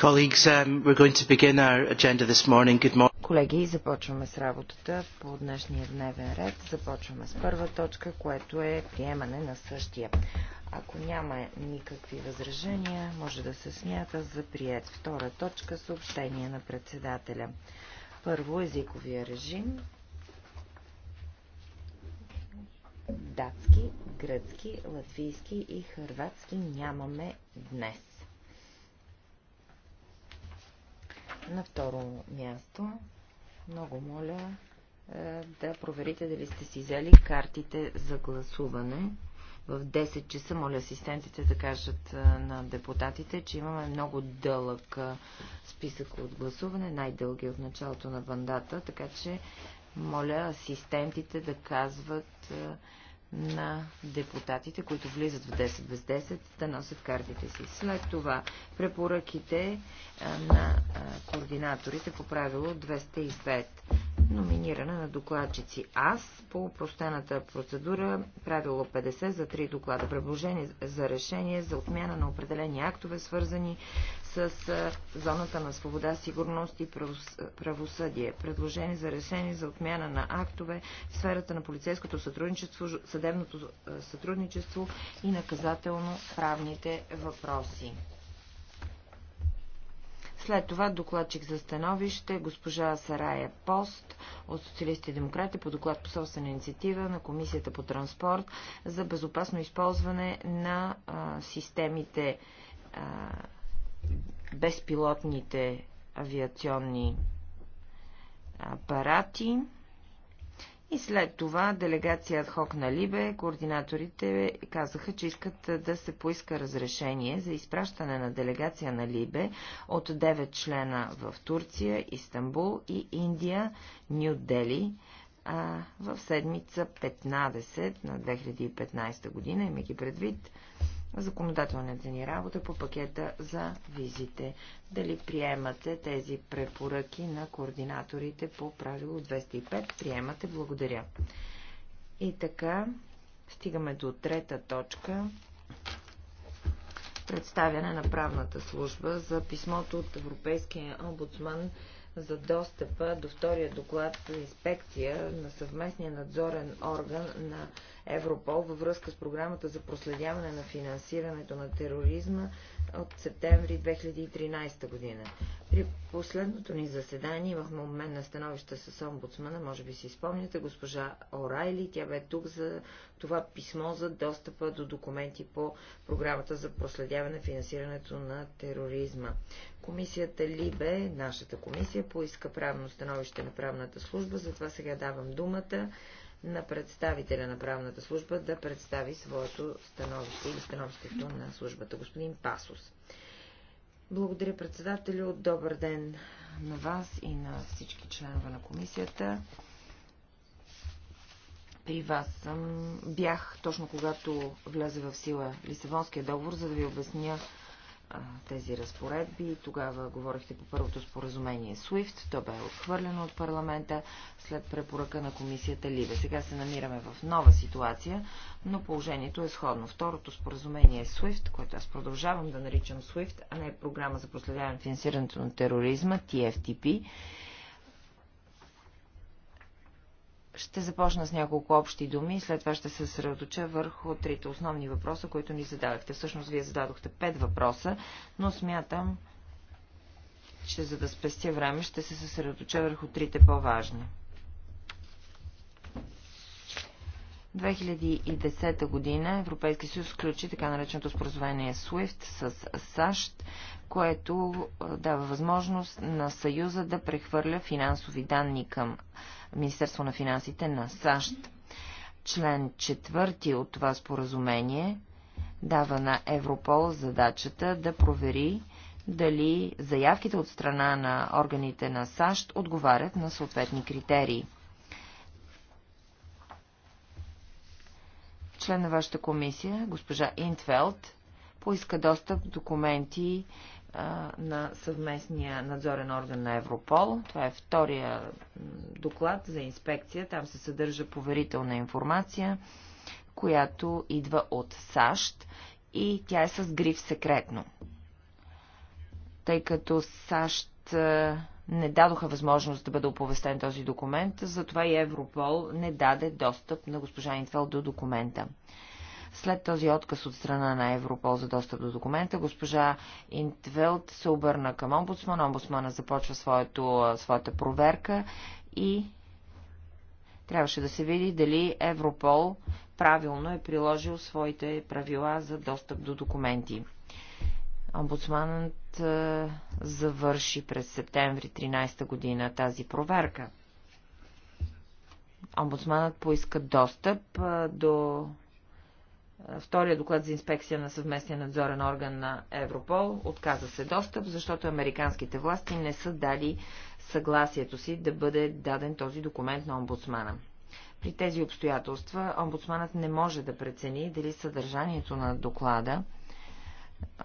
Um, Колеги, започваме с работата по днешния дневен ред. Започваме с първа точка, което е приемане на същия. Ако няма никакви възражения, може да се смята за прият. Втора точка – съобщение на председателя. Първо – езиковия режим. Датски, гръцки, латвийски и хърватски нямаме днес. На второ място, много моля е, да проверите дали сте си взели картите за гласуване. В 10 часа моля асистентите да кажат е, на депутатите, че имаме много дълъг е, списък от гласуване, най-дълги от началото на бандата, така че моля асистентите да казват на депутатите, които влизат в 10 без 10, да носят картите си. След това препоръките на координаторите по правило 205 номинирана на докладчици аз по упростената процедура правило 50 за 3 доклада. Предложение за решение за отмяна на определени актове, свързани с зоната на свобода, сигурност и правосъдие. Предложение за решение за отмяна на актове в сферата на полицейското сътрудничество, съдебното сътрудничество и наказателно-правните въпроси. След това докладчик за становище госпожа Сарая Пост от Социалисти и демократи по доклад по собствена инициатива на Комисията по транспорт за безопасно използване на а, системите а, безпилотните авиационни апарати. И след това делегация Адхок на Либе, координаторите казаха, че искат да се поиска разрешение за изпращане на делегация на Либе от 9 члена в Турция, Истанбул и Индия, Нью Дели, в седмица 15 на 2015 година, имайки предвид, законодателната ни работа по пакета за визите. Дали приемате тези препоръки на координаторите по правило 205? Приемате. Благодаря. И така, стигаме до трета точка. Представяне на правната служба за писмото от Европейския омбудсман за достъпа до втория доклад за инспекция на съвместния надзорен орган на Европол във връзка с програмата за проследяване на финансирането на тероризма от септември 2013 година. При последното ни заседание имахме обмен на становища с омбудсмана, може би си спомняте, госпожа Орайли, тя бе тук за това писмо за достъпа до документи по програмата за проследяване на финансирането на тероризма. Комисията Либе, нашата комисия, поиска правно становище на правната служба, затова сега давам думата на представителя на правната служба да представи своето становище или становището на службата. Господин Пасос. Благодаря председателю. Добър ден на вас и на всички членове на комисията. При вас съм. Бях точно когато влезе в сила Лисавонския договор, за да ви обясня тези разпоредби. Тогава говорихте по първото споразумение SWIFT. То бе отхвърлено от парламента след препоръка на комисията Либе. Сега се намираме в нова ситуация, но положението е сходно. Второто споразумение SWIFT, което аз продължавам да наричам SWIFT, а не е програма за проследяване на финансирането на тероризма, TFTP. Ще започна с няколко общи думи и след това ще се съсредоча върху трите основни въпроса, които ни зададахте. Всъщност, вие зададохте пет въпроса, но смятам, че за да спестя време, ще се съсредоча върху трите по-важни. 2010 година Европейски съюз включи така нареченото споразумение SWIFT с САЩ, което дава възможност на Съюза да прехвърля финансови данни към Министерство на финансите на САЩ. Член четвърти от това споразумение дава на Европол задачата да провери дали заявките от страна на органите на САЩ отговарят на съответни критерии. член на вашата комисия, госпожа Интфелд, поиска достъп до документи а, на съвместния надзорен орган на Европол. Това е втория доклад за инспекция. Там се съдържа поверителна информация, която идва от САЩ и тя е с гриф секретно. Тъй като САЩ не дадоха възможност да бъде оповестен този документ, затова и Европол не даде достъп на госпожа Интвел до документа. След този отказ от страна на Европол за достъп до документа, госпожа Интвелт се обърна към омбудсмана. Омбудсмана започва своето, своята проверка и трябваше да се види дали Европол правилно е приложил своите правила за достъп до документи. Омбудсманът е, завърши през септември 13 година тази проверка. Омбудсманът поиска достъп е, до е, втория доклад за инспекция на съвместния надзорен орган на Европол. Отказа се достъп, защото американските власти не са дали съгласието си да бъде даден този документ на омбудсмана. При тези обстоятелства омбудсманът не може да прецени дали съдържанието на доклада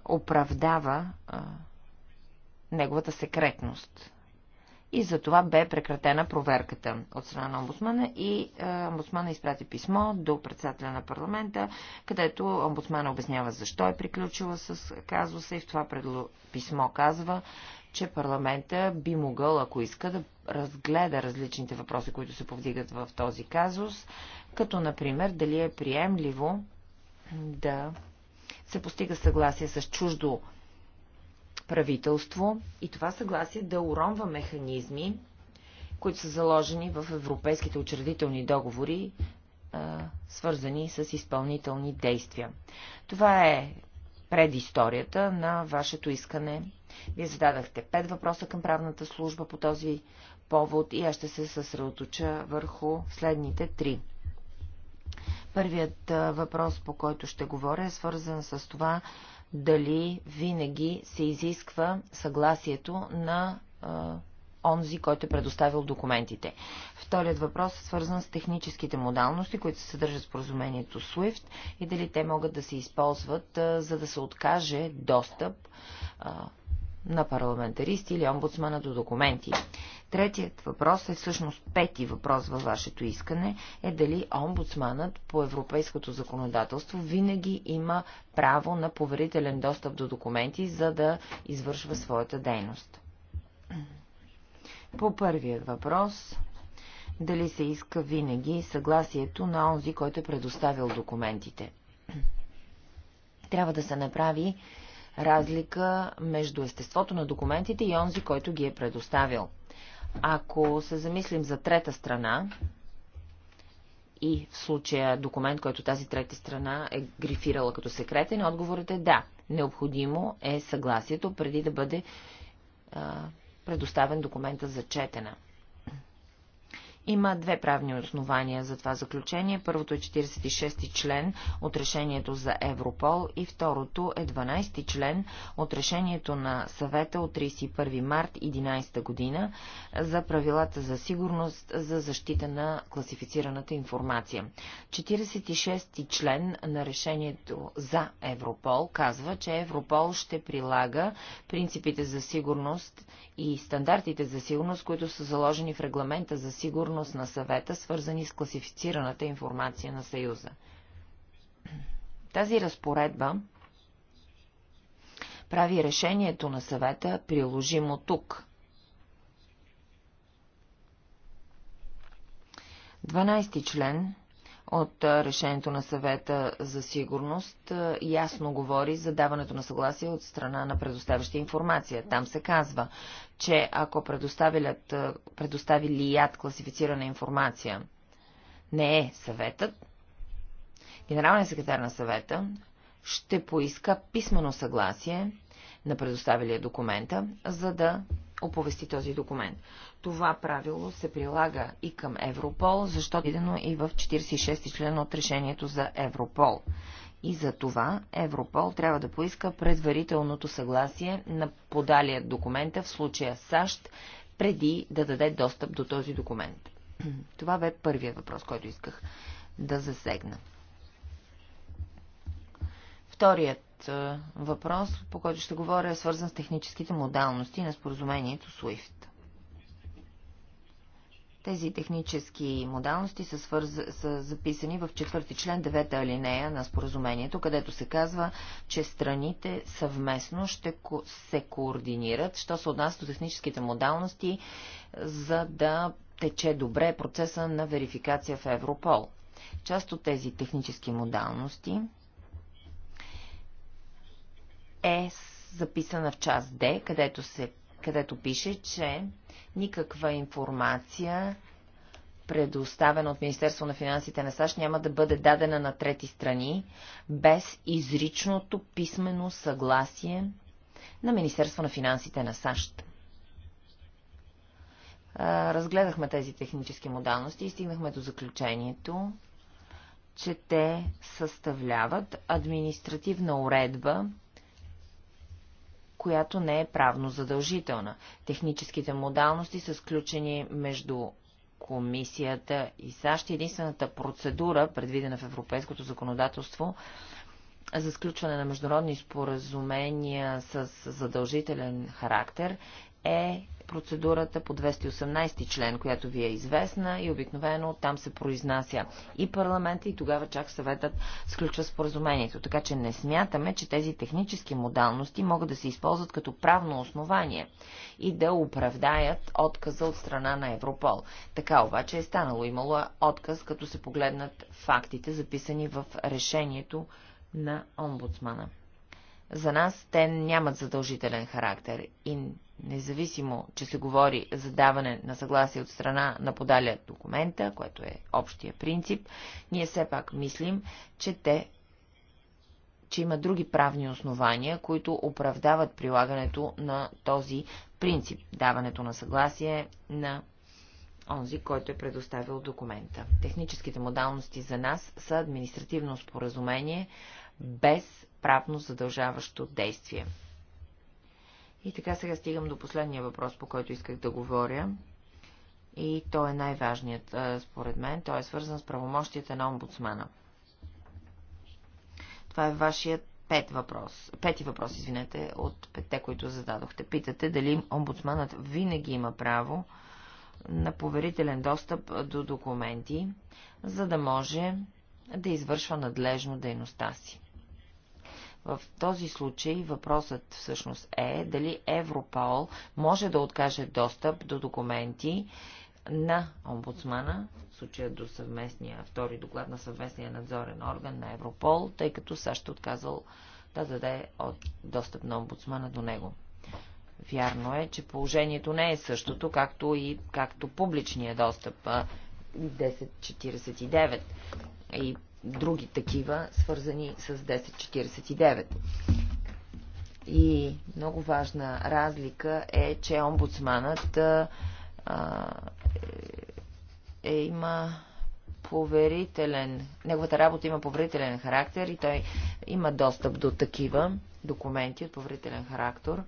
оправдава а, неговата секретност. И за това бе прекратена проверката от страна на омбудсмана и а, омбудсмана изпрати писмо до председателя на парламента, където омбудсмана обяснява защо е приключила с казуса и в това предло... писмо казва, че парламента би могъл, ако иска, да разгледа различните въпроси, които се повдигат в този казус, като, например, дали е приемливо да се постига съгласие с чуждо правителство и това съгласие да уронва механизми, които са заложени в европейските учредителни договори, свързани с изпълнителни действия. Това е предисторията на вашето искане. Вие зададахте пет въпроса към правната служба по този повод и аз ще се съсредоточа върху следните три. Първият въпрос, по който ще говоря, е свързан с това дали винаги се изисква съгласието на онзи, който е предоставил документите. Вторият въпрос е свързан с техническите модалности, които се съдържат в споразумението SWIFT и дали те могат да се използват, за да се откаже достъп на парламентаристи или омбудсмана до документи. Третият въпрос е всъщност пети въпрос във вашето искане е дали омбудсманът по европейското законодателство винаги има право на поверителен достъп до документи, за да извършва своята дейност. По първият въпрос дали се иска винаги съгласието на онзи, който е предоставил документите. Трябва да се направи разлика между естеството на документите и онзи, който ги е предоставил. Ако се замислим за трета страна, и в случая документ, който тази трета страна е грифирала като секретен, отговорът е да. Необходимо е съгласието преди да бъде а, предоставен документа за четена. Има две правни основания за това заключение. Първото е 46 член от решението за Европол и второто е 12 ти член от решението на съвета от 31 март 11 година за правилата за сигурност за защита на класифицираната информация. 46 член на решението за Европол казва, че Европол ще прилага принципите за сигурност и стандартите за сигурност, които са заложени в регламента за сигурност сигурност на съвета, свързани с класифицираната информация на Съюза. Тази разпоредба прави решението на съвета приложимо тук. 12 член от решението на съвета за сигурност ясно говори за даването на съгласие от страна на предоставяща информация. Там се казва, че ако предоставилят, предоставили яд класифицирана информация не е съветът, генералният секретар на съвета ще поиска писмено съгласие на предоставилия документа, за да оповести този документ. Това правило се прилага и към Европол, защото видено е и в 46 член от решението за Европол. И за това Европол трябва да поиска предварителното съгласие на подалия документа, в случая САЩ, преди да даде достъп до този документ. Това бе първият въпрос, който исках да засегна. Вторият е, въпрос, по който ще говоря, е свързан с техническите модалности на споразумението SWIFT. Тези технически модалности са, свърз... са записани в четвърти член, девета алинея на споразумението, където се казва, че страните съвместно ще ко... се координират, що се отнася до техническите модалности, за да тече добре процеса на верификация в Европол. Част от тези технически модалности е записана в част Д, където се където пише, че никаква информация, предоставена от Министерство на финансите на САЩ, няма да бъде дадена на трети страни без изричното писмено съгласие на Министерство на финансите на САЩ. Разгледахме тези технически модалности и стигнахме до заключението, че те съставляват административна уредба, която не е правно задължителна. Техническите модалности са сключени между комисията и САЩ. Единствената процедура, предвидена в европейското законодателство, за сключване на международни споразумения с задължителен характер е процедурата по 218 член, която ви е известна и обикновено там се произнася и парламента и тогава чак съветът сключва споразумението. Така че не смятаме, че тези технически модалности могат да се използват като правно основание и да оправдаят отказа от страна на Европол. Така обаче е станало. Имало е отказ, като се погледнат фактите, записани в решението на омбудсмана. За нас те нямат задължителен характер и Независимо, че се говори за даване на съгласие от страна на подаля документа, което е общия принцип, ние все пак мислим, че те че има други правни основания, които оправдават прилагането на този принцип, даването на съгласие на онзи, който е предоставил документа. Техническите модалности за нас са административно споразумение без правно задължаващо действие. И така сега стигам до последния въпрос, по който исках да говоря. И той е най-важният, според мен. Той е свързан с правомощията на омбудсмана. Това е вашият пет въпрос, пети въпрос, извинете, от петте, които зададохте. Питате дали омбудсманът винаги има право на поверителен достъп до документи, за да може да извършва надлежно дейността си. В този случай въпросът всъщност е дали Европол може да откаже достъп до документи на омбудсмана, в случая до съвместния, втори доклад на съвместния надзорен орган на Европол, тъй като САЩ е отказал да даде от достъп на омбудсмана до него. Вярно е, че положението не е същото, както и както публичния достъп 1049. И други такива, свързани с 1049. И много важна разлика е, че омбудсманът а, е, е, има поверителен, неговата работа има поверителен характер и той има достъп до такива документи от поверителен характер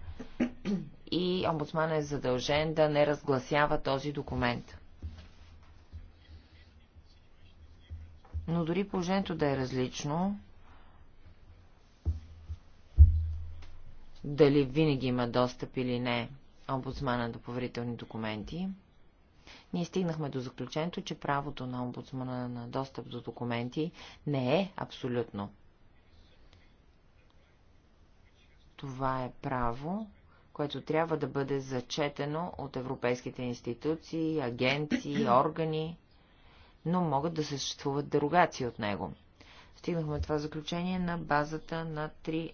и омбудсман е задължен да не разгласява този документ. Но дори положението да е различно, дали винаги има достъп или не омбудсмана до поверителни документи, ние стигнахме до заключението, че правото на омбудсмана на достъп до документи не е абсолютно. Това е право, което трябва да бъде зачетено от европейските институции, агенции, органи, но могат да съществуват дерогации от него. Стигнахме това заключение на базата на три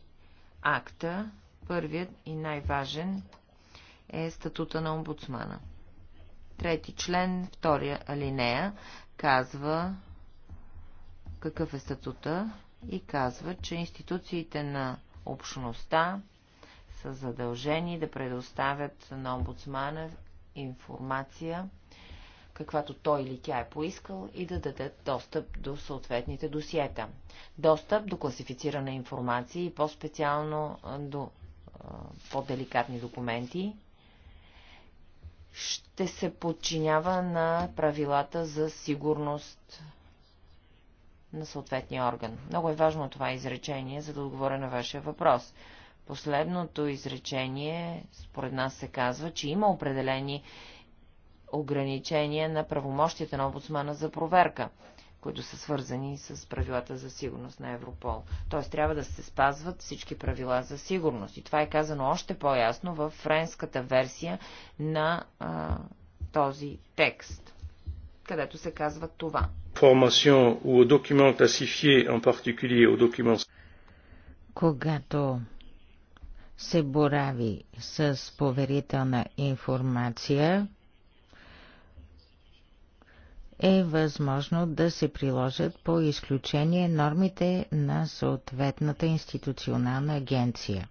акта. Първият и най-важен е статута на омбудсмана. Трети член, втория алинея, казва какъв е статута и казва, че институциите на общността са задължени да предоставят на омбудсмана информация каквато той или тя е поискал, и да дадат достъп до съответните досиета. Достъп до класифицирана информация и по-специално до по-деликатни документи, ще се подчинява на правилата за сигурност на съответния орган. Много е важно това изречение, за да отговоря на вашия въпрос. Последното изречение, според нас се казва, че има определени ограничения на правомощията на омбудсмана за проверка, които са свързани с правилата за сигурност на Европол. Т.е. трябва да се спазват всички правила за сигурност. И това е казано още по-ясно в френската версия на а, този текст, където се казва това. Когато се борави с поверителна информация, е възможно да се приложат по изключение нормите на съответната институционална агенция.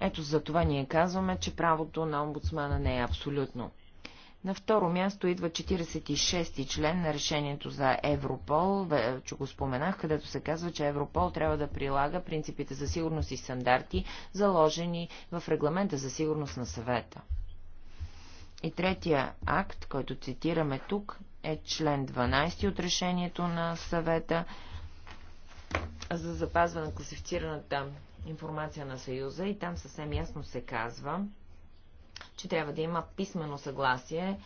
Ето за това ние казваме, че правото на омбудсмана не е абсолютно. На второ място идва 46-ти член на решението за Европол, че го споменах, където се казва, че Европол трябва да прилага принципите за сигурност и стандарти, заложени в регламента за сигурност на съвета. И третия акт, който цитираме тук, е член 12 от решението на съвета за запазване на класифицираната информация на Съюза и там съвсем ясно се казва, че трябва да има писмено съгласие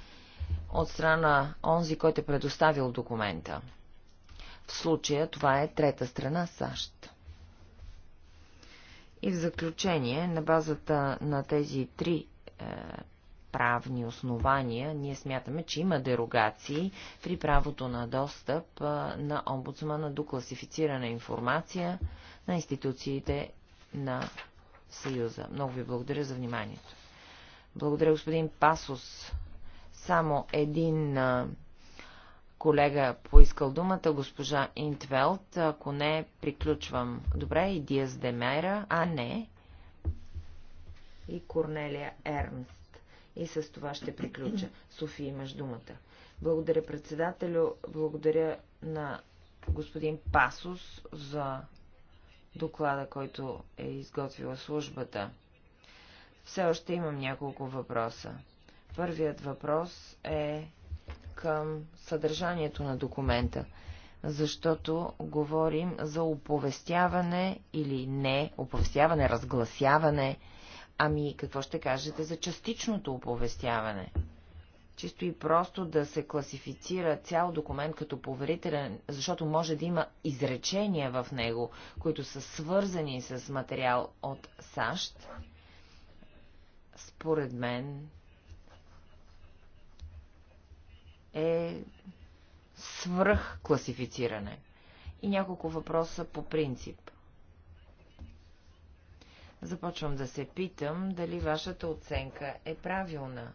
от страна онзи, който е предоставил документа. В случая това е трета страна САЩ. И в заключение, на базата на тези три е, правни основания, ние смятаме, че има дерогации при правото на достъп на омбудсмана до класифицирана информация на институциите на Съюза. Много ви благодаря за вниманието. Благодаря, господин Пасос. Само един колега поискал думата, госпожа Интвелт. Ако не, приключвам. Добре, и Диас Демера. А, не. И Корнелия Ернст. И с това ще приключа. Софи, имаш думата. Благодаря председателю, благодаря на господин Пасос за доклада, който е изготвила службата. Все още имам няколко въпроса. Първият въпрос е към съдържанието на документа, защото говорим за оповестяване или не, оповестяване, разгласяване Ами, какво ще кажете за частичното оповестяване? Чисто и просто да се класифицира цял документ като поверителен, защото може да има изречения в него, които са свързани с материал от САЩ. Според мен е свръхкласифициране. И няколко въпроса по принцип. Започвам да се питам дали вашата оценка е правилна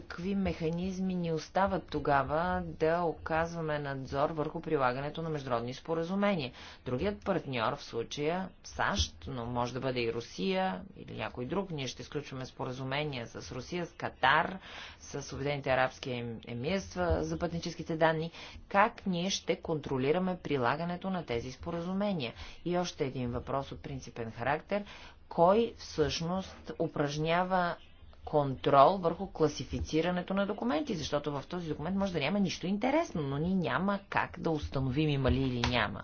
какви механизми ни остават тогава да оказваме надзор върху прилагането на международни споразумения. Другият партньор в случая САЩ, но може да бъде и Русия или някой друг. Ние ще изключваме споразумения с Русия, с Катар, с Обединените арабски емирства за пътническите данни. Как ние ще контролираме прилагането на тези споразумения? И още един въпрос от принципен характер. Кой всъщност упражнява контрол върху класифицирането на документи, защото в този документ може да няма нищо интересно, но ни няма как да установим има ли или няма.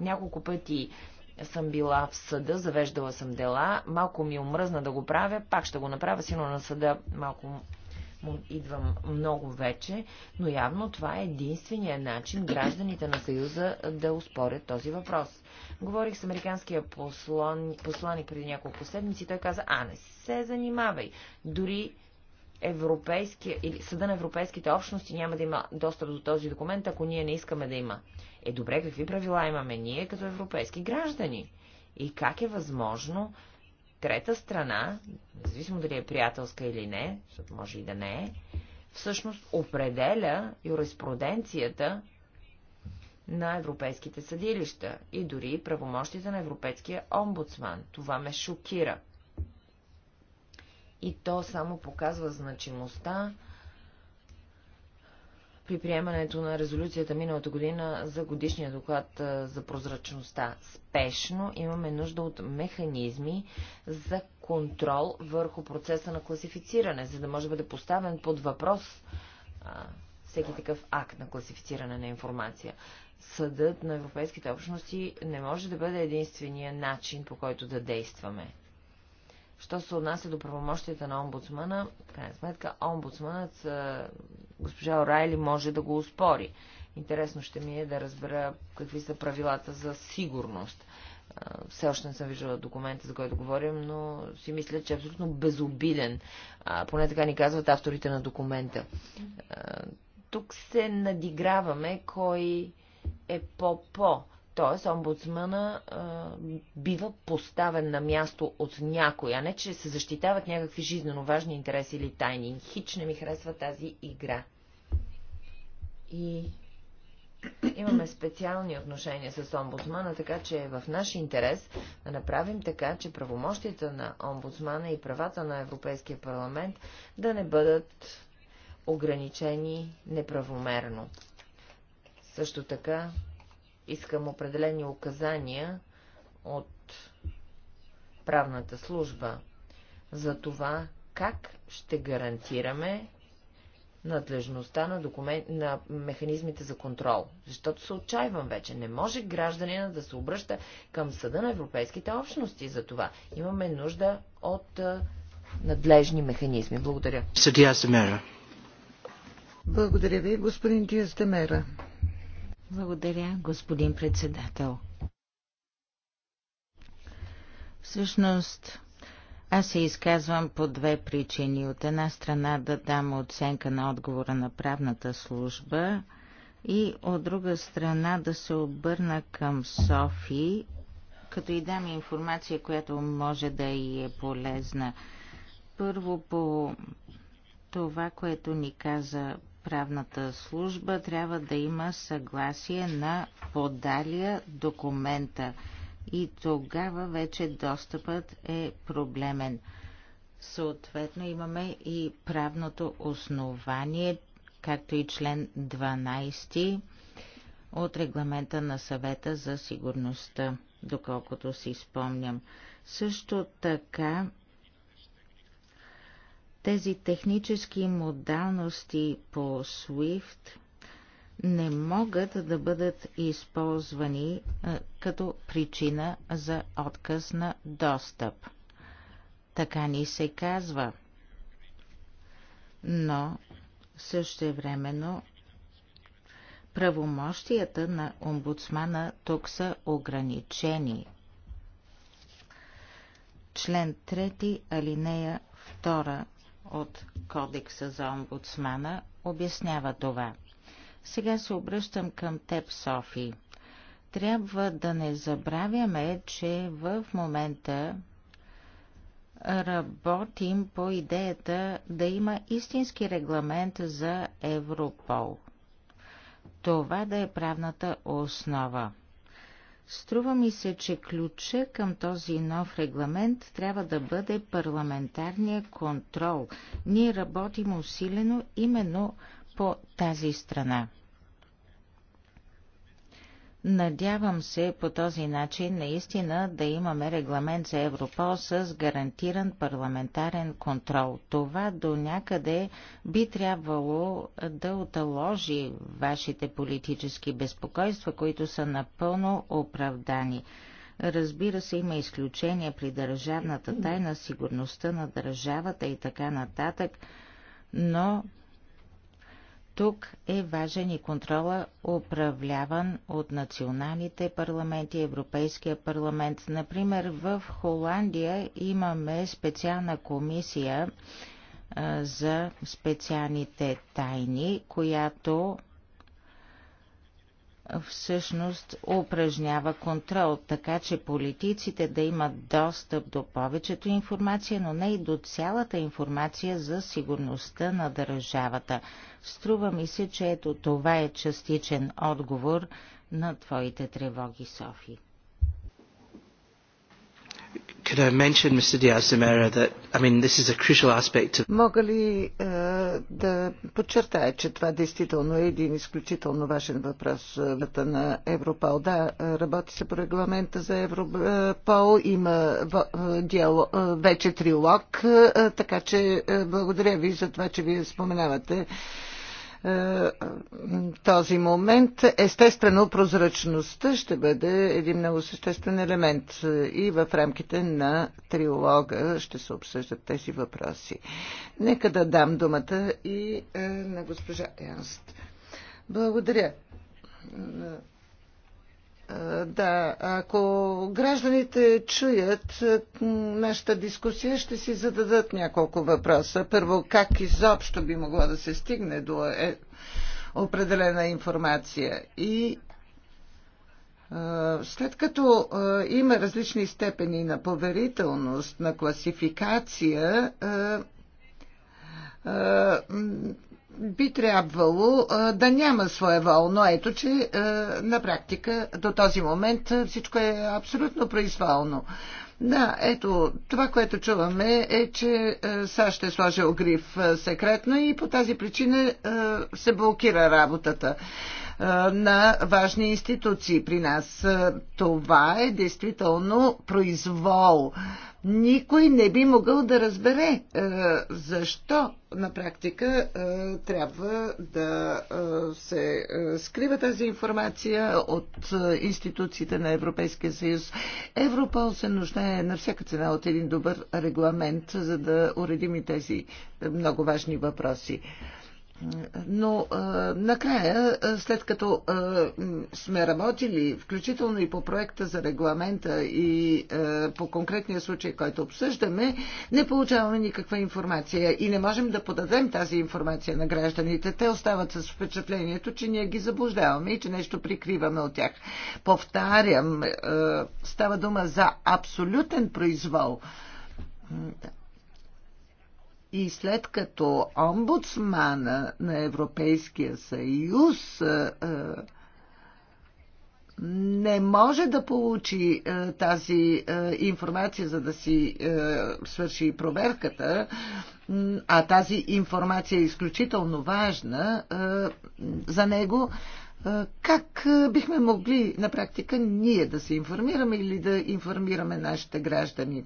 Няколко пъти съм била в съда, завеждала съм дела, малко ми омръзна да го правя, пак ще го направя, сино на съда малко идвам много вече, но явно това е единствения начин гражданите на Съюза да успорят този въпрос. Говорих с американския послан, посланник преди няколко седмици, той каза, а не се занимавай, дори Европейския, или Съда на Европейските общности няма да има достъп до този документ, ако ние не искаме да има. Е добре, какви правила имаме ние като европейски граждани? И как е възможно трета страна, независимо дали е приятелска или не, защото може и да не е, всъщност определя юриспруденцията на европейските съдилища и дори правомощите на европейския омбудсман. Това ме шокира. И то само показва значимостта при приемането на резолюцията миналата година за годишния доклад за прозрачността. Спешно имаме нужда от механизми за контрол върху процеса на класифициране, за да може да бъде поставен под въпрос всеки такъв акт на класифициране на информация. Съдът на европейските общности не може да бъде единствения начин, по който да действаме. Що се отнася до правомощията на омбудсмана, в крайна сметка омбудсманът госпожа Орайли може да го успори. Интересно ще ми е да разбера какви са правилата за сигурност. Все още не съм виждала документа, за който говорим, но си мисля, че е абсолютно безобилен. Поне така ни казват авторите на документа. Тук се надиграваме кой е по-по т.е. омбудсмана а, бива поставен на място от някой, а не че се защитават някакви жизненно важни интереси или тайни. Хич не ми харесва тази игра. И имаме специални отношения с омбудсмана, така че е в наш интерес да направим така, че правомощията на омбудсмана и правата на Европейския парламент да не бъдат ограничени неправомерно. Също така искам определени указания от правната служба за това, как ще гарантираме надлежността на, документ, на механизмите за контрол. Защото се отчаивам вече. Не може гражданина да се обръща към съда на европейските общности за това. Имаме нужда от надлежни механизми. Благодаря. Благодаря ви, господин Диас благодаря, господин председател. Всъщност, аз се изказвам по две причини. От една страна да дам оценка на отговора на правната служба и от друга страна да се обърна към Софи, като и дам информация, която може да и е полезна. Първо по това, което ни каза правната служба трябва да има съгласие на подалия документа и тогава вече достъпът е проблемен. Съответно имаме и правното основание, както и член 12 от регламента на съвета за сигурността, доколкото си спомням. Също така тези технически модалности по SWIFT не могат да бъдат използвани е, като причина за отказ на достъп. Така ни се казва. Но същевременно правомощията на омбудсмана тук са ограничени. Член 3, алинея 2 от Кодекса за омбудсмана обяснява това. Сега се обръщам към теб, Софи. Трябва да не забравяме, че в момента работим по идеята да има истински регламент за Европол. Това да е правната основа. Струва ми се, че ключа към този нов регламент трябва да бъде парламентарния контрол. Ние работим усилено именно по тази страна. Надявам се по този начин наистина да имаме регламент за Европол с гарантиран парламентарен контрол. Това до някъде би трябвало да оталожи вашите политически безпокойства, които са напълно оправдани. Разбира се, има изключения при държавната тайна, сигурността на държавата и така нататък, но тук е важен и контрола, управляван от националните парламенти, Европейския парламент. Например, в Холандия имаме специална комисия за специалните тайни, която всъщност упражнява контрол, така че политиците да имат достъп до повечето информация, но не и до цялата информация за сигурността на държавата. Струва ми се, че ето това е частичен отговор на твоите тревоги, Софи. Could I mention, Mr. Diaz that, I mean, this is a crucial aspect of... Мога ли е, да подчертая, че това действително е един изключително важен въпрос е, на Европол? Да, е, работи се по регламента за Европол, има вече трилог, така че благодаря ви за това, че вие споменавате е, този момент. Естествено, прозрачността ще бъде един много съществен елемент и в рамките на триолога ще се обсъждат тези въпроси. Нека да дам думата и е, на госпожа Янст. Благодаря. Да, ако гражданите чуят е, нашата дискусия, ще си зададат няколко въпроса. Първо, как изобщо би могло да се стигне до е, определена информация? И е, след като е, има различни степени на поверителност, на класификация, би трябвало да няма своя вол, но ето, че на практика до този момент всичко е абсолютно произволно. Да, ето, това, което чуваме е, че САЩ ще сложи огрив секретно и по тази причина се блокира работата на важни институции при нас. Това е действително произвол. Никой не би могъл да разбере защо на практика трябва да се скрива тази информация от институциите на Европейския съюз. Европол се нуждае на всяка цена от един добър регламент, за да уредим и тези много важни въпроси. Но а, накрая, след като а, сме работили, включително и по проекта за регламента и а, по конкретния случай, който обсъждаме, не получаваме никаква информация и не можем да подадем тази информация на гражданите. Те остават с впечатлението, че ние ги заблуждаваме и че нещо прикриваме от тях. Повтарям, а, става дума за абсолютен произвол. И след като омбудсмана на Европейския съюз е, е, не може да получи е, тази информация, за да си свърши проверката, а тази информация е изключително важна за него, как бихме могли на практика ние да се информираме или да информираме нашите граждани?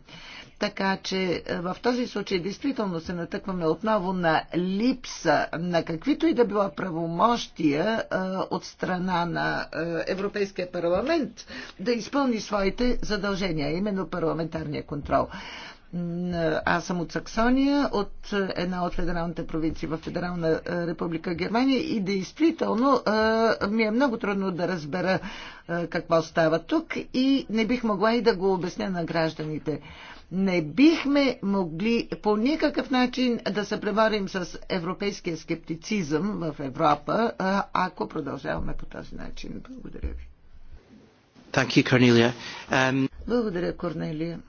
Така че е, в този случай действително се натъкваме отново на липса на каквито и да било правомощия е, от страна на е, Европейския парламент да изпълни своите задължения, именно парламентарния контрол. Аз съм от Саксония, от една от федералните провинции в Федерална република Германия и действително ми е много трудно да разбера какво става тук и не бих могла и да го обясня на гражданите не бихме могли по никакъв начин да се преварим с европейския скептицизъм в Европа, ако продължаваме по този начин. Благодаря ви. Thank you, Cornelia. Um... Благодаря, Корнелия.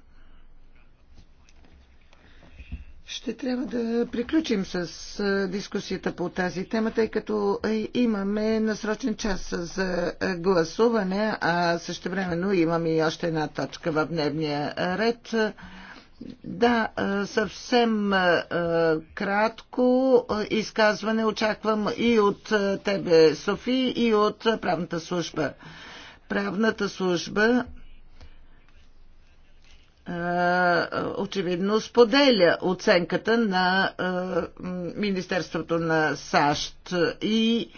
Ще трябва да приключим с дискусията по тази тема, тъй като имаме насрочен час за гласуване, а също времено имаме и още една точка в дневния ред. Да, съвсем кратко изказване очаквам и от тебе, Софи, и от правната служба. Правната служба очевидно споделя оценката на Министерството на САЩ и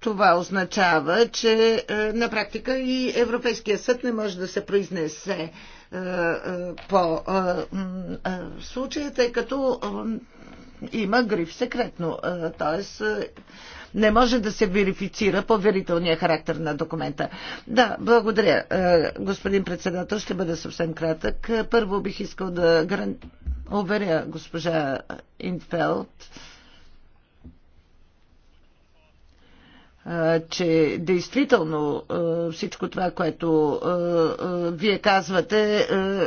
това означава, че на практика и Европейския съд не може да се произнесе по случая, тъй като има гриф секретно. Тоест, не може да се верифицира верителния характер на документа. Да, благодаря, е, господин председател. Ще бъда съвсем кратък. Първо бих искал да уверя госпожа Инфелд, че действително всичко това, което вие казвате,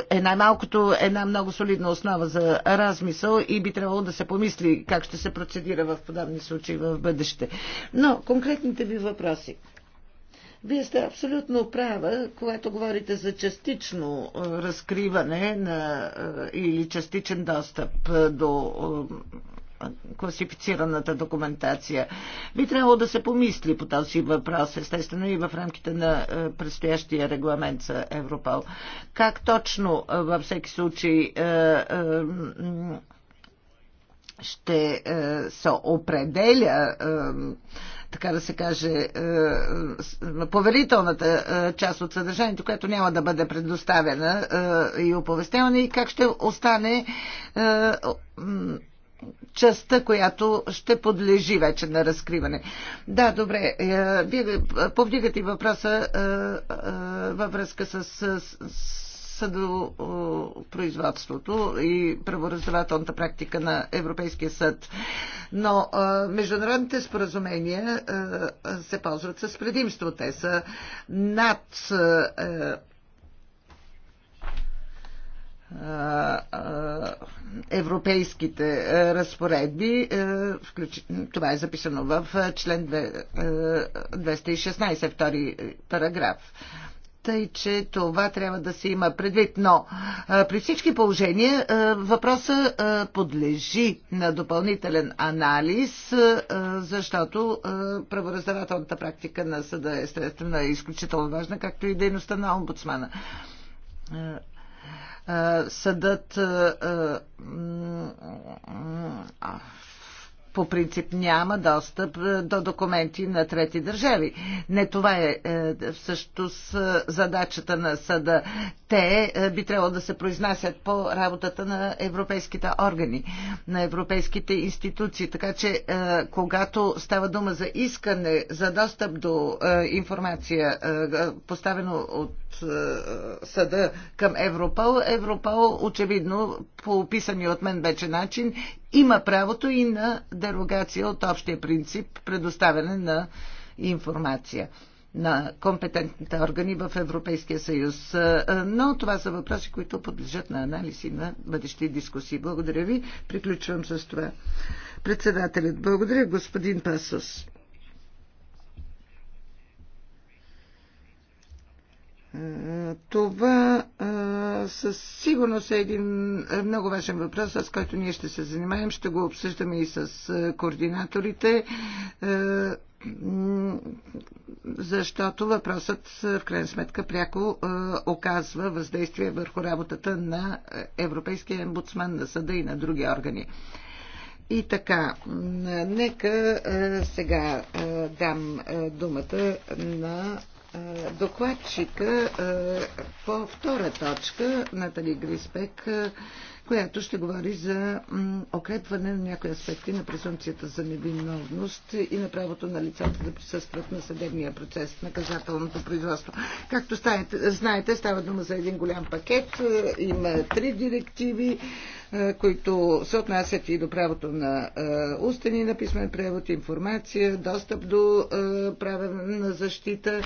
е най-малкото една много солидна основа за размисъл и би трябвало да се помисли как ще се процедира в подобни случаи в бъдеще. Но конкретните ви въпроси. Вие сте абсолютно права, когато говорите за частично разкриване на, или частичен достъп до класифицираната документация. Би трябвало да се помисли по този въпрос, естествено и в рамките на е, предстоящия регламент за Европол. Как точно е, във всеки случай е, ще се определя така да се каже, поверителната част от съдържанието, което няма да бъде предоставена и оповестена и как ще остане частта, която ще подлежи вече на разкриване. Да, добре. Е, вие повдигате въпроса е, е, във връзка с съдопроизводството и правораздавателната практика на Европейския съд. Но а, международните споразумения а, се ползват с предимство. Те са над а, европейските разпоредби. Това е записано в член 216, втори параграф. Тъй, че това трябва да се има предвид. Но при всички положения въпроса подлежи на допълнителен анализ, защото правораздавателната практика на съда е, средствена е изключително важна, както и дейността на омбудсмана съдът по принцип няма достъп до документи на трети държави. Не това е, е всъщност задачата на съда. Те е, би трябвало да се произнасят по работата на европейските органи, на европейските институции. Така че, е, когато става дума за искане за достъп до информация, поставено от от е, съда към Европол, Европол очевидно по описани от мен вече начин има правото и на дерогация от общия принцип предоставяне на информация на компетентните органи в Европейския съюз. Е, е, но това са въпроси, които подлежат на анализи на бъдещи дискусии. Благодаря ви. Приключвам с това. Председателят, благодаря господин Пасос. Това със сигурност е един много важен въпрос, с който ние ще се занимаем. Ще го обсъждаме и с координаторите, защото въпросът в крайна сметка пряко оказва въздействие върху работата на Европейския ембудсман, на съда и на други органи. И така, нека сега дам думата на докладчика по втора точка Натали Гриспек която ще говори за укрепване на някои аспекти на презумпцията за невиновност и на правото на лицата да присъстват на съдебния процес, наказателното производство. Както знаете, става дума за един голям пакет. Има три директиви, е, които се отнасят и до правото на е, устени на писмен превод, информация, достъп до е, правен на защита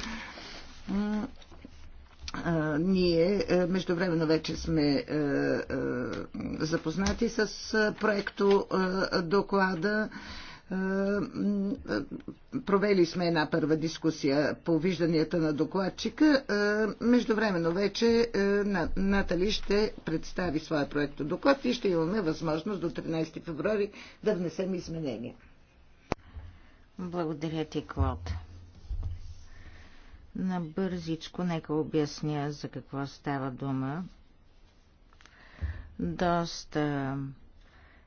ние е, междувременно вече сме е, е, запознати с проекто доклада. Провели сме една първа дискусия по вижданията на докладчика. Междувременно вече Натали ще представи своя проект доклад и ще имаме възможност до 13 февруари да внесем изменения. Благодаря ти, Клод. Набързичко нека обясня за какво става дума. Доста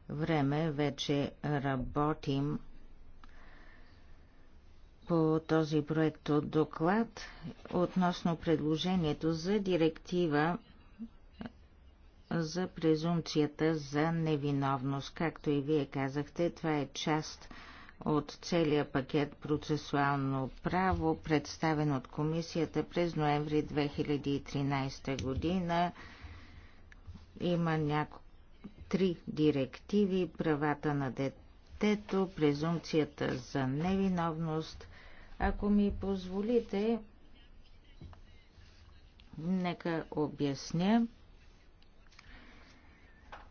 време вече работим по този проект от доклад относно предложението за директива за презумцията за невиновност. Както и вие казахте, това е част от от целия пакет процесуално право, представен от комисията през ноември 2013 година. Има няко... три директиви – правата на детето, презумпцията за невиновност. Ако ми позволите, нека обясня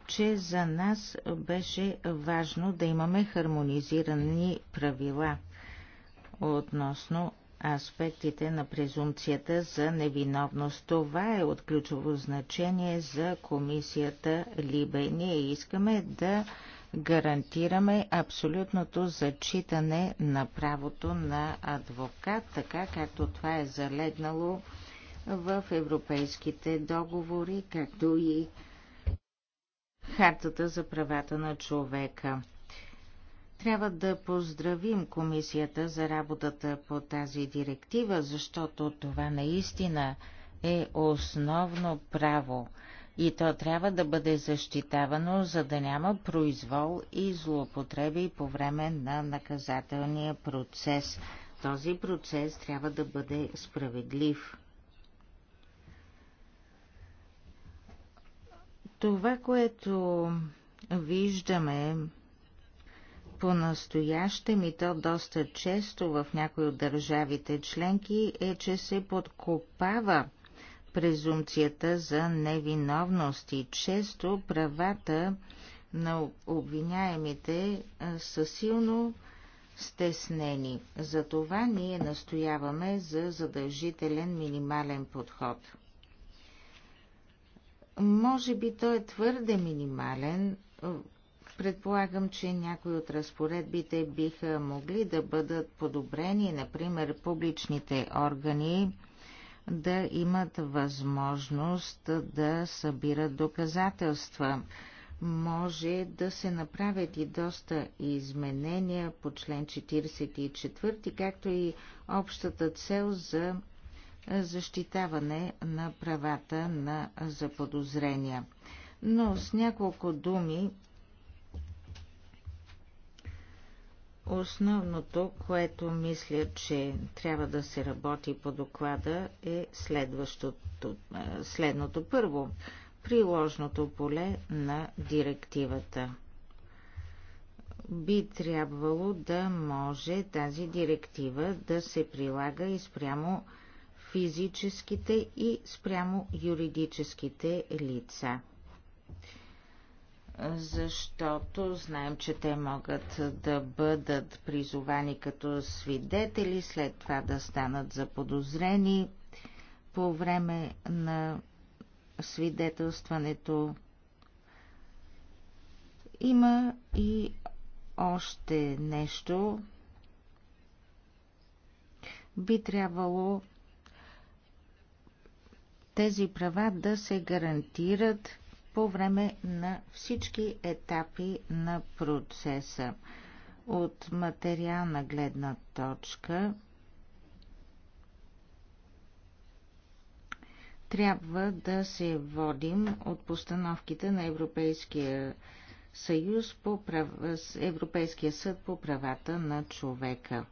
че за нас беше важно да имаме хармонизирани правила относно аспектите на презумпцията за невиновност. Това е от ключово значение за комисията Либе. Ние искаме да гарантираме абсолютното зачитане на правото на адвокат, така както това е залегнало в европейските договори, както и Хартата за правата на човека. Трябва да поздравим комисията за работата по тази директива, защото това наистина е основно право и то трябва да бъде защитавано, за да няма произвол и злоупотреби по време на наказателния процес. Този процес трябва да бъде справедлив. Това, което виждаме по настояще и то доста често в някои от държавите членки е, че се подкопава презумцията за невиновност и често правата на обвиняемите са силно стеснени. Затова ние настояваме за задължителен минимален подход – може би той е твърде минимален. Предполагам, че някои от разпоредбите биха могли да бъдат подобрени, например публичните органи да имат възможност да събират доказателства. Може да се направят и доста изменения по член 44, както и общата цел за защитаване на правата на заподозрения. Но с няколко думи Основното, което мисля, че трябва да се работи по доклада е следващото, следното. Първо, приложното поле на директивата. Би трябвало да може тази директива да се прилага и спрямо физическите и спрямо юридическите лица. Защото знаем, че те могат да бъдат призовани като свидетели, след това да станат заподозрени по време на свидетелстването. Има и още нещо. Би трябвало тези права да се гарантират по време на всички етапи на процеса. От материална гледна точка трябва да се водим от постановките на Европейския съюз по прав... Европейския съд по правата на човека.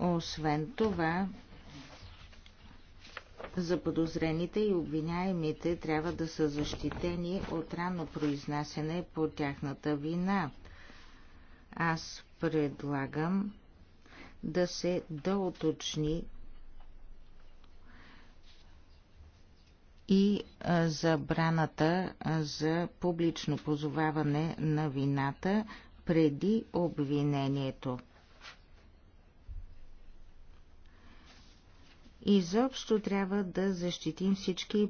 Освен това, Заподозрените и обвиняемите трябва да са защитени от ранно произнасяне по тяхната вина. Аз предлагам да се доуточни и забраната за публично позоваване на вината преди обвинението. Изобщо трябва да защитим всички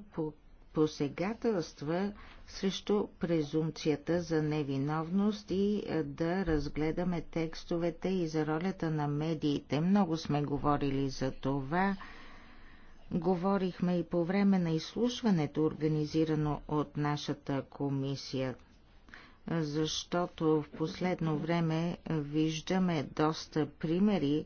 посегателства срещу презумцията за невиновност и да разгледаме текстовете и за ролята на медиите. Много сме говорили за това. Говорихме и по време на изслушването, организирано от нашата комисия, защото в последно време виждаме доста примери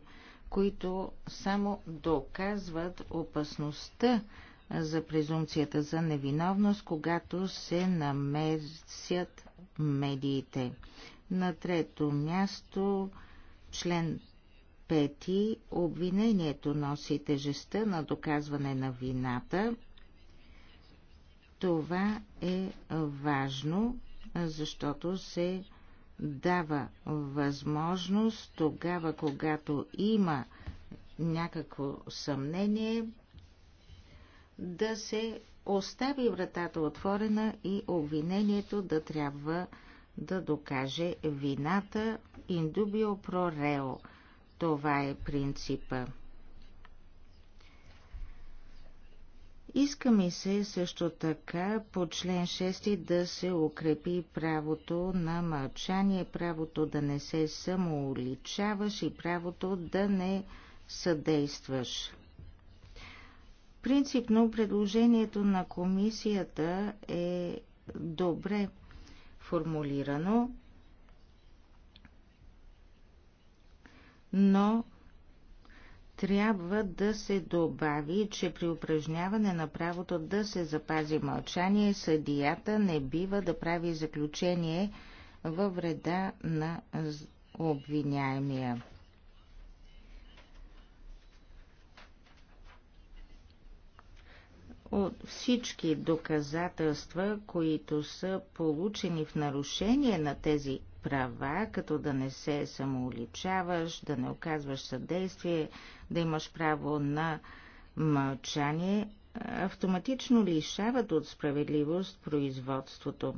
които само доказват опасността за презумцията за невиновност, когато се намесят медиите. На трето място, член 5, обвинението носи тежестта на доказване на вината. Това е важно, защото се дава възможност тогава, когато има някакво съмнение, да се остави вратата отворена и обвинението да трябва да докаже вината индубио про рео. Това е принципа. Иска ми се също така по член 6 да се укрепи правото на мълчание, правото да не се самоуличаваш и правото да не съдействаш. Принципно предложението на комисията е добре формулирано, но трябва да се добави, че при упражняване на правото да се запази мълчание, съдията не бива да прави заключение във вреда на обвиняемия. От всички доказателства, които са получени в нарушение на тези права, като да не се самоуличаваш, да не оказваш съдействие, да имаш право на мълчание, автоматично лишават от справедливост производството.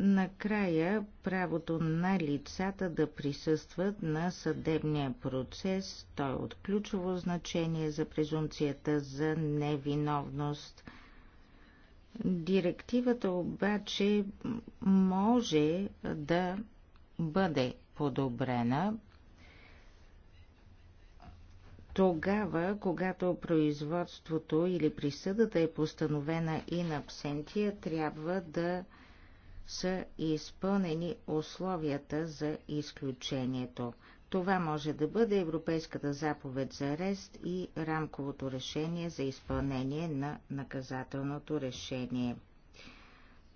Накрая правото на лицата да присъстват на съдебния процес, той е от ключово значение за презумцията за невиновност – Директивата обаче може да бъде подобрена тогава, когато производството или присъдата е постановена и на псентия, трябва да са изпълнени условията за изключението. Това може да бъде Европейската заповед за арест и рамковото решение за изпълнение на наказателното решение.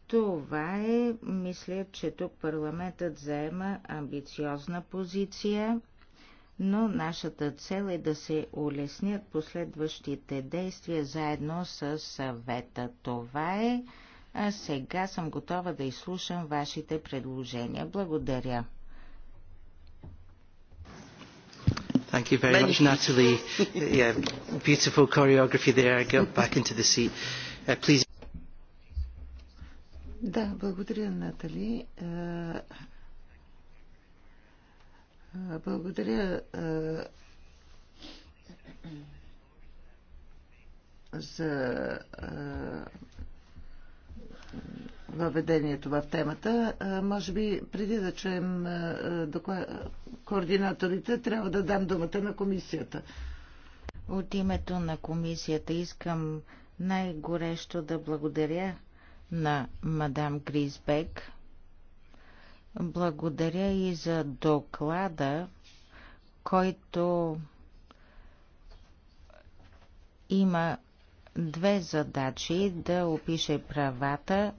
Това е, мисля, че тук парламентът заема амбициозна позиция, но нашата цел е да се улеснят последващите действия заедно с съвета. Това е. А сега съм готова да изслушам вашите предложения. Благодаря. Thank you very Many. much, Natalie. yeah, beautiful choreography there. I got back into the seat. Uh, please. Да, благодаря, Натали. Благодаря за въведението в темата. Може би преди да чуем координаторите, трябва да дам думата на комисията. От името на комисията искам най-горещо да благодаря на мадам Гризбек. Благодаря и за доклада, който има две задачи да опише правата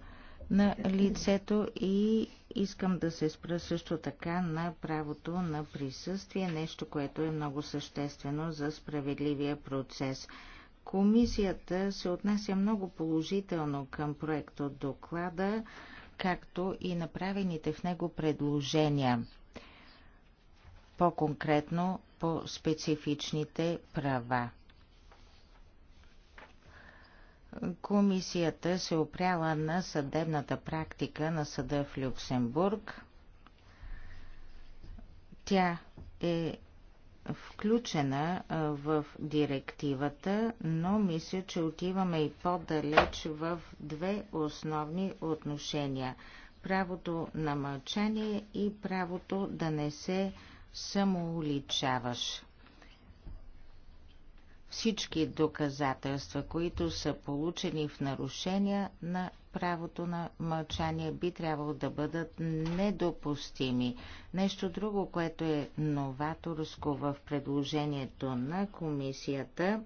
на лицето и искам да се спра също така на правото на присъствие, нещо, което е много съществено за справедливия процес. Комисията се отнася много положително към проекта доклада, както и направените в него предложения. По-конкретно по специфичните права. Комисията се опряла на съдебната практика на съда в Люксембург. Тя е включена в директивата, но мисля, че отиваме и по-далеч в две основни отношения правото на мълчание и правото да не се самоуличаваш всички доказателства, които са получени в нарушения на правото на мълчание, би трябвало да бъдат недопустими. Нещо друго, което е новаторско в предложението на комисията,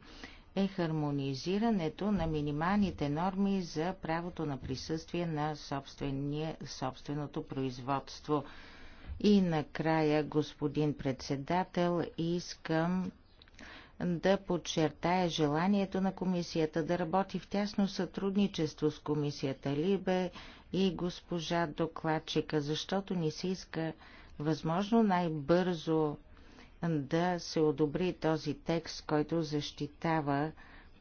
е хармонизирането на минималните норми за правото на присъствие на собственото производство. И накрая, господин председател, искам да подчертая желанието на комисията да работи в тясно сътрудничество с комисията Либе и госпожа докладчика, защото ни се иска възможно най-бързо да се одобри този текст, който защитава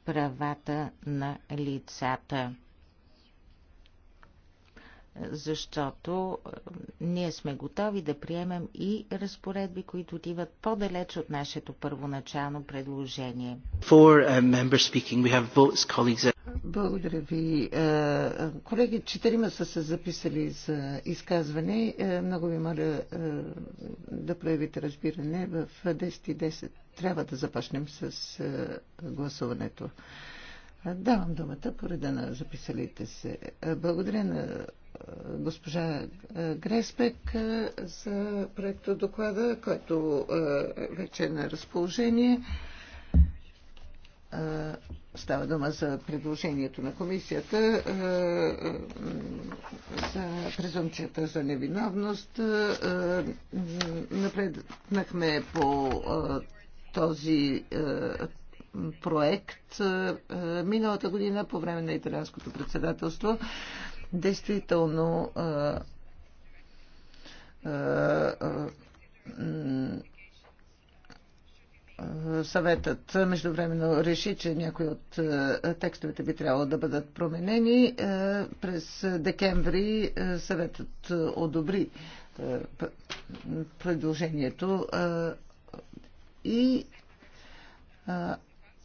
правата на лицата защото е, ние сме готови да приемем и разпоредби, които отиват по-далеч от нашето първоначално предложение. Uh, благодаря ви. Е, колеги, четирима са се записали за изказване. Е, много ви моля да проявите разбиране. В 10.10 .10. трябва да започнем с гласуването. Давам думата по реда на записалите се. Благодаря на госпожа е, Греспек е, за проекта доклада, който е, вече е на разположение. Става дума за предложението на комисията за презумцията за невиновност. Напреднахме по този проект миналата година по време на италианското председателство действително а, а, а, съветът междувременно реши, че някои от текстовете би трябвало да бъдат променени. През декември съветът одобри предложението и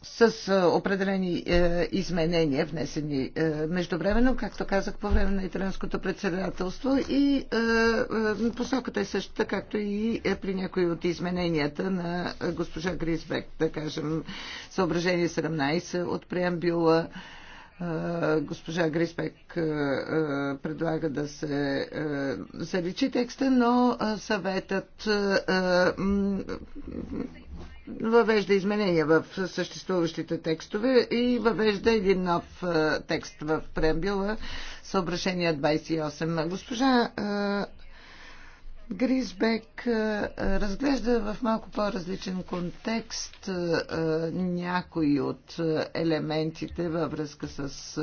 с определени е, изменения, внесени е, междувременно, както казах, по време на италянското председателство и е, посоката е същата, както и при някои от измененията на госпожа Гризбек, да кажем, съображение 17 от преамбюла. Госпожа Гриспек предлага да се заличи текста, но съветът въвежда изменения в съществуващите текстове и въвежда един нов текст в преамбюла, съображение 28. Госпожа Гризбек разглежда в малко по-различен контекст някои от елементите във връзка с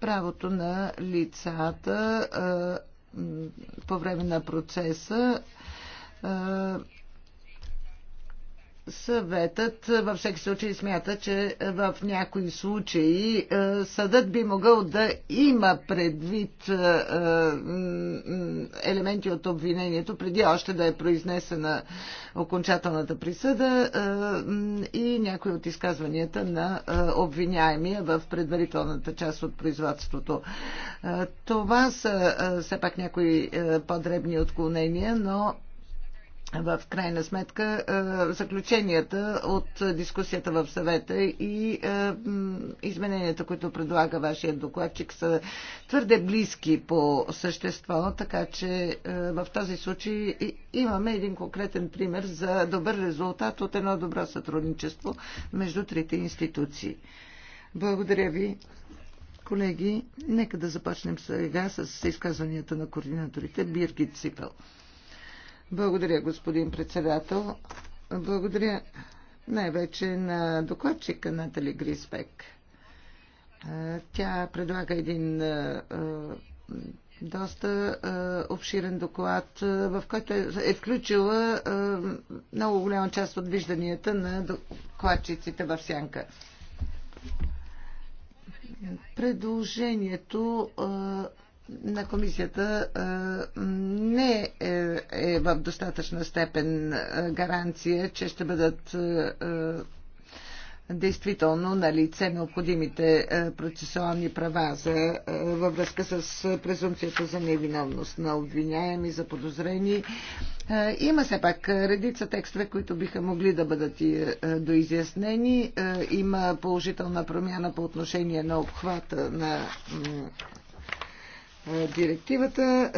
правото на лицата по време на процеса Съветът във всеки случай смята, че в някои случаи съдът би могъл да има предвид елементи от обвинението, преди още да е произнесена окончателната присъда и някои от изказванията на обвиняемия в предварителната част от производството. Това са все пак някои по-дребни отклонения, но в крайна сметка е, заключенията от дискусията в съвета и е, измененията, които предлага вашия докладчик, са твърде близки по същество, така че е, в този случай имаме един конкретен пример за добър резултат от едно добро сътрудничество между трите институции. Благодаря ви. Колеги, нека да започнем сега с изказванията на координаторите Биргит Ципел. Благодаря, господин председател. Благодаря най-вече на докладчика Натали Гриспек. Тя предлага един доста обширен доклад, в който е, е включила много голяма част от вижданията на докладчиците в Сянка. Предложението на комисията не е, е в достатъчна степен гаранция, че ще бъдат действително на лице необходимите процесуални права за, във връзка с презумпцията за невиновност на обвиняеми, за подозрени. Има все пак редица текстове, които биха могли да бъдат и доизяснени. Има положителна промяна по отношение на обхвата на директивата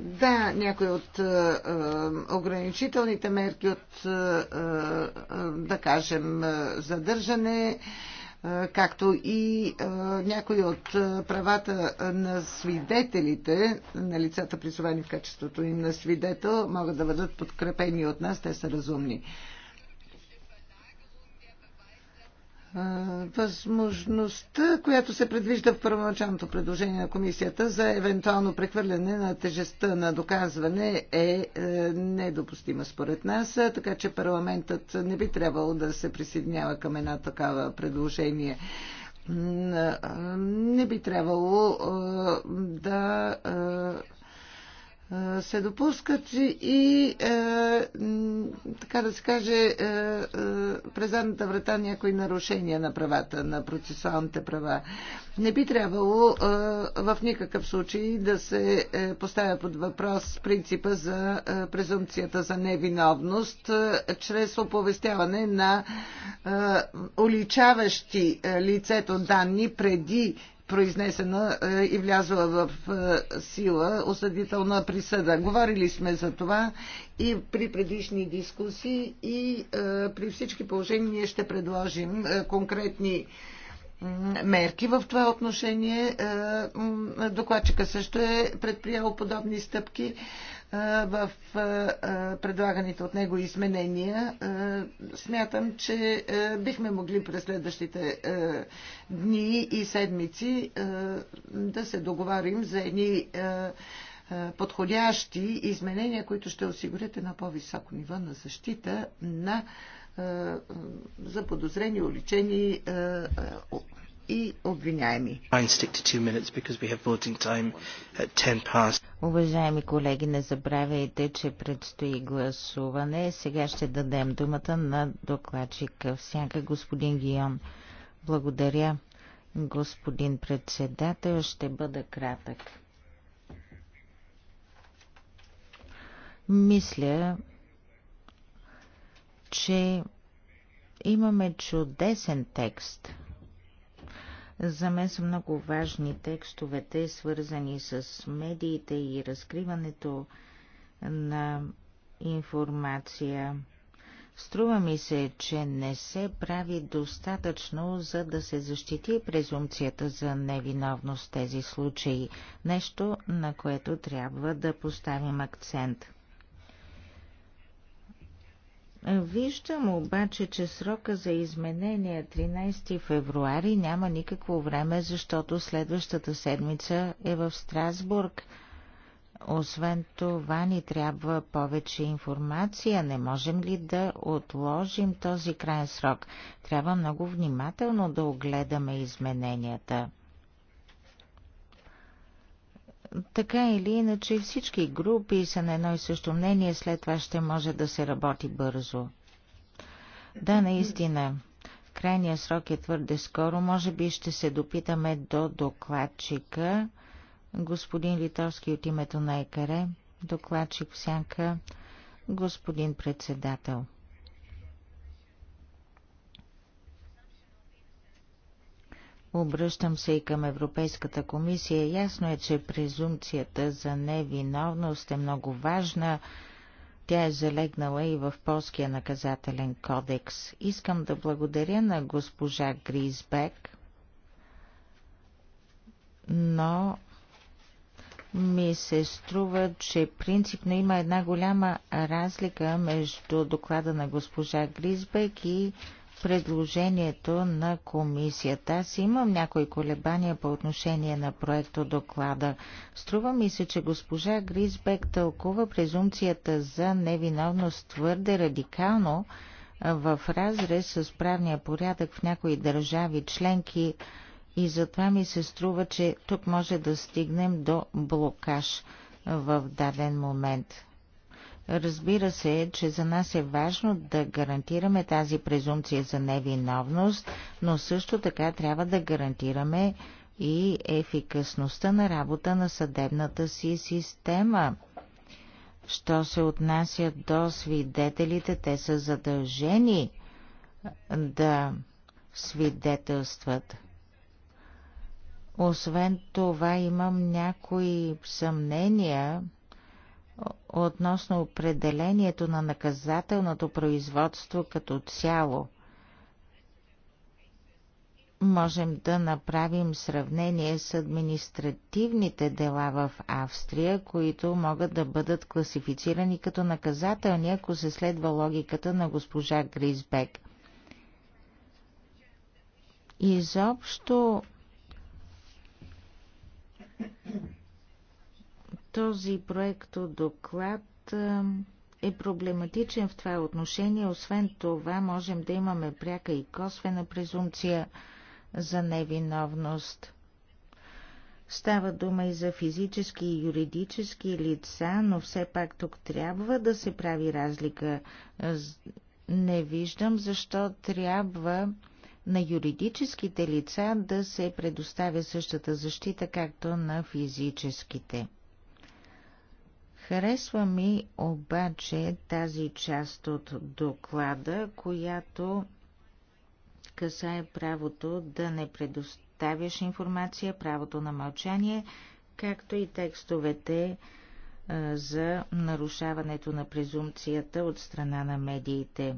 да, някои от ограничителните мерки от, да кажем, задържане, както и някои от правата на свидетелите, на лицата призовани в качеството им на свидетел, могат да бъдат подкрепени от нас, те са разумни. възможността, която се предвижда в първоначалното предложение на комисията за евентуално прехвърляне на тежестта на доказване е, е недопустима според нас, така че парламентът не би трябвало да се присъединява към една такава предложение. Не би трябвало да се допускат и, така да се каже, през задната врата някои нарушения на правата, на процесуалните права. Не би трябвало в никакъв случай да се е, поставя под въпрос принципа за е, презумпцията за невиновност е, чрез оповестяване на уличаващи лицето данни преди произнесена е, и влязла в е, сила осъдителна присъда. Говорили сме за това и при предишни дискусии и е, при всички положения ние ще предложим конкретни мерки в това отношение. Докладчика също е предприял подобни стъпки в предлаганите от него изменения смятам, че е, бихме могли през следващите е, дни и седмици е, да се договорим за едни подходящи изменения, които ще осигурят едно по-високо ниво на защита на заподозрени, уличени и обвиняеми. Уважаеми колеги, не забравяйте, че предстои гласуване. Сега ще дадем думата на докладчика. Всяка господин Гион. Благодаря, господин председател. Ще бъда кратък. Мисля, че имаме чудесен текст – за мен са много важни текстовете, свързани с медиите и разкриването на информация. Струва ми се, че не се прави достатъчно, за да се защити презумпцията за невиновност в тези случаи, нещо, на което трябва да поставим акцент. Виждам обаче, че срока за изменение 13 е февруари няма никакво време, защото следващата седмица е в Страсбург. Освен това ни трябва повече информация. Не можем ли да отложим този крайен срок? Трябва много внимателно да огледаме измененията. Така или иначе всички групи са на едно и също мнение, след това ще може да се работи бързо. Да, наистина. Крайния срок е твърде скоро. Може би ще се допитаме до докладчика. Господин Литовски от името на ЕКАРЕ, докладчик всяка. сянка, господин председател. Обръщам се и към Европейската комисия. Ясно е, че презумпцията за невиновност е много важна. Тя е залегнала и в Полския наказателен кодекс. Искам да благодаря на госпожа Гризбек, но ми се струва, че принципно има една голяма разлика между доклада на госпожа Гризбек и предложението на комисията. Аз имам някои колебания по отношение на проекто доклада. Струва ми се, че госпожа Гризбек тълкува презумцията за невиновност твърде радикално в разрез с правния порядък в някои държави членки и затова ми се струва, че тук може да стигнем до блокаж в даден момент. Разбира се, че за нас е важно да гарантираме тази презумпция за невиновност, но също така трябва да гарантираме и ефикасността на работа на съдебната си система. Що се отнася до свидетелите, те са задължени да свидетелстват. Освен това имам някои съмнения относно определението на наказателното производство като цяло. Можем да направим сравнение с административните дела в Австрия, които могат да бъдат класифицирани като наказателни, ако се следва логиката на госпожа Гризбек. Изобщо този проект доклад е проблематичен в това отношение. Освен това, можем да имаме пряка и косвена презумпция за невиновност. Става дума и за физически и юридически лица, но все пак тук трябва да се прави разлика. Не виждам защо трябва на юридическите лица да се предоставя същата защита, както на физическите. Харесва ми обаче тази част от доклада, която касае правото да не предоставяш информация, правото на мълчание, както и текстовете за нарушаването на презумпцията от страна на медиите.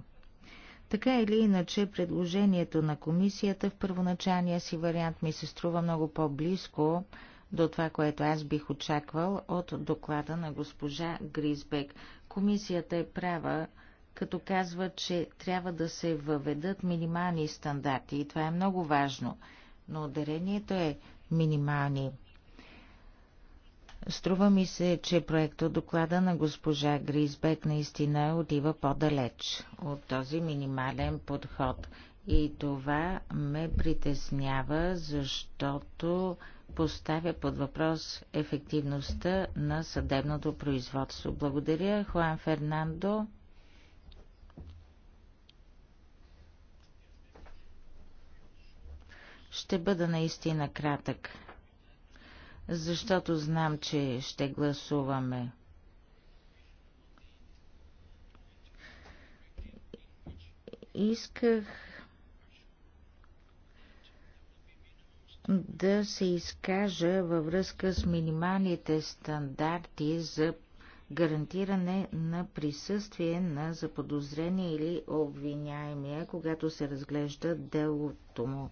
Така или иначе, предложението на комисията в първоначалния си вариант ми се струва много по-близко до това, което аз бих очаквал от доклада на госпожа Гризбек. Комисията е права, като казва, че трябва да се въведат минимални стандарти и това е много важно, но ударението е минимални. Струва ми се, че проекто доклада на госпожа Гризбек наистина отива по-далеч от този минимален подход. И това ме притеснява, защото поставя под въпрос ефективността на съдебното производство. Благодаря, Хуан Фернандо. Ще бъда наистина кратък, защото знам, че ще гласуваме. Исках да се изкажа във връзка с минималните стандарти за гарантиране на присъствие на заподозрение или обвиняемия, когато се разглежда делото му.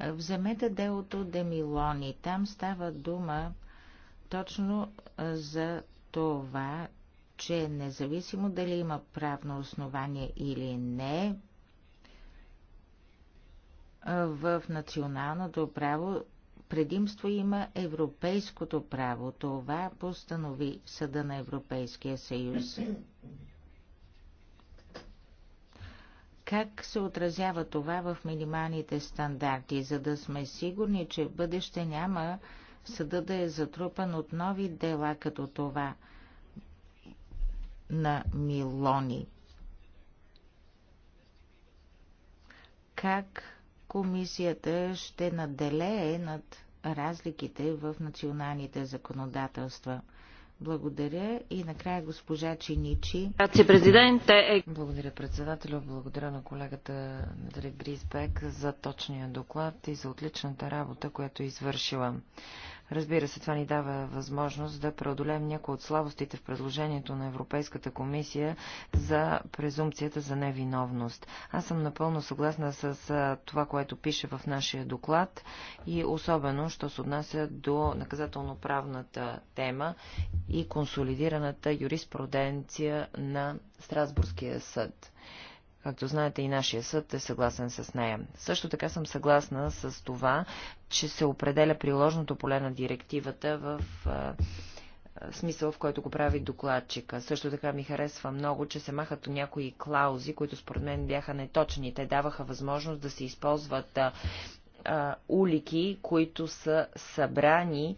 Вземете делото Демилони. Там става дума точно за това, че независимо дали има правно основание или не, в националното право предимство има европейското право. Това постанови Съда на Европейския съюз. Как се отразява това в минималните стандарти, за да сме сигурни, че в бъдеще няма съда да е затрупан от нови дела като това на Милони? Как комисията ще наделее над разликите в националните законодателства. Благодаря и накрая госпожа Чиничи. Благодаря председателю, благодаря на колегата Дали Бризбек за точния доклад и за отличната работа, която е извършила. Разбира се, това ни дава възможност да преодолеем някои от слабостите в предложението на Европейската комисия за презумпцията за невиновност. Аз съм напълно съгласна с това, което пише в нашия доклад и особено, що се отнася до наказателно-правната тема и консолидираната юриспруденция на Страсбургския съд. Както знаете, и нашия съд е съгласен с нея. Също така съм съгласна с това, че се определя приложното поле на директивата в смисъл, в който го прави докладчика. Също така ми харесва много, че се махат някои клаузи, които според мен бяха неточни. Те даваха възможност да се използват а, улики, които са събрани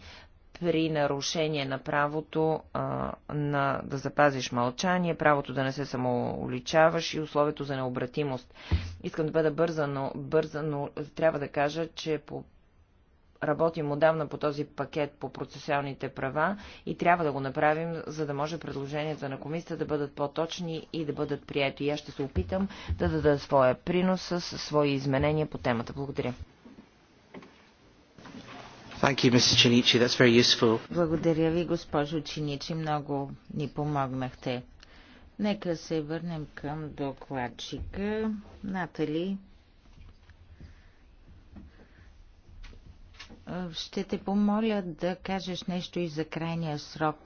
при нарушение на правото а, на, да запазиш мълчание, правото да не се самоуличаваш и условието за необратимост. Искам да бъда бърза, но, бърза, но трябва да кажа, че по работим отдавна по този пакет по процесуалните права и трябва да го направим, за да може предложенията на комисията да бъдат по-точни и да бъдат прияти. И аз ще се опитам да дада своя принос с свои изменения по темата. Благодаря. You, Благодаря ви, госпожо Чиничи. Много ни помогнахте. Нека се върнем към докладчика. Натали, ще те помоля да кажеш нещо и за крайния срок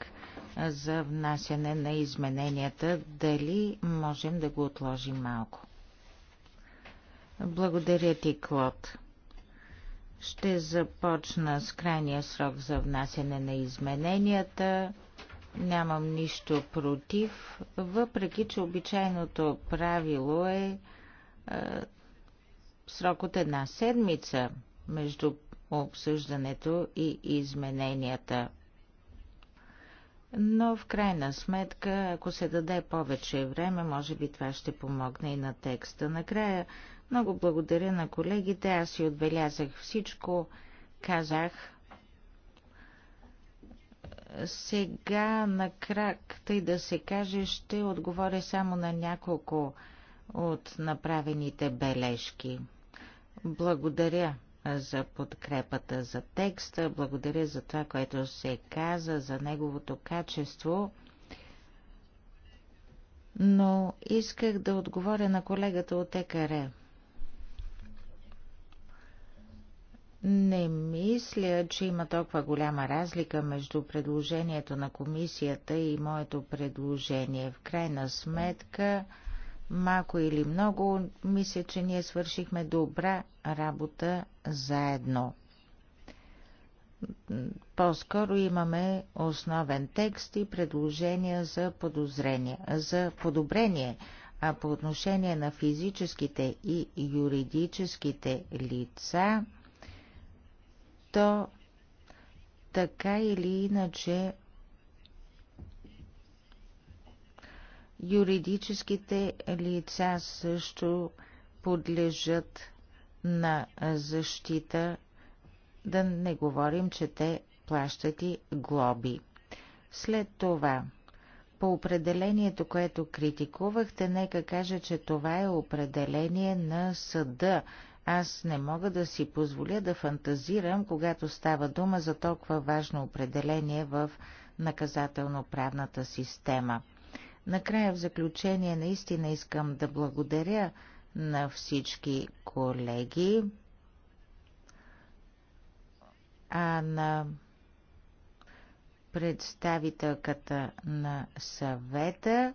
за внасяне на измененията. Дали можем да го отложим малко? Благодаря ти, Клод. Ще започна с крайния срок за внасяне на измененията. Нямам нищо против, въпреки че обичайното правило е, е срок от една седмица между обсъждането и измененията. Но в крайна сметка, ако се даде повече време, може би това ще помогне и на текста. Накрая много благодаря на колегите. Аз си отбелязах всичко. Казах. Сега на крак, тъй да се каже, ще отговоря само на няколко от направените бележки. Благодаря за подкрепата за текста, благодаря за това, което се каза, за неговото качество. Но исках да отговоря на колегата от ЕКАРЕ. Не мисля, че има толкова голяма разлика между предложението на комисията и моето предложение. В крайна сметка, малко или много, мисля, че ние свършихме добра работа заедно. По-скоро имаме основен текст и предложения за, за подобрение, а по отношение на физическите и юридическите лица – то така или иначе юридическите лица също подлежат на защита, да не говорим, че те плащат и глоби. След това, по определението, което критикувахте, нека кажа, че това е определение на съда, аз не мога да си позволя да фантазирам, когато става дума за толкова важно определение в наказателно-правната система. Накрая в заключение наистина искам да благодаря на всички колеги, а на представителката на съвета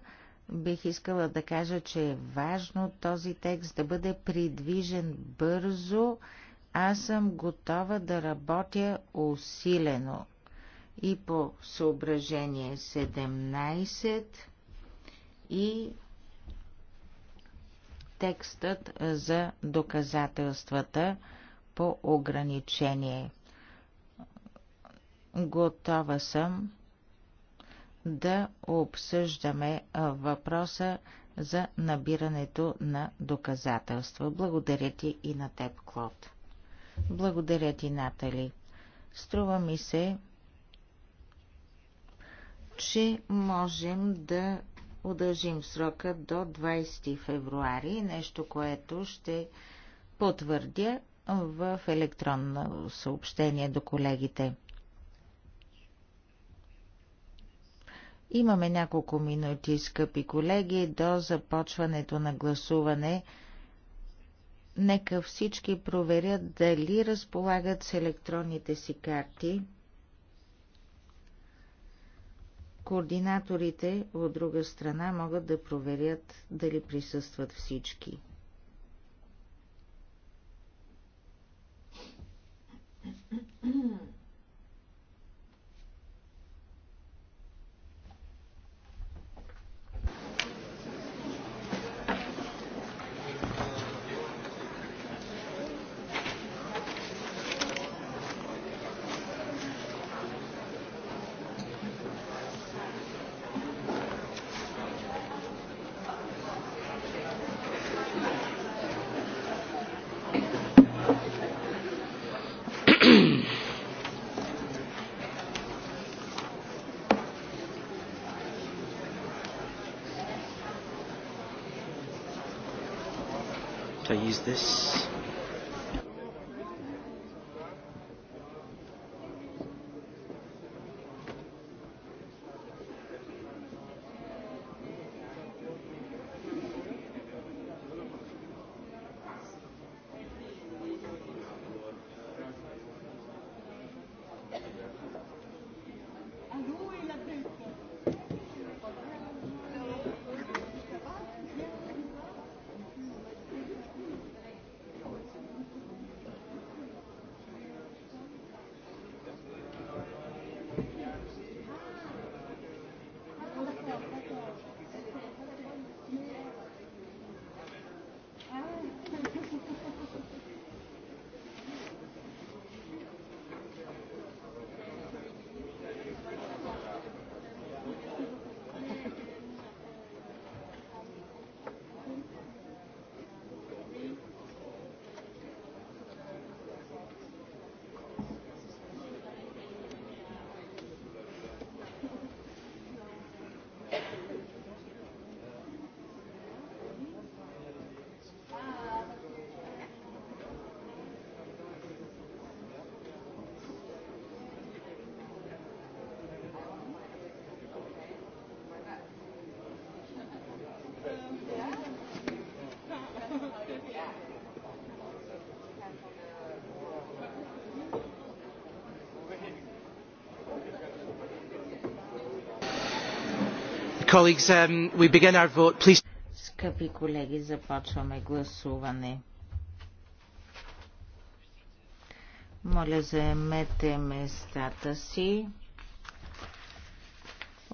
бих искала да кажа, че е важно този текст да бъде придвижен бързо. Аз съм готова да работя усилено. И по съображение 17 и текстът за доказателствата по ограничение. Готова съм да обсъждаме въпроса за набирането на доказателства. Благодаря ти и на теб, Клод. Благодаря ти, Натали. Струва ми се, че можем да удължим срока до 20 февруари, нещо, което ще потвърдя в електронно съобщение до колегите. Имаме няколко минути, скъпи колеги, до започването на гласуване. Нека всички проверят дали разполагат с електронните си карти. Координаторите от друга страна могат да проверят дали присъстват всички. I use this? Um, Скъпи колеги, започваме гласуване. Моля, заемете местата си.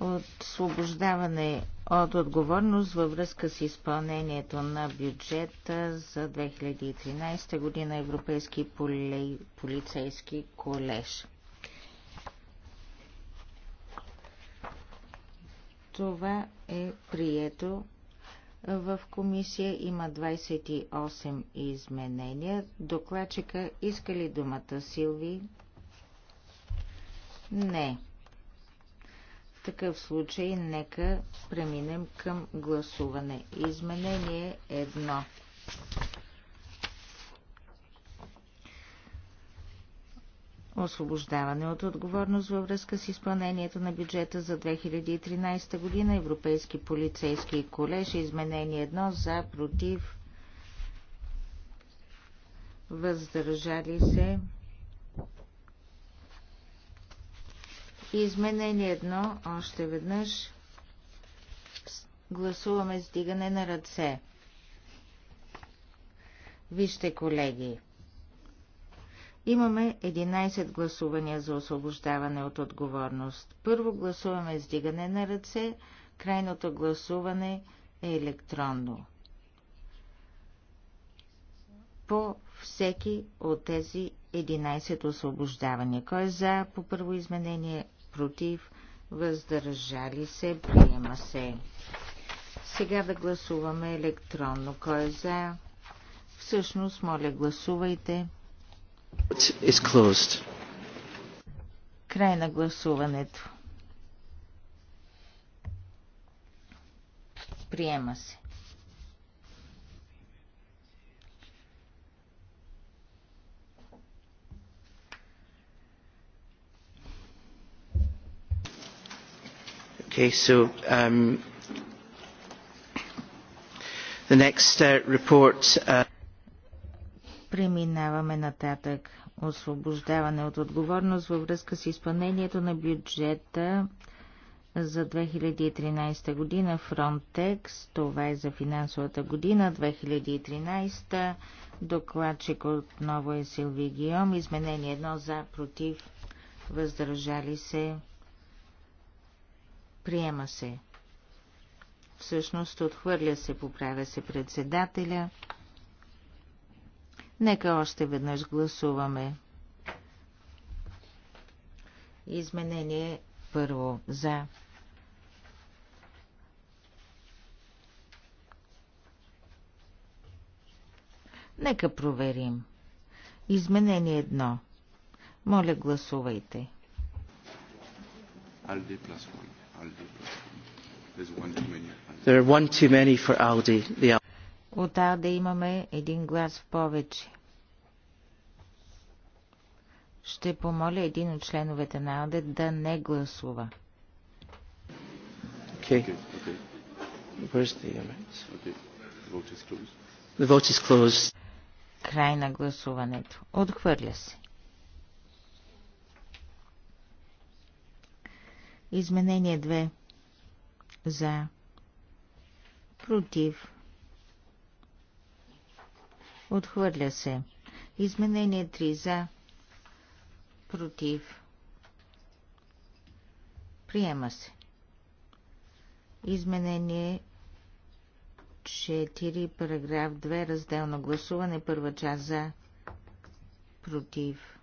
Освобождаване от отговорност във връзка с изпълнението на бюджета за 2013 година Европейски полицейски колеж. Това е прието в комисия. Има 28 изменения. Докладчика иска ли думата Силви? Не. В такъв случай нека преминем към гласуване. Изменение 1. освобождаване от отговорност във връзка с изпълнението на бюджета за 2013 година, Европейски полицейски колеж, изменение едно за, против, въздържали се. Изменение едно, още веднъж гласуваме с дигане на ръце. Вижте, колеги, Имаме 11 гласувания за освобождаване от отговорност. Първо гласуваме с дигане на ръце, крайното гласуване е електронно. По всеки от тези 11 освобождавания. Кой е за по първо изменение, против, въздържали се, приема се. Сега да гласуваме електронно. Кой е за? Всъщност, моля, гласувайте. Край на гласуването. Приема се. Okay, so um, the next uh, report. Uh Преминаваме нататък. Освобождаване от отговорност във връзка с изпълнението на бюджета за 2013 година Frontex. Това е за финансовата година 2013. Докладчик отново е Силви Гиом. Изменение едно за, против, въздържали се. Приема се. Всъщност отхвърля се, поправя се председателя. Нека още веднъж гласуваме. Изменение първо за. Нека проверим. Изменение едно. Моля, гласувайте. Aldi plus one. plus one. There's one too many. There are one too many for Aldi. The... От Алде имаме един глас в повече ще помоля един от членовете на АЛДЕ да не гласува. Okay. Okay. Край на гласуването. Отхвърля се. Изменение 2. За. Против. Отхвърля се. Изменение 3. За Против. Приема се. Изменение 4, параграф 2, разделно гласуване, първа част за, против,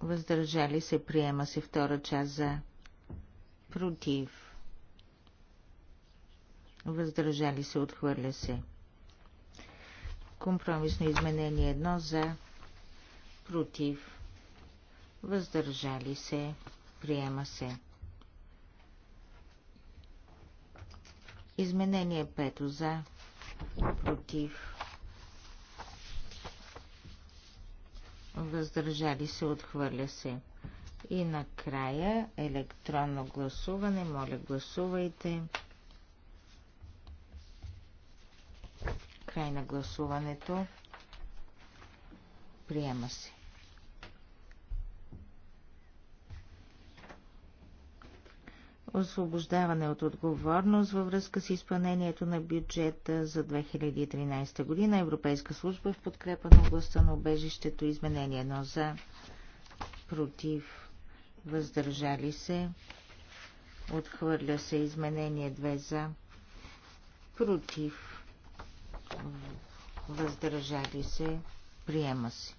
въздържали се, приема се втора част за, против, въздържали се, отхвърля се. Компромисно изменение едно за, против, въздържали се, приема се. Изменение пето за, против, въздържали се, отхвърля се. И накрая електронно гласуване. Моля, гласувайте. Гласувайте. Край на гласуването. Приема се. освобождаване от отговорност във връзка с изпълнението на бюджета за 2013 година, Европейска служба в подкрепа на областта на обежището, изменение 1 за, против, въздържали се, отхвърля се изменение 2 за, против, въздържали се, приема се.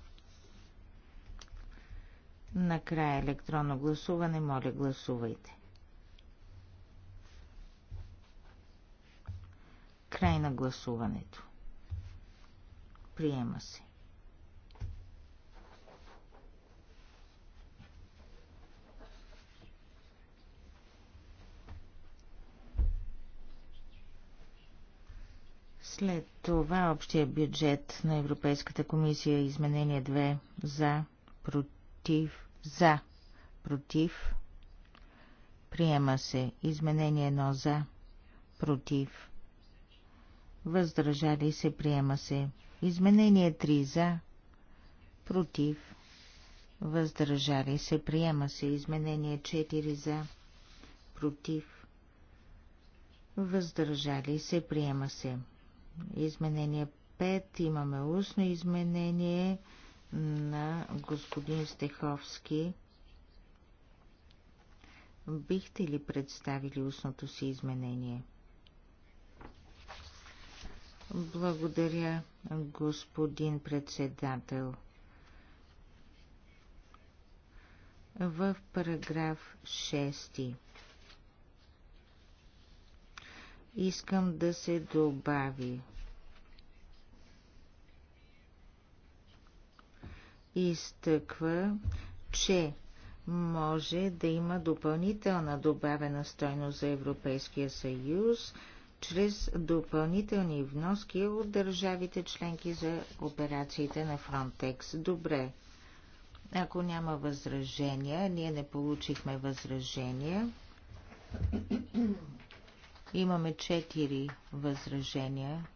Накрая електронно гласуване, моля гласувайте. Край на гласуването. Приема се. След това общия бюджет на Европейската комисия изменение 2 за, против, за, против. Приема се изменение 1 за, против. Въздържали се, приема се. Изменение 3 за, против. Въздържали се, приема се. Изменение 4 за, против. Въздържали се, приема се. Изменение 5 имаме устно изменение на господин Стеховски. Бихте ли представили устното си изменение? Благодаря, господин председател. В параграф 6 искам да се добави. Изтъква, че може да има допълнителна добавена стойност за Европейския съюз чрез допълнителни вноски от държавите членки за операциите на Frontex. Добре. Ако няма възражения, ние не получихме възражения. Имаме четири възражения.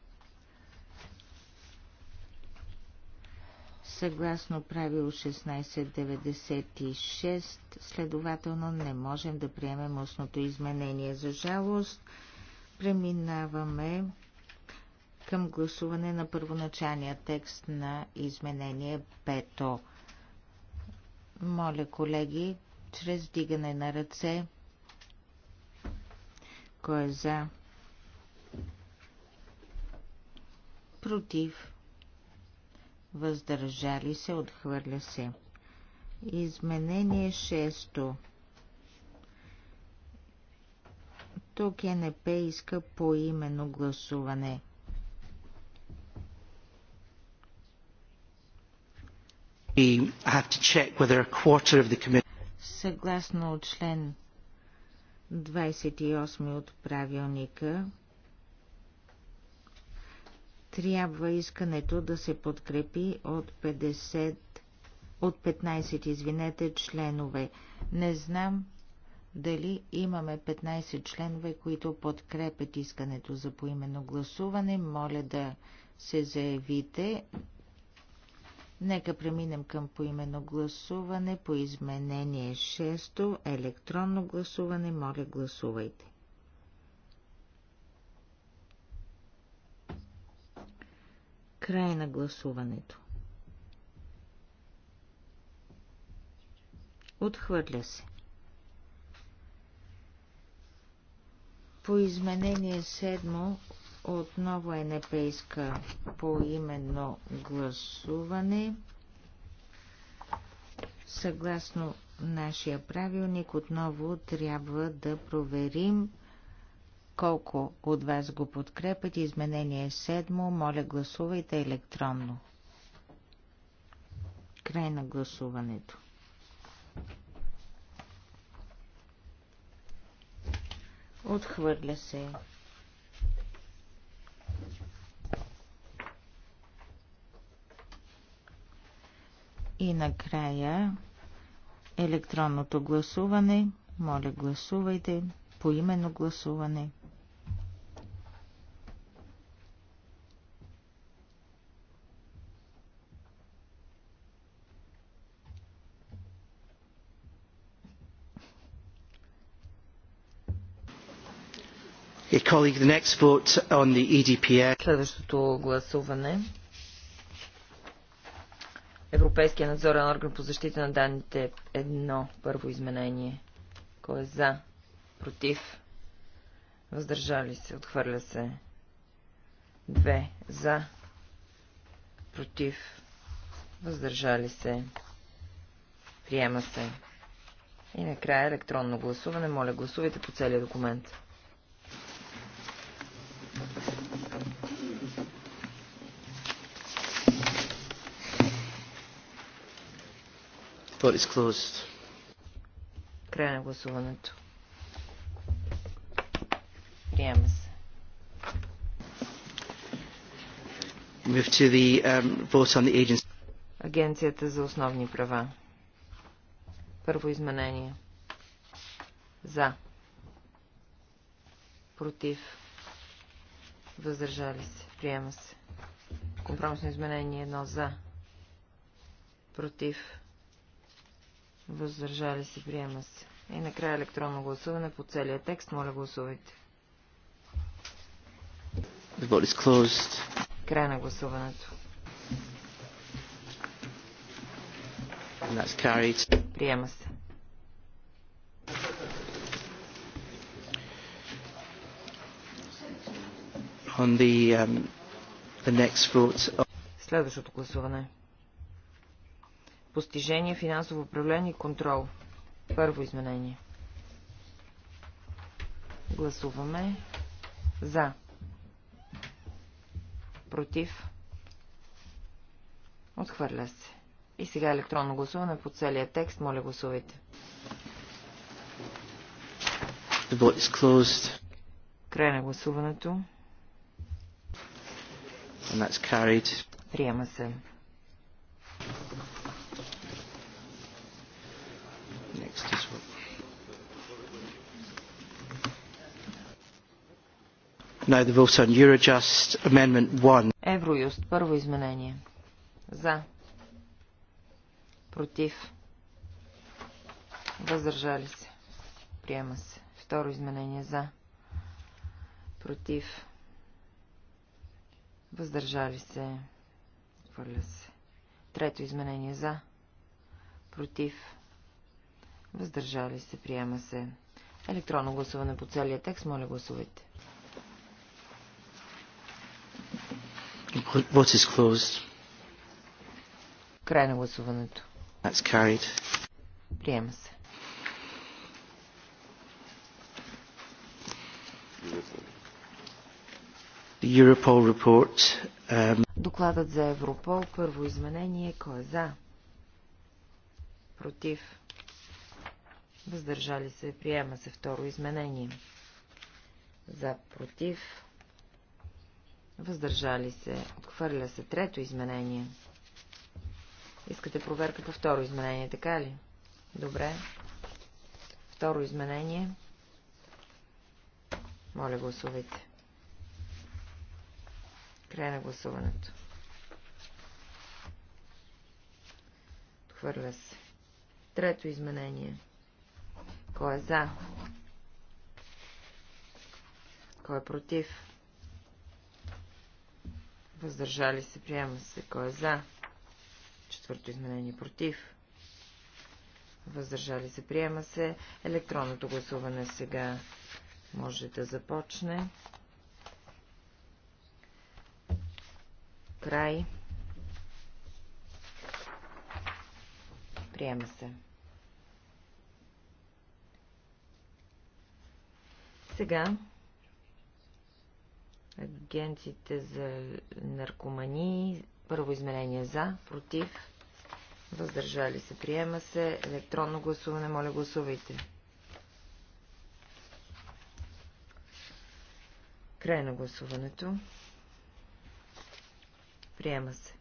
Съгласно правило 1696, следователно не можем да приемем устното изменение. За жалост, преминаваме към гласуване на първоначалния текст на изменение 5. Моля, колеги, чрез дигане на ръце кой е за? Против. Въздържали се, отхвърля се. Изменение 6. Тук е НП иска поименно гласуване. Съгласно член 28 от правилника трябва искането да се подкрепи от 50 от 15, извинете, членове. Не знам дали имаме 15 членове, които подкрепят искането за поименно гласуване. Моля да се заявите. Нека преминем към поименно гласуване по изменение 6, електронно гласуване. Моля, гласувайте. Край на гласуването. Отхвърля се. По изменение 7 отново е непейска по именно гласуване. Съгласно нашия правилник, отново трябва да проверим колко от вас го подкрепят. Изменение 7. Е Моля, гласувайте електронно. Край на гласуването. Отхвърля се. И накрая електронното гласуване. Моля, гласувайте. Поименно гласуване. E Следващото гласуване Европейския надзорен орган по защита на данните. Едно първо изменение. Кой е за? Против? Въздържали се. Отхвърля се. Две. За. Против. Въздържали се. Приема се. И накрая електронно гласуване. Моля, гласувайте по целия документ. is closed. Край на гласуването. Приема се. Move to the um, vote on the agency. Агенцията за основни права. Първо изменение. За. Против. Въздържали се. Приема се. Компромисно изменение едно за. Против. Въздържали се, приема се. И накрая електронно гласуване по целия текст. Моля, гласувайте. The vote is closed. Край на гласуването. And that's carried. Приема се. On the, um, the next vote. Следващото гласуване постижения, финансово управление и контрол. Първо изменение. Гласуваме за. Против. Отхвърля се. И сега електронно гласуване по целия текст. Моля гласувайте. The vote is closed. Край на гласуването. And that's carried. Приема се. Eurojust Amendment 1. Евроюст. Първо изменение. За. Против. Въздържали се. Приема се. Второ изменение. За. Против. Въздържали се. Хвърля се. Трето изменение. За. Против. Въздържали се. Приема се. Електронно гласуване по целия текст. Моля гласувайте. Vote is closed. Край на гласуването. That's carried. Приема се. The Europol report, um... Докладът за Европол, първо изменение, кой е за? Против. Въздържали се, приема се второ изменение. За, против Въздържали се. Отхвърля се. Трето изменение. Искате проверка по второ изменение, така ли? Добре. Второ изменение. Моля, гласувайте. Край на гласуването. Отхвърля се. Трето изменение. Кой е за? Кой е против? Въздържали се, приема се. Кой е за? Четвърто изменение против. Въздържали се, приема се. Електронното гласуване сега може да започне. Край. Приема се. Сега Агенците за наркомании. Първо изменение за, против, въздържали се. Приема се. Електронно гласуване. Моля, гласувайте. Край на гласуването. Приема се.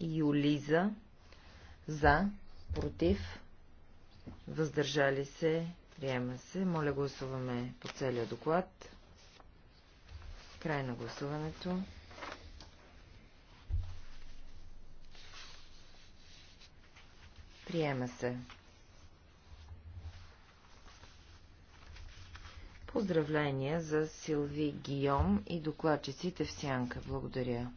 Юлиза за, против, въздържали се, приема се. Моля гласуваме по целия доклад. Край на гласуването. Приема се. Поздравления за Силви Гийом и докладчиците в Сянка. Благодаря.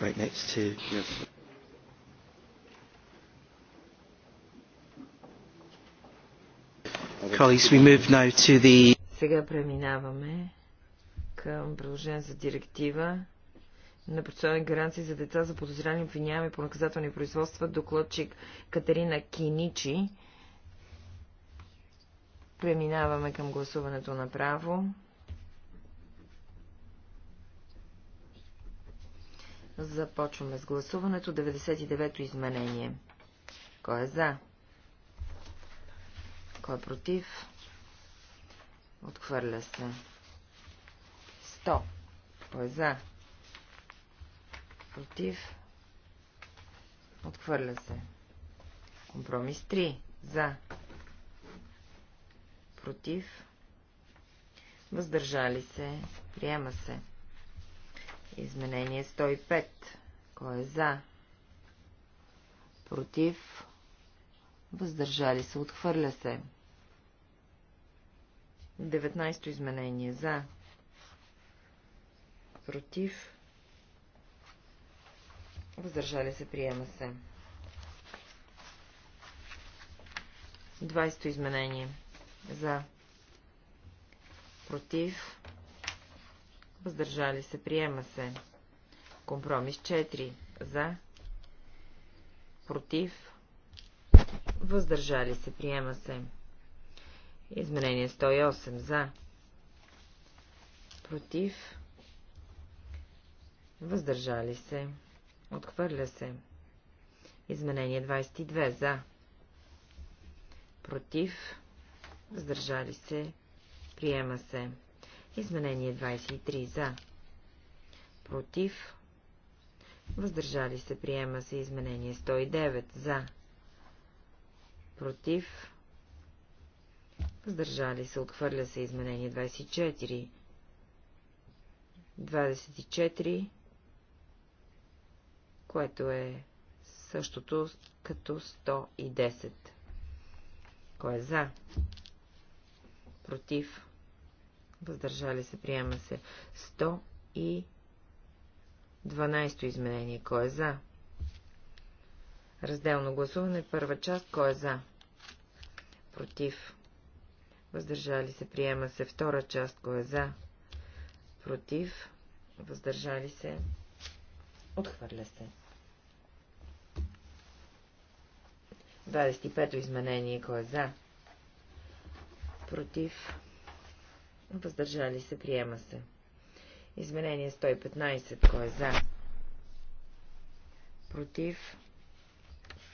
right next to. Yes. Colleagues, we move now to the... Сега преминаваме към предложение за директива на процесуални гаранции за деца за подозряни обвиняеми по наказателни производства, докладчик Катерина Киничи. Преминаваме към гласуването направо. Започваме с гласуването. 99-то изменение. Кой е за? Кой е против? Отхвърля се. 100. Кой е за? Против? Отхвърля се. Компромис 3. За. Против? Въздържали се. Приема се. Изменение 105. Кой е за? Против? Въздържали се. Отхвърля се. 19 изменение. За. Против? Въздържали се. Приема се. 20 изменение. За. Против? въздържали се, приема се. Компромис 4 за, против, въздържали се, приема се. Изменение 108 за, против, въздържали се, отхвърля се. Изменение 22 за, против, въздържали се, приема се. Изменение 23 за. Против. Въздържали се. Приема се. Изменение 109 за. Против. Въздържали се. Отхвърля се. Изменение 24. 24. Което е същото като 110. Кой е за? Против въздържали се, приема се 100 и 12 изменение. Кой е за? Разделно гласуване, първа част, кой е за? Против. Въздържали се, приема се втора част, кой е за? Против. Въздържали се. Отхвърля се. 25-то изменение, кой е за? Против въздържали се, приема се. Изменение 115, кой е за? Против,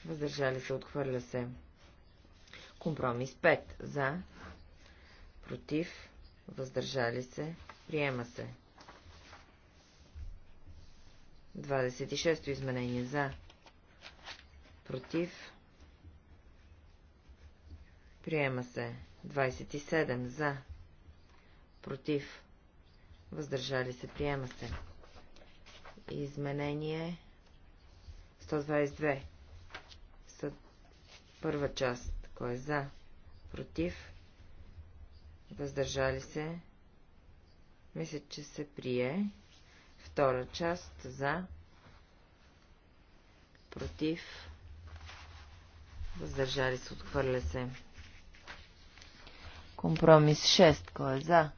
въздържали се, отхвърля се. Компромис 5, за, против, въздържали се, приема се. 26-то изменение за, против, приема се, 27 за, против, въздържали се, приема се. Изменение 122. Съд... Първа част, кой е за, против, въздържали се, мисля, че се прие. Втора част, за, против, въздържали се, отхвърля се. Компромис 6, кой е за?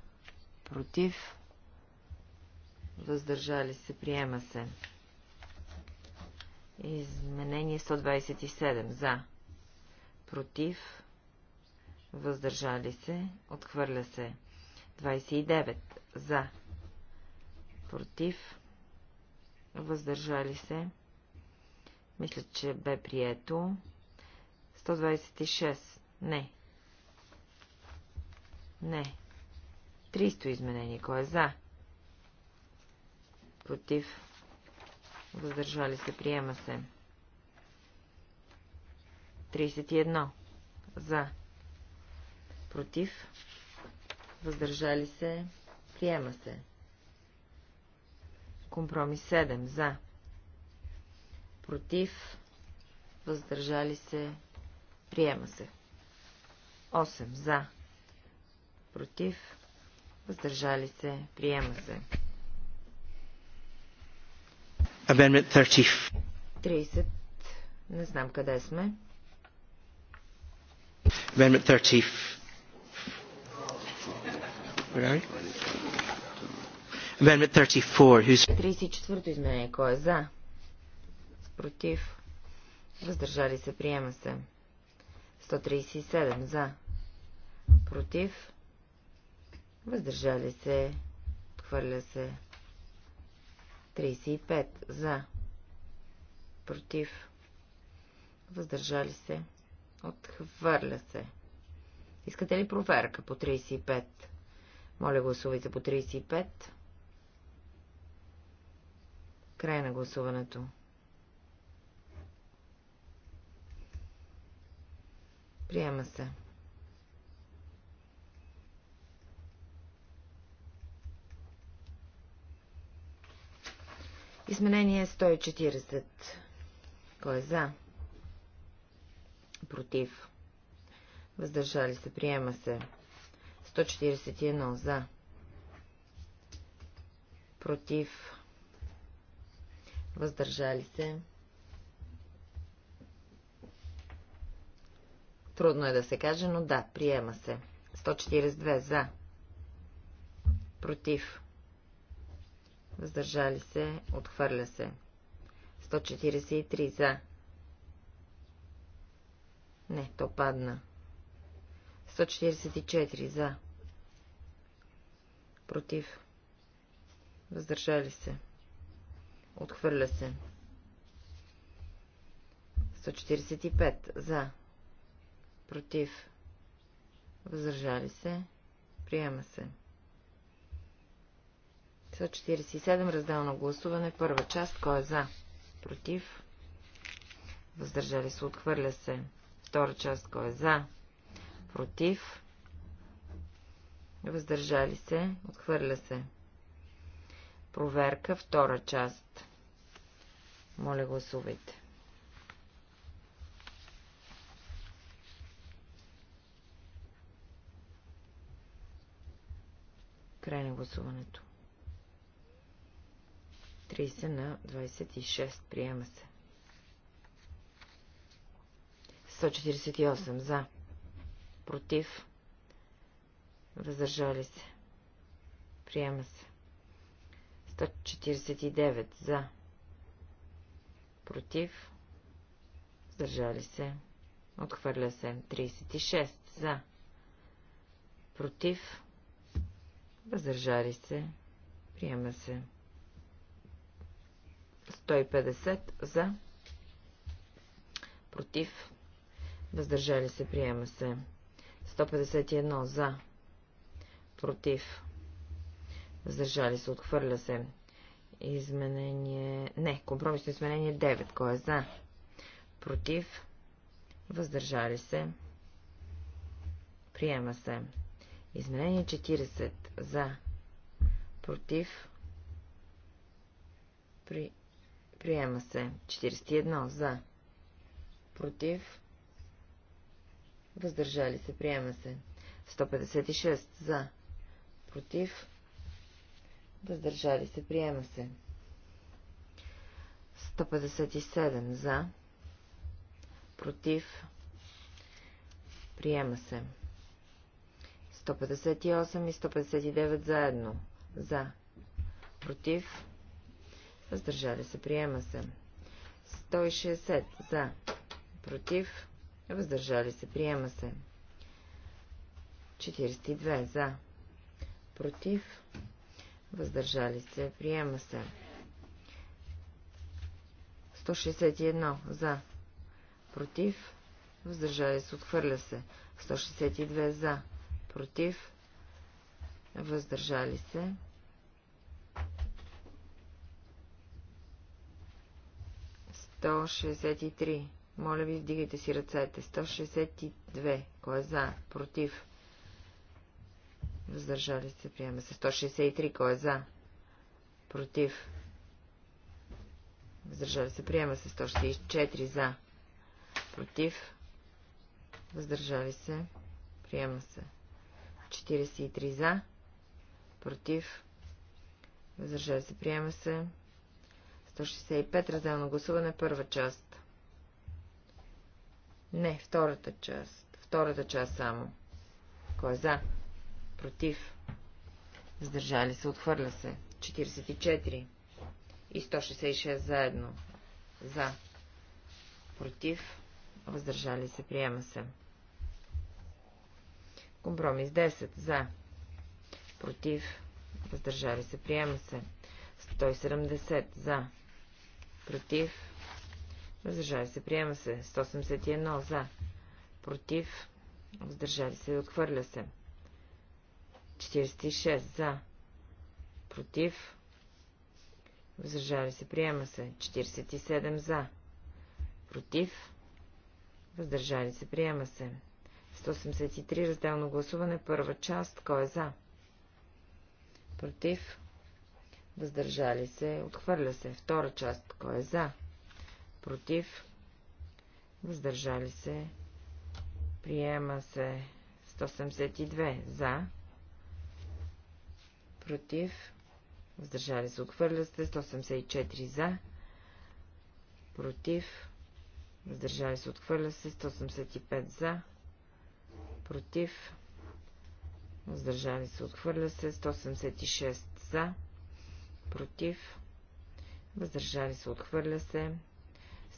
против, въздържали се, приема се. Изменение 127 за, против, въздържали се, отхвърля се. 29 за, против, въздържали се. Мисля, че бе прието. 126. Не. Не. 300 изменение. Кой е за? Против. Въздържали се. Приема се. 31. За. Против. Въздържали се. Приема се. Компромис 7. За. Против. Въздържали се. Приема се. 8. За. Против въздържали се, приема се. 30. 30. Не знам къде сме. 30. Where 34-то изменение. Кой е за? Против. Въздържали се. Приема се. 137. За. Против. Въздържали се. Отхвърля се. 35. За. Против. Въздържали се. Отхвърля се. Искате ли проверка по 35? Моля, гласувайте по 35. Край на гласуването. Приема се. Изменение 140. Кой е за? Против. Въздържали се. Приема се. 141. За. Против. Въздържали се. Трудно е да се каже, но да, приема се. 142. За. Против въздържали се, отхвърля се. 143 за. Не, то падна. 144 за. Против. Въздържали се. Отхвърля се. 145 за. Против. Въздържали се. Приема се. Съ47, разделно гласуване. Първа част. Кой е за? Против. Въздържали се. Отхвърля се. Втора част. Кой е за? Против. Въздържали се. Отхвърля се. Проверка. Втора част. Моля, гласувайте. Край на гласуването. 30 на 26. Приема се. 148 за. Против. Въздържали се. Приема се. 149 за. Против. Въздържали се. Отхвърля се. 36 за. Против. Въздържали се. Приема се. 150 за, против, въздържали се, приема се. 151 за, против, въздържали се, отхвърля се. Изменение... Не, компромисно изменение 9. Кой е за? Против, въздържали се, приема се. Изменение 40 за, против, при Приема се. 41 за. Против. Въздържали се. Приема се. 156 за. Против. Въздържали се. Приема се. 157 за. Против. Приема се. 158 и 159 заедно. За. Против. Въздържали се. Приема се. 160 за. Против. Въздържали се. Приема се. 42 за. Против. Въздържали се. Приема се. 161 за. Против. Въздържали се. Отхвърля се. 162 за. Против. Въздържали се. 163. Моля ви, вдигайте си ръцете. 162. Кой е за? Против? Въздържали се, приема се. 163. Кой е за? Против? Въздържали се, приема се. 164. За? Против? Въздържали се, приема се. 43. За? Против? Въздържали се, приема се. 165 разделно гласуване, първа част. Не, втората част. Втората част само. Кой е за? Против. Сдържали се, отхвърля се. 44 и 166 заедно. За. Против. Въздържали се, приема се. Компромис 10. За. Против. Въздържали се, приема се. 170. За против, въздържали се, приема се. 181 за, против, въздържали се, отхвърля се. 46 за, против, въздържали се, приема се. 47 за, против, въздържали се, приема се. 183 разделно гласуване, първа част, кой е за? Против, въздържали се, отхвърля се. Втора част, кой е за, против, въздържали се, приема се 172 за, против, въздържали се, отхвърля се, 174 за, против, въздържали се, отхвърля се, 185 за, против, въздържали се, отхвърля се, 176 за, против, въздържали се, отхвърля се,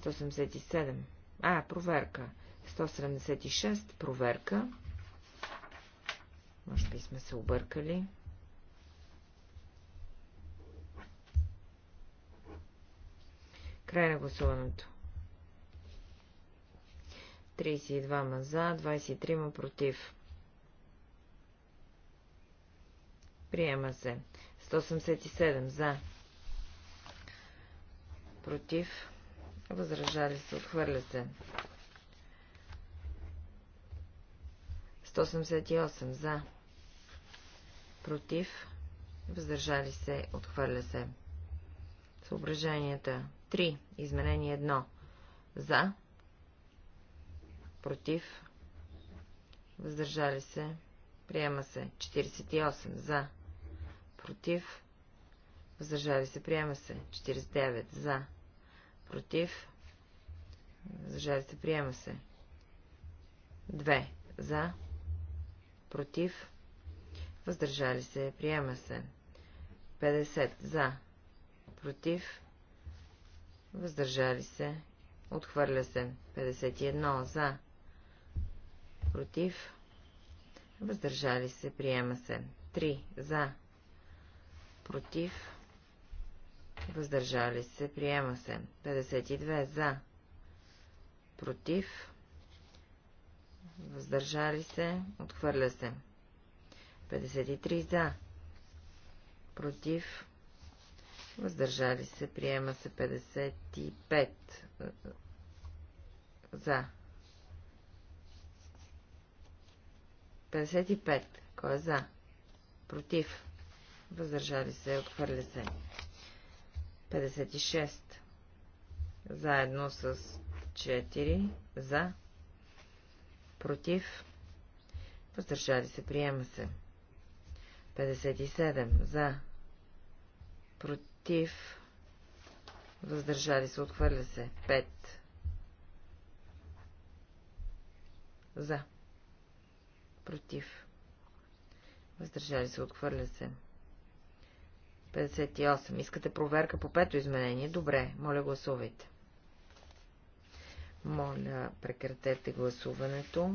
187. а, проверка, 176, проверка, може би сме се объркали. Край на гласуването. 32 ма за, 23 ма против. Приема се. 187 за. Против. Възражали се. Отхвърля се. 188 за. Против. Въздържали се. Отхвърля се. Съображенията. 3. Изменение 1. За. Против. Въздържали се. Приема се. 48. За против, въздържали се, приема се. 49 за, против, въздържали се, приема се. 2 за, против, въздържали се, приема се. 50 за, против, въздържали се, отхвърля се. 51 за, против, въздържали се, приема се. 3 за, против, въздържали се, приема се. 52 за, против, въздържали се, отхвърля се. 53 за, против, въздържали се, приема се 55 за. 55. Кой е за? Против въздържали се, отхвърля се. 56. Заедно с 4. За. Против. Въздържали се, приема се. 57. За. Против. Въздържали се, отхвърля се. 5. За. Против. Въздържали се, отхвърля се. 58. 58. Искате проверка по пето изменение? Добре, моля гласувайте. Моля, прекратете гласуването.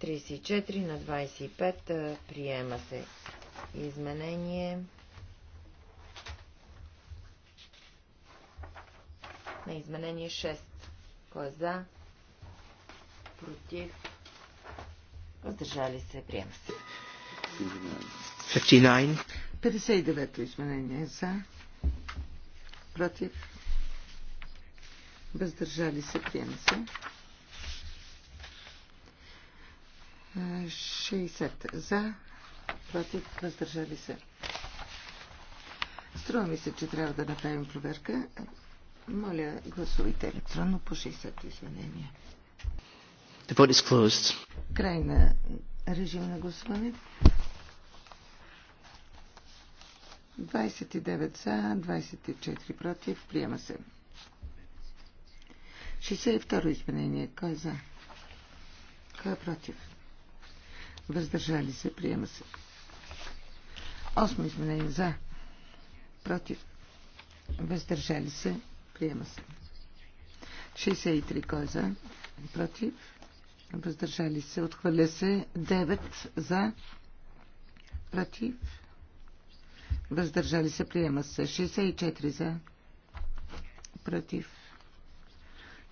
34 на 25 приема се изменение. На изменение 6. Кой е за? Против? Въздържали се, приема се. 59. 59-то изменение за. Против. Въздържали се. Приема се. 60 за. Против. Въздържали се. Струва ми се, че трябва да направим проверка. Моля, гласувайте електронно по 60-то изменение. The vote is closed. Край на режим на гласуване. 29 за, 24 против. Приема се. 62 изменение. Кой е за? Кой е против? Въздържали се. Приема се. 8 изменение. За. Против. Въздържали се. Приема се. 63 кой е за? Против. Въздържали се. Отхвърля се. 9 за. Против въздържали се, приема се. 64 за, против,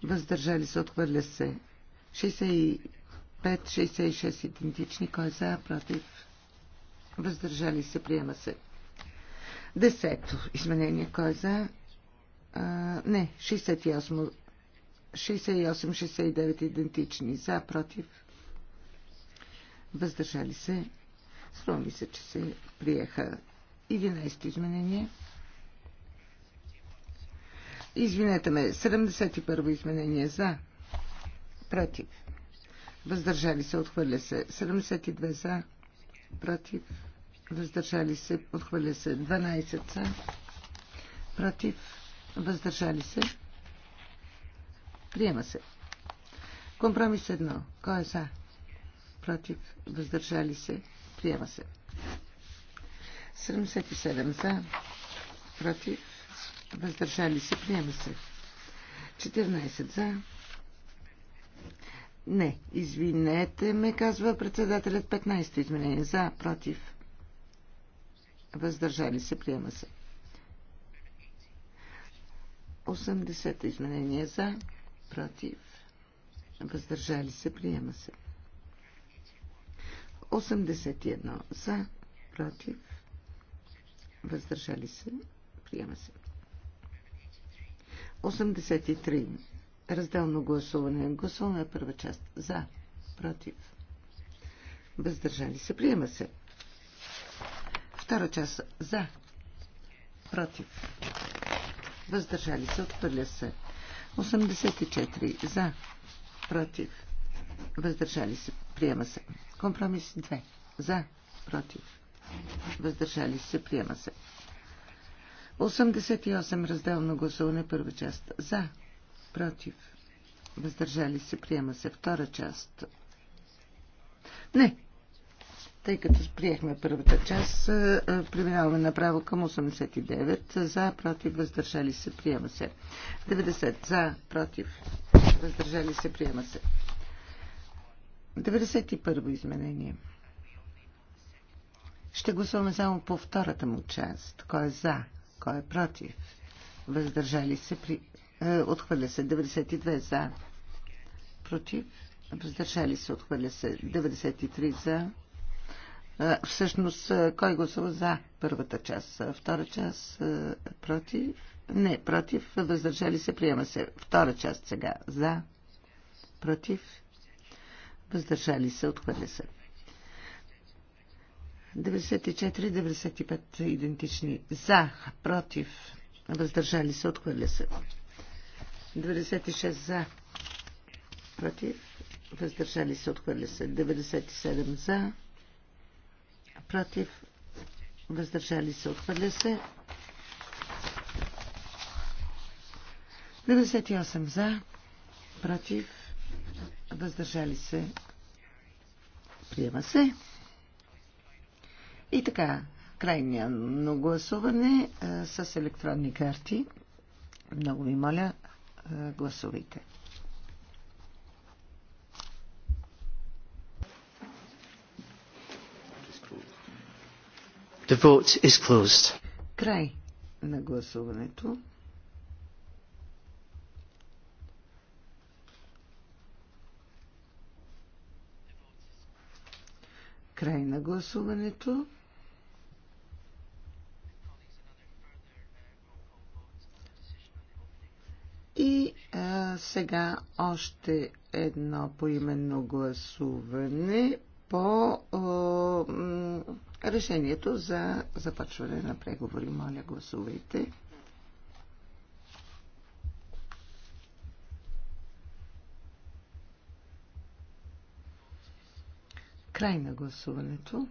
въздържали се, отхвърля се. 65, 66 идентични, кой е за, против, въздържали се, приема се. Десето изменение, кой е за? А, не, 68, 68, 69 идентични, за, против, въздържали се. Струва ми се, че се приеха 11 изменение. Извинете ме, 71 изменение за. Против. Въздържали се, отхвърля се. 72 за. Против. Въздържали се, отхвърля се. 12 за. Против. Въздържали се. Приема се. Компромис 1. Кой е за? Против. Въздържали се. Приема се. 77 за, против, въздържали се, приема се. 14 за. Не, извинете ме, казва председателят 15 изменение. За, против, въздържали се, приема се. 80 изменение за, против, въздържали се, приема се. 81 за, против, въздържали се, приема се. 83. Разделно гласуване. Гласуваме първа част. За. Против. Въздържали се. Приема се. Втора част. За. Против. Въздържали се. Отхвърля се. 84. За. Против. Въздържали се. Приема се. Компромис 2. За. Против въздържали се, приема се. 88 разделно гласуване, първа част. За, против, въздържали се, приема се. Втора част. Не, тъй като приехме първата част, е, е, преминаваме направо към 89. За, против, въздържали се, приема се. 90. За, против, въздържали се, приема се. 91 изменение. Ще гласуваме само по втората му част. Кой е за, кой е против. Въздържали се при... Е, отхвърля се 92 за. Против. Въздържали се, отхвърля се 93 за. Е, всъщност, е, кой гласува за първата част? Е, втора част е, против. Не, против. Въздържали се, приема се. Втора част сега. За. Против. Въздържали се, отхвърля се. 94-95 идентични. За, против, въздържали се, отхвърля се. 96 за, против, въздържали се, отхвърля се. 97 за, против, въздържали се, отхвърля се. 98 за, против, въздържали се, приема се. И така, крайно гласуване а, с електронни карти. Много ви моля, а, гласувайте. The vote is closed. Край на гласуването. Край на гласуването. И а, сега още едно поименно гласуване по а, решението за започване на преговори. Моля, гласувайте. Край на гласуването.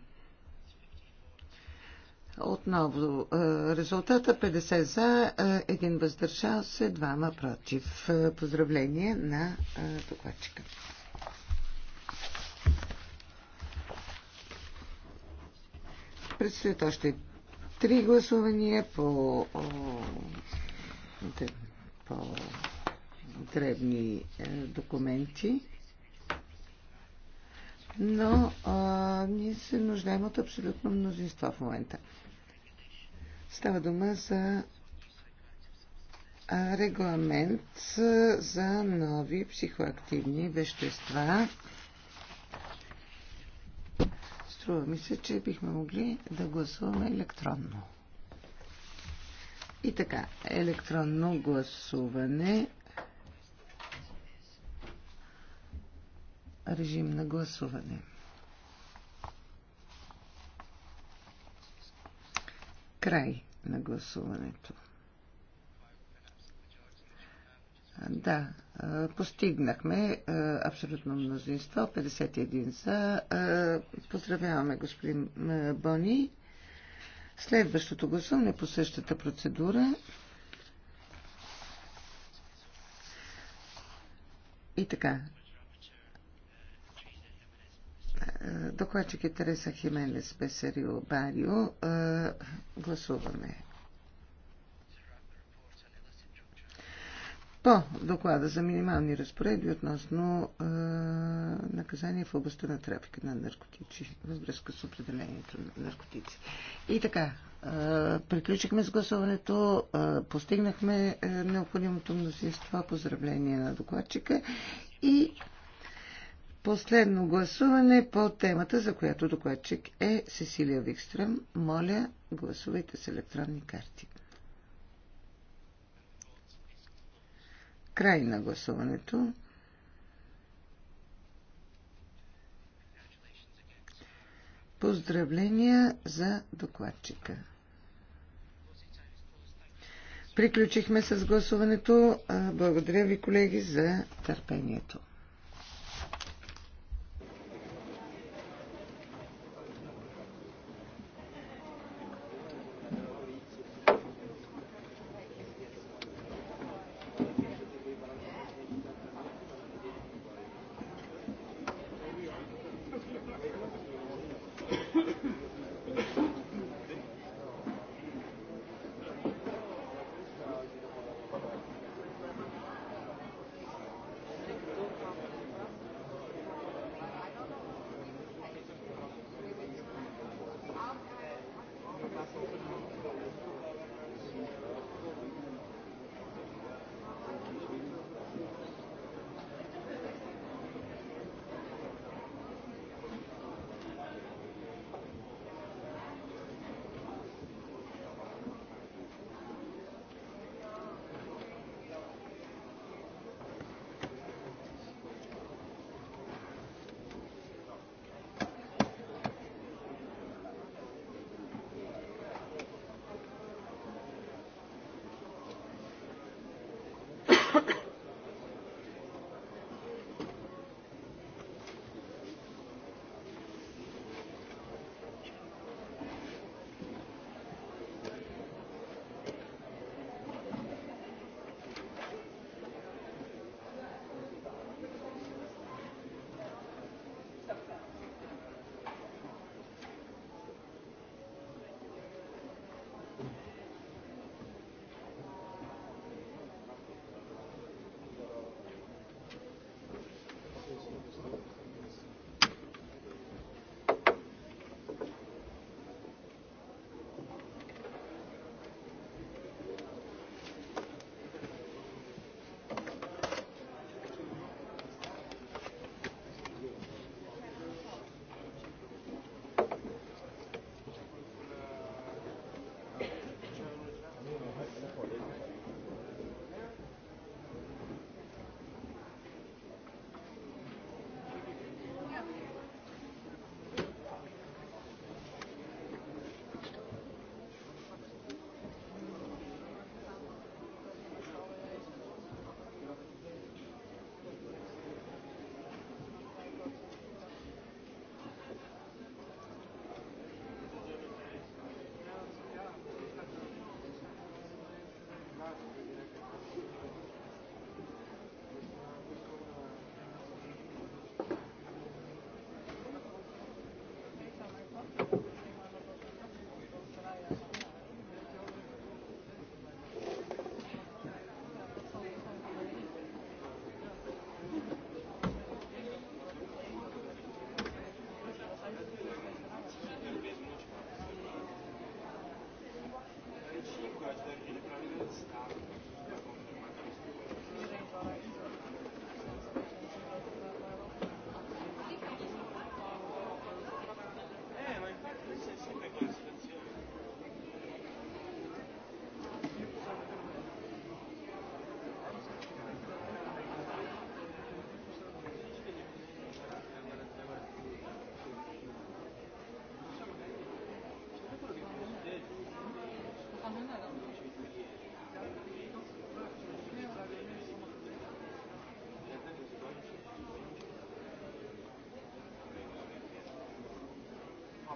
Отново е, резултата 50 за, е, един въздържал се, двама против. Е, поздравление на докладчика. Предстоят още три гласувания по, по дребни документи но а, ние се нуждаем от абсолютно мнозинство в момента. Става дума за регламент за нови психоактивни вещества. Струва ми се, че бихме могли да гласуваме електронно. И така, електронно гласуване. Режим на гласуване. Край на гласуването. Да, постигнахме абсолютно мнозинство, 51 за. Поздравяваме господин Бони. Следващото гласуване по същата процедура. И така, Докладчик е Тереса Хименес Песерио Барио. Е, гласуваме. По доклада за минимални разпоредби относно е, наказание в областта на трафика на наркотици, във връзка с определението на наркотици. И така, е, приключихме с гласуването, е, постигнахме е, необходимото мнозинство, поздравление на докладчика и Последно гласуване по темата, за която докладчик е Сесилия Викстрем. Моля, гласувайте с електронни карти. Край на гласуването. Поздравления за докладчика. Приключихме с гласуването. Благодаря ви, колеги, за търпението.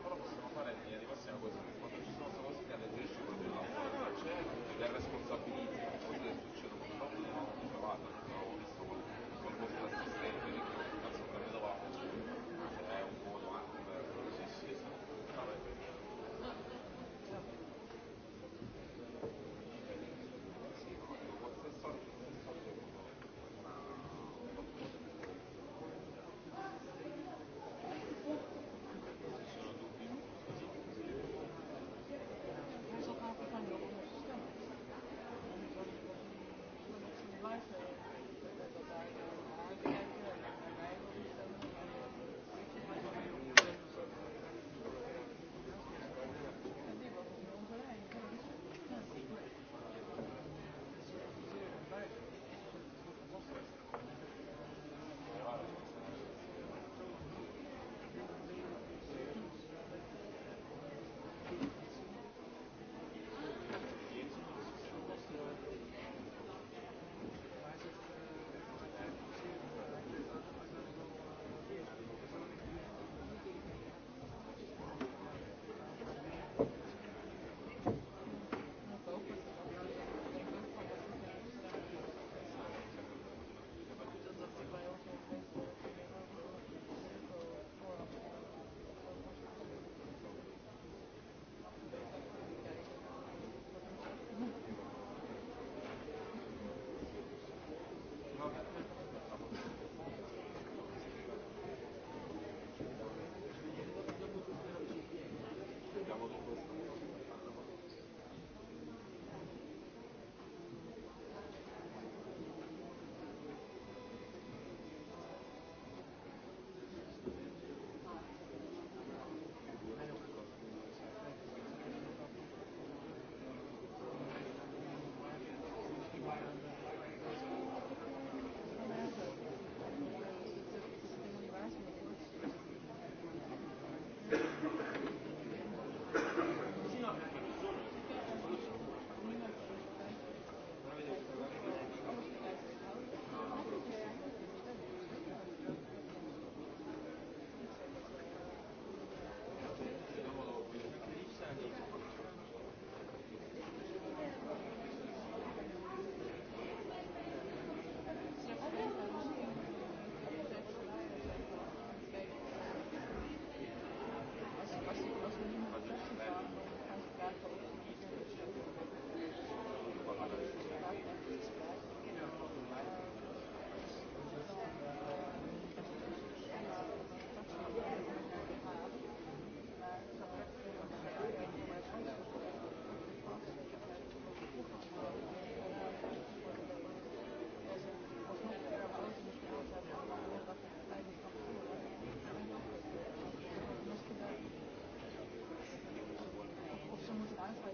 però possiamo fare in linea di massima così. Quando ci sono queste cose che alleggerisci il problema, certo, le responsabilizzi, non può dire succede un po' di trovate, l'ho visto col vostro assistente,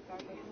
Thank you.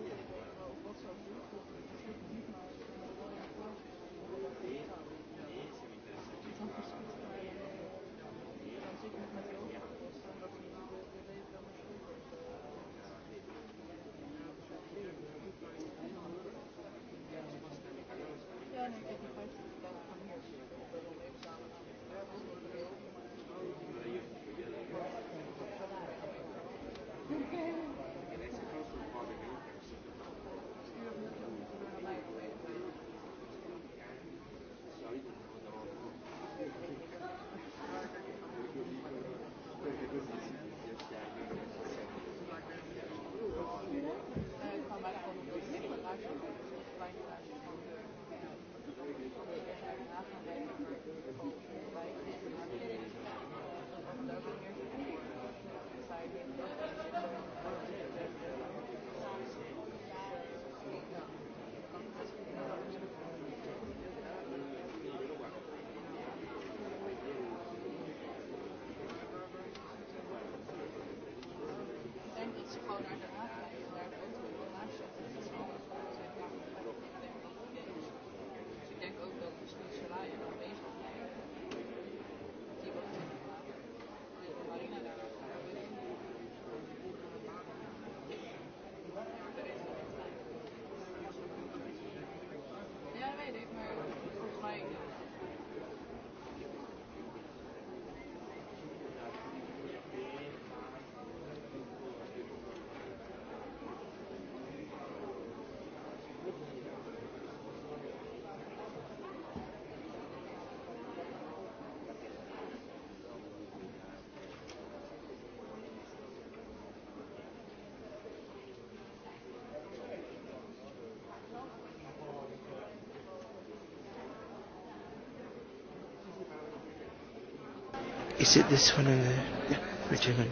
exciting. Is it this one? Or the, yeah, which one?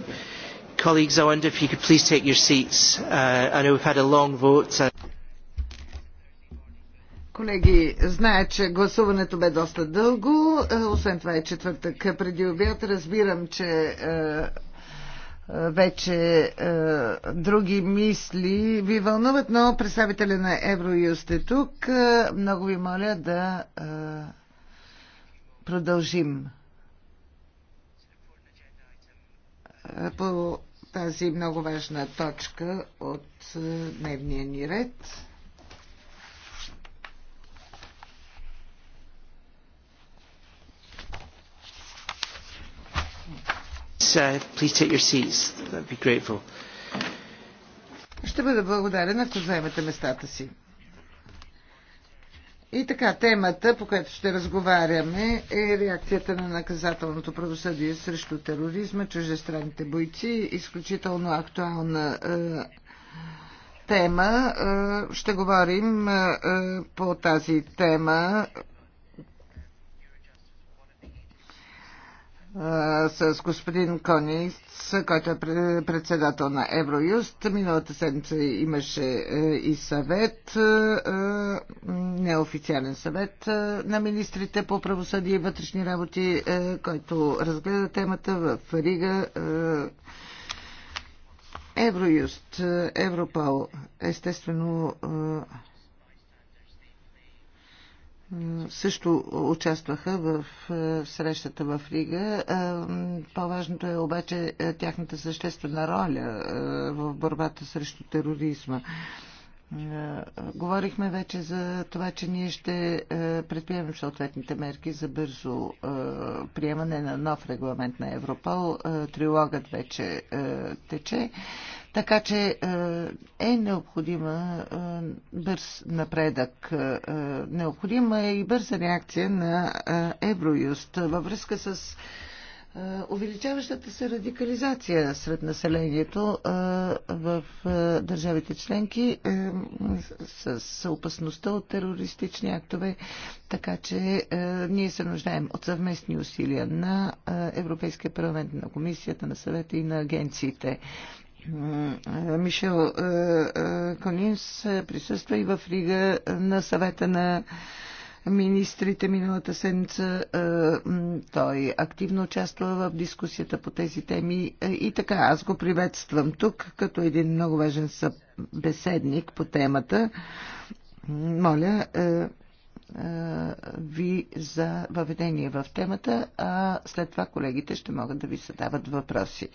Colleagues, I wonder if you could please take your seats. Uh, I know we've had a long vote. Uh... Колеги, знаят, че гласуването бе доста дълго. Е, освен това е четвъртък преди обяд. Разбирам, че е, е, вече е, други мисли ви вълнуват, но представителя на Евроюст е тук. Е, много ви моля да е, продължим. по тази много важна точка от е, дневния ни ред. Ще бъда благодарен, ако вземете местата си. И така, темата, по която ще разговаряме, е реакцията на наказателното правосъдие срещу тероризма, чужестранните бойци. Изключително актуална е, тема. Е, ще говорим е, е по тази тема с господин Кониц, който е председател на Евроюст. Миналата седмица имаше е, и съвет, е, е, неофициален съвет на министрите по правосъдие и вътрешни работи, който разгледа темата в Рига. Евроюст, Европол, естествено също участваха в е, срещата в Рига. Е, по-важното е обаче е, тяхната съществена роля в борбата срещу тероризма. Говорихме вече за това, че ние ще предприемем съответните мерки за бързо приемане на нов регламент на Европол. Трилогът вече тече. Така че е, е необходима е, бърз напредък. Е, необходима е и бърза реакция на Евроюст във връзка с увеличаващата се радикализация сред населението в държавите членки с опасността от терористични актове, така че ние се нуждаем от съвместни усилия на Европейския парламент, на Комисията, на съвета и на агенциите. Мишел е, е, Конинс присъства и в Рига на съвета на министрите миналата седмица. Е, той активно участва в дискусията по тези теми и така аз го приветствам тук като един много важен събеседник по темата. Моля ви за въведение в темата, а след това колегите ще могат да ви задават въпроси.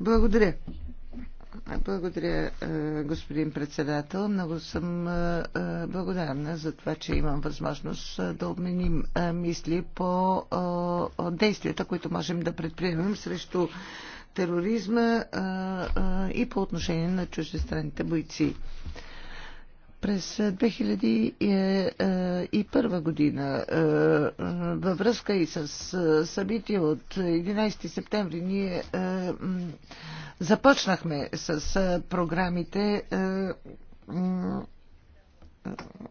Благодаря. Благодаря, е, господин председател. Много съм е, е, благодарна за това, че имам възможност да обменим мисли по действията, които можем да предприемем срещу тероризма и по отношение на чуждестранните бойци. През 2001 година, във връзка и с събития от 11 септември, ние започнахме с програмите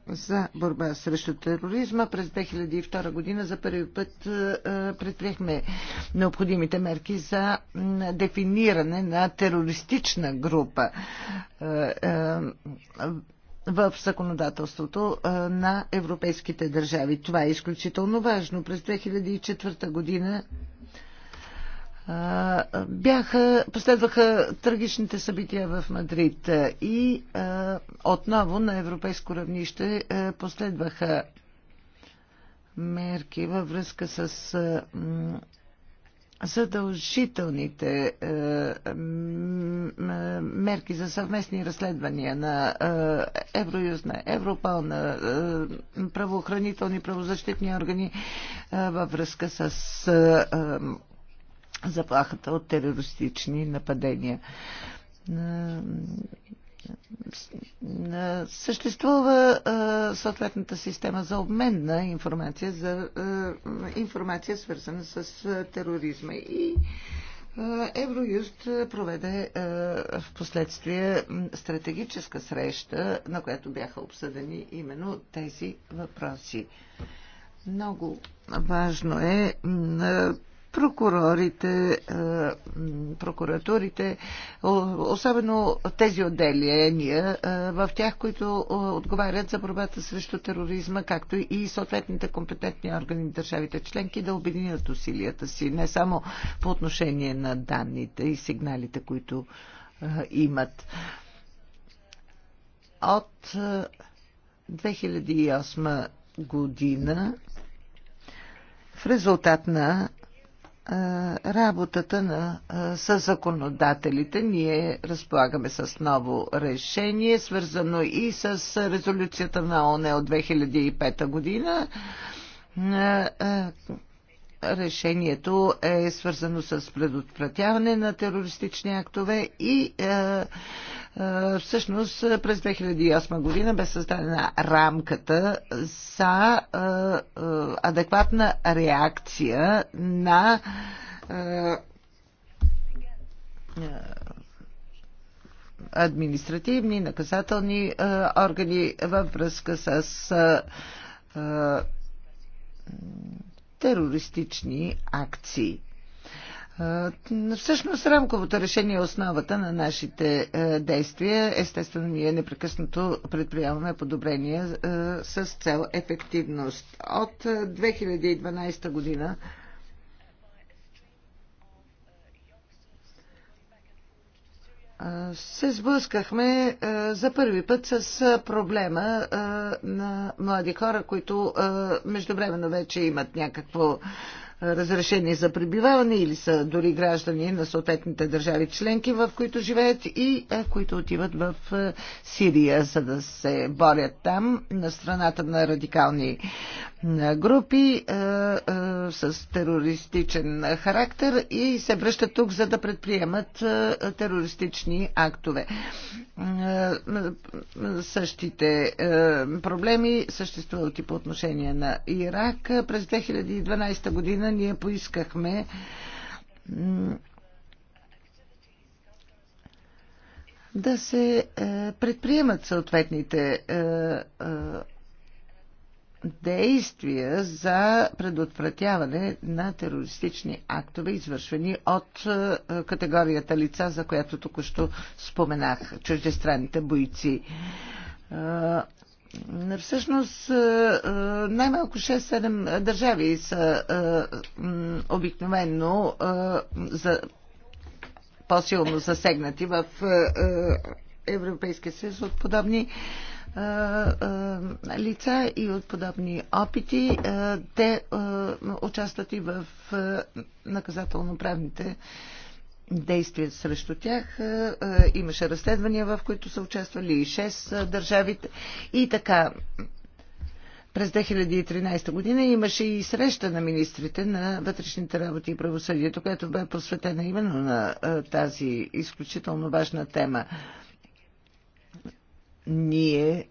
за борба срещу тероризма. През 2002 година за първи път предприехме необходимите мерки за дефиниране на терористична група в законодателството на европейските държави. Това е изключително важно. През 2004 година бяха, последваха трагичните събития в Мадрид и отново на европейско равнище последваха мерки във връзка с задължителните е, мерки за съвместни разследвания на е, Евроюз, на Европол, на е, правоохранителни правозащитни органи е, във връзка с е, е, заплахата от терористични нападения. Е, съществува съответната система за обмен на информация, за информация свързана с тероризма. И Евроюст проведе в последствие стратегическа среща, на която бяха обсъдени именно тези въпроси. Много важно е прокурорите, е, прокуратурите, особено тези отделения е, в тях, които е, отговарят за борбата срещу тероризма, както и съответните компетентни органи на държавите членки да обединят усилията си, не само по отношение на данните и сигналите, които имат. От 2008 година в резултат на работата на законодателите. Ние разполагаме с ново решение, свързано и с резолюцията на ОНЕ от 2005 година, решението е свързано с предотвратяване на терористични актове и е, е, всъщност през 2008 година бе създадена рамката за е, е, адекватна реакция на е, е, административни, наказателни е, органи във връзка с е, е, терористични акции. Всъщност рамковото решение е основата на нашите действия. Естествено, ние непрекъснато предприемаме подобрения с цел ефективност. От 2012 година се сблъскахме за първи път с проблема на млади хора, които междувременно вече имат някакво разрешение за пребиваване или са дори граждани на съответните държави членки, в които живеят и които отиват в Сирия, за да се борят там на страната на радикални групи с терористичен характер и се връщат тук, за да предприемат терористични актове. Същите проблеми съществуват и по отношение на Ирак. През 2012 година година ние поискахме да се е, предприемат съответните е, е, действия за предотвратяване на терористични актове, извършвани от категорията лица, за която току-що споменах, чуждестранните бойци. Всъщност е, е, най-малко 6-7 държави са е, обикновено за по-силно засегнати в Европейския съюз от подобни лица и от подобни опити. Те участват и в наказателно-правните действия срещу тях. Е, е, имаше разследвания, в които са участвали и 6 е, държавите. И така, през 2013 година имаше и среща на министрите на вътрешните работи и правосъдието, която бе посветена именно на тази изключително важна тема. Ние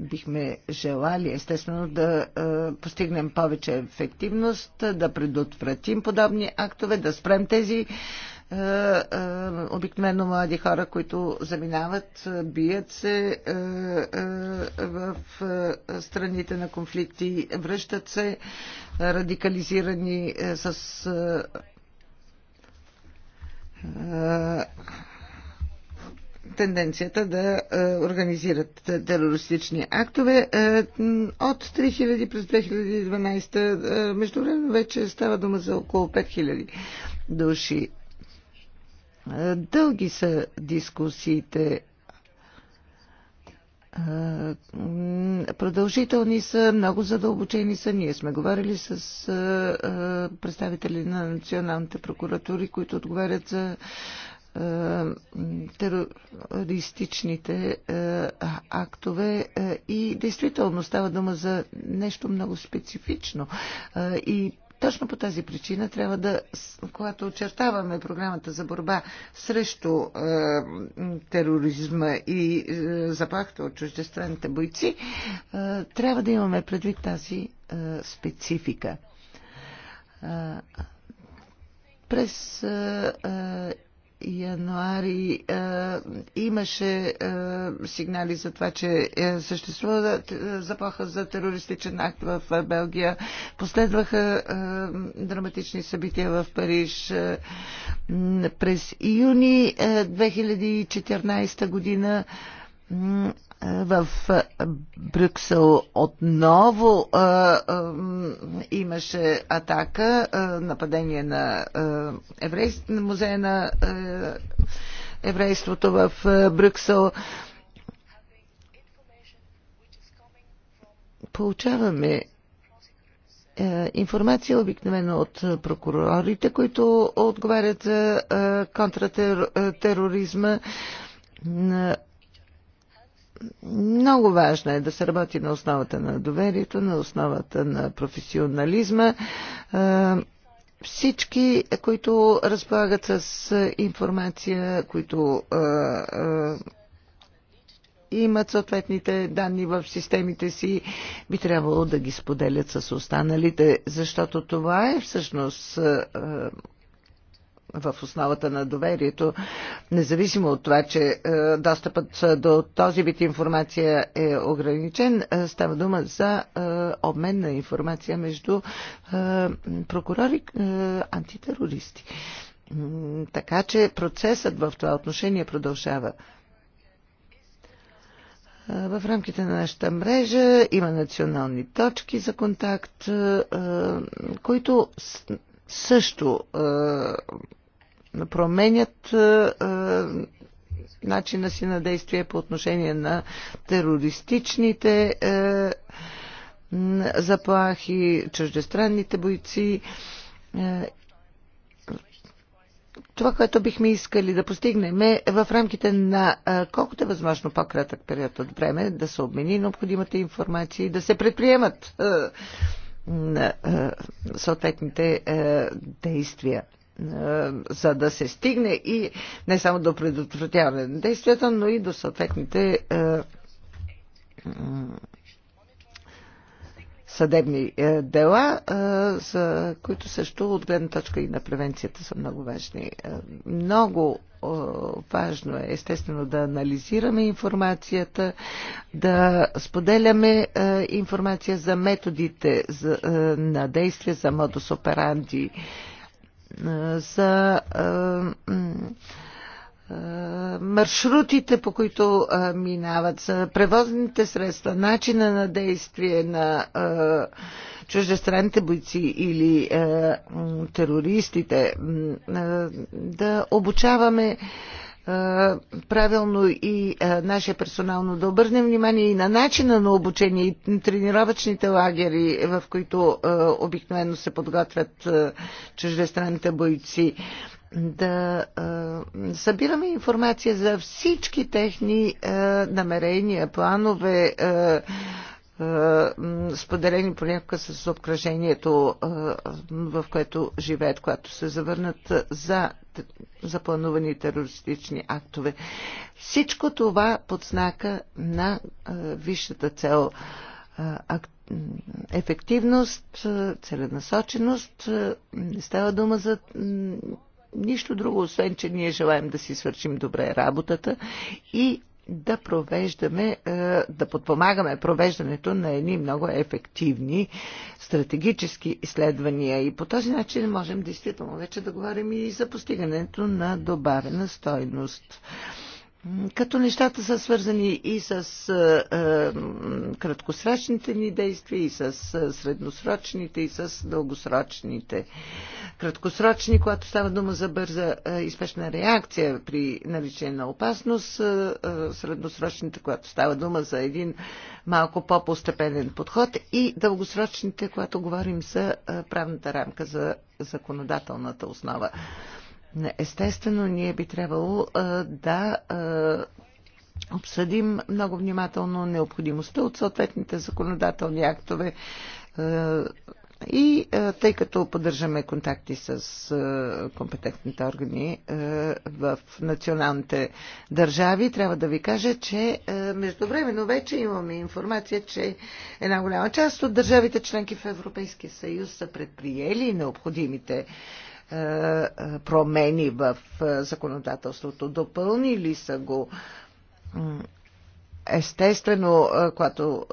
Бихме желали, естествено, да е, постигнем повече ефективност, да предотвратим подобни актове, да спрем тези е, е, обикновено млади хора, които заминават, бият се в страните на конфликти, връщат се радикализирани с тенденцията да е, организират терористични актове. Е, от 3000 през 2012, между време вече става дума за около 5000 души. Е, дълги са дискусиите продължителни са, много задълбочени са. Ние сме говорили с представители на националните прокуратури, които отговарят за е, терористичните е, актове е, и действително става дума за нещо много специфично и точно по тази причина трябва да, когато очертаваме програмата за борба срещу е, тероризма и е, заплахата от чуждестранните бойци, е, трябва да имаме предвид тази е, специфика. Е, през е, януари а, имаше а, сигнали за това, че е, съществува заплаха за терористичен акт в а, Белгия. Последваха а, драматични събития в Париж. а, през юни а, 2014 година в Брюксел отново а, а, имаше атака, а, нападение на а, музея на а, еврейството в а, Брюксел. Получаваме информация обикновено от прокурорите, които отговарят за контратероризма много важно е да се работи на основата на доверието, на основата на професионализма. Всички, които разполагат с информация, които имат съответните данни в системите си, би трябвало да ги споделят с останалите, защото това е всъщност в основата на доверието, независимо от това, че е, достъпът е, до този вид информация е ограничен, е, става дума за обмен на информация между прокурори антитерористи. Така че процесът в това отношение продължава. В рамките на нашата мрежа има национални точки за контакт, които също е, променят е, е, начина си на действие по отношение на терористичните заплахи, чуждестранните бойци. Това, което бихме искали да постигнем е в рамките на колкото е възможно по-кратък период от време да се обмени необходимата информация и да се предприемат е, съответните е, действия е, за да се стигне и не само до предотвратяване на действията, но и до съответните съдебни е, дела, е, за които също от гледна точка и на превенцията са много важни. Е, много важно е, естествено, да анализираме информацията, да споделяме информация за методите на действие, за модус операнди, за маршрутите, по които минават, за превозните средства, начина на действие на чуждестранните бойци или терористите, да обучаваме правилно и нашия персонално да обърнем внимание и на начина на обучение и на тренировъчните лагери, в които обикновено се подготвят чуждестранните бойци да а, събираме информация за всички техни а, намерения, планове, а, а, споделени понякога с обкръжението, а, в което живеят, когато се завърнат за запланувани терористични актове. Всичко това под знака на а, висшата цел. А, ефективност, целенасоченост. Не става дума за нищо друго, освен, че ние желаем да си свършим добре работата и да провеждаме, е, да подпомагаме провеждането на едни много ефективни стратегически изследвания. И по този начин можем действително вече да говорим и за постигането на добавена стойност като нещата са свързани и с краткосрочните ни действия, и с средносрочните, и с дългосрочните. Краткосрочни, когато става дума за бърза и спешна реакция при наличие на опасност, средносрочните, когато става дума за един малко по-постепенен подход и дългосрочните, когато говорим за правната рамка, за законодателната основа. Естествено, ние би трябвало да обсъдим много внимателно необходимостта от съответните законодателни актове и тъй като поддържаме контакти с компетентните органи в националните държави, трябва да ви кажа, че междувременно вече имаме информация, че една голяма част от държавите членки в Европейския съюз са предприели необходимите е, промени в е, законодателството. Допълнили са го. Естествено, е, когато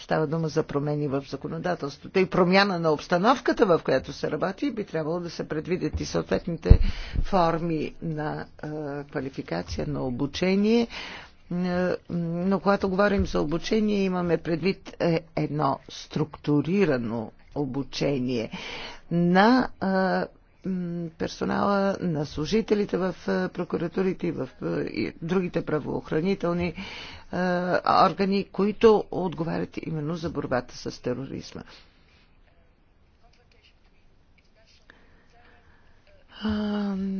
става дума за промени в законодателството и промяна на обстановката, в която се работи, би трябвало да се предвидят и съответните форми на квалификация, на обучение. Но когато говорим за обучение, имаме предвид едно структурирано обучение на персонала, на служителите в прокуратурите и в другите правоохранителни органи, които отговарят именно за борбата с тероризма.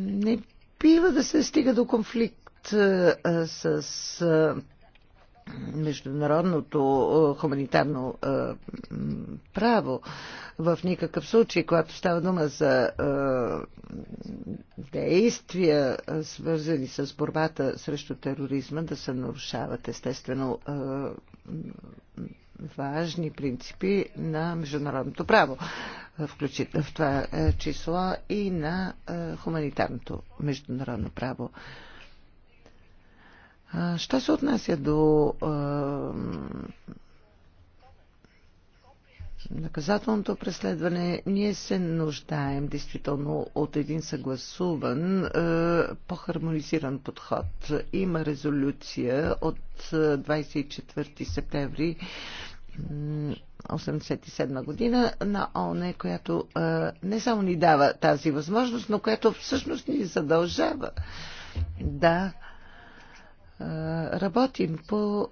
Не бива да се стига до конфликт с международното е, хуманитарно е, право. В никакъв случай, когато става дума за е, действия, свързани с борбата срещу тероризма, да се нарушават естествено важни принципи на международното право, включително в това число и на хуманитарното международно право. Що се отнася до наказателното преследване, ние се нуждаем действително от един съгласуван, по-хармонизиран подход. Има резолюция от 24 септември 1987 година на ООН, която не само ни дава тази възможност, но която всъщност ни задължава да работим по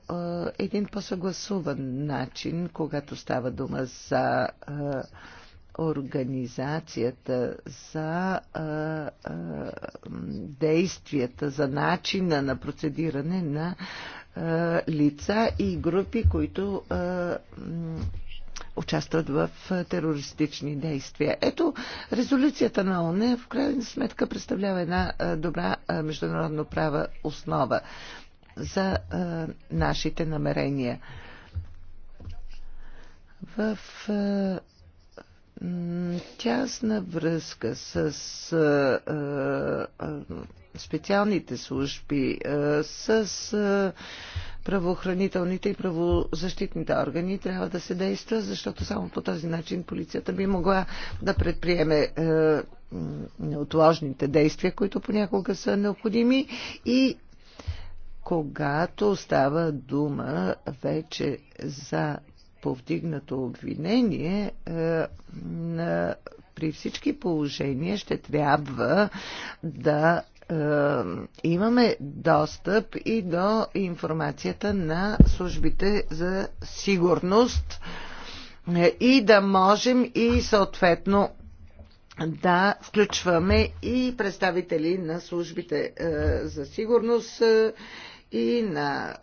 един по-съгласуван начин, когато става дума за организацията, за действията, за начина на процедиране на лица и групи, които участват в терористични действия. Ето, резолюцията на ОНЕ в крайна сметка представлява една добра международно права основа за нашите намерения. В тясна връзка с специалните служби, с правоохранителните и правозащитните органи трябва да се действа, защото само по този начин полицията би могла да предприеме неотложните действия, които понякога са необходими и когато става дума вече за повдигнато обвинение, е, при всички положения ще трябва да е, имаме достъп и до информацията на службите за сигурност е, и да можем и съответно да включваме и представители на службите за сигурност и на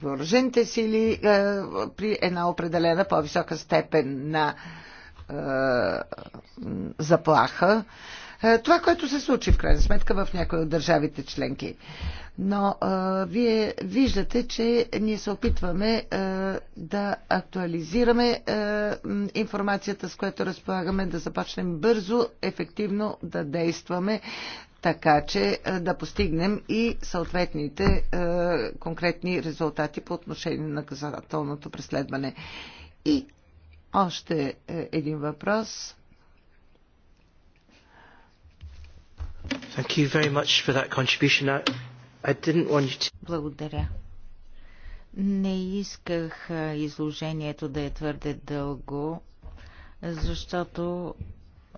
въоръжените сили е, при една определена по-висока степен на е, заплаха. Е, това, което се случи в крайна сметка в някои от държавите членки. Но а, вие виждате, че ние се опитваме а, да актуализираме а, информацията, с която разполагаме, да започнем бързо, ефективно да действаме, така че е, да постигнем и съответните е, конкретни резултати по отношение на наказателното преследване. И още е, един въпрос. Thank you very much for that contribution. I, I didn't want you to... Благодаря. Не исках изложението да е твърде дълго, защото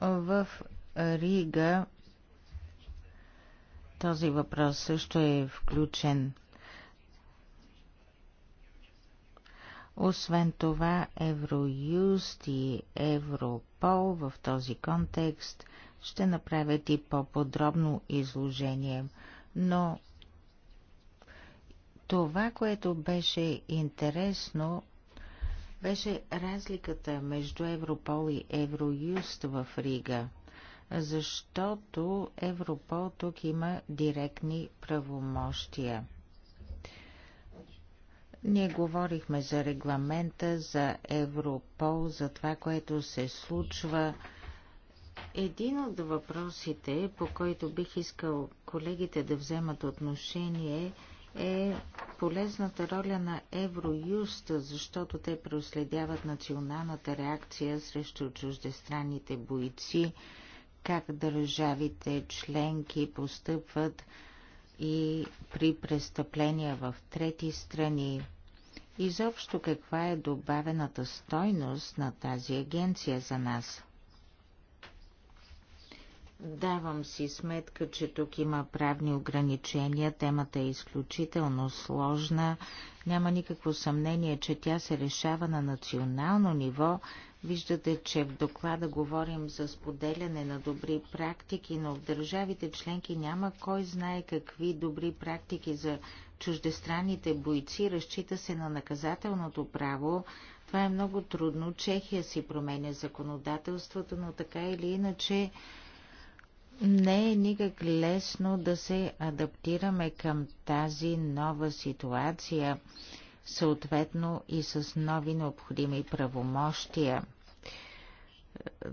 в Рига този въпрос също е включен. Освен това, Евроюст и Европол в този контекст ще направят и по-подробно изложение, но това, което беше интересно, беше разликата между Европол и Евроюст в Рига – защото Европол тук има директни правомощия. Ние говорихме за регламента, за Европол, за това, което се случва. Един от въпросите, по който бих искал колегите да вземат отношение, е полезната роля на Евроюст, защото те проследяват националната реакция срещу чуждестранните бойци как държавите членки постъпват и при престъпления в трети страни. Изобщо каква е добавената стойност на тази агенция за нас? Давам си сметка, че тук има правни ограничения, темата е изключително сложна. Няма никакво съмнение, че тя се решава на национално ниво Виждате, че в доклада говорим за споделяне на добри практики, но в държавите членки няма кой знае какви добри практики за чуждестранните бойци. Разчита се на наказателното право. Това е много трудно. Чехия си променя законодателството, но така или иначе не е никак лесно да се адаптираме към тази нова ситуация съответно и с нови необходими правомощия.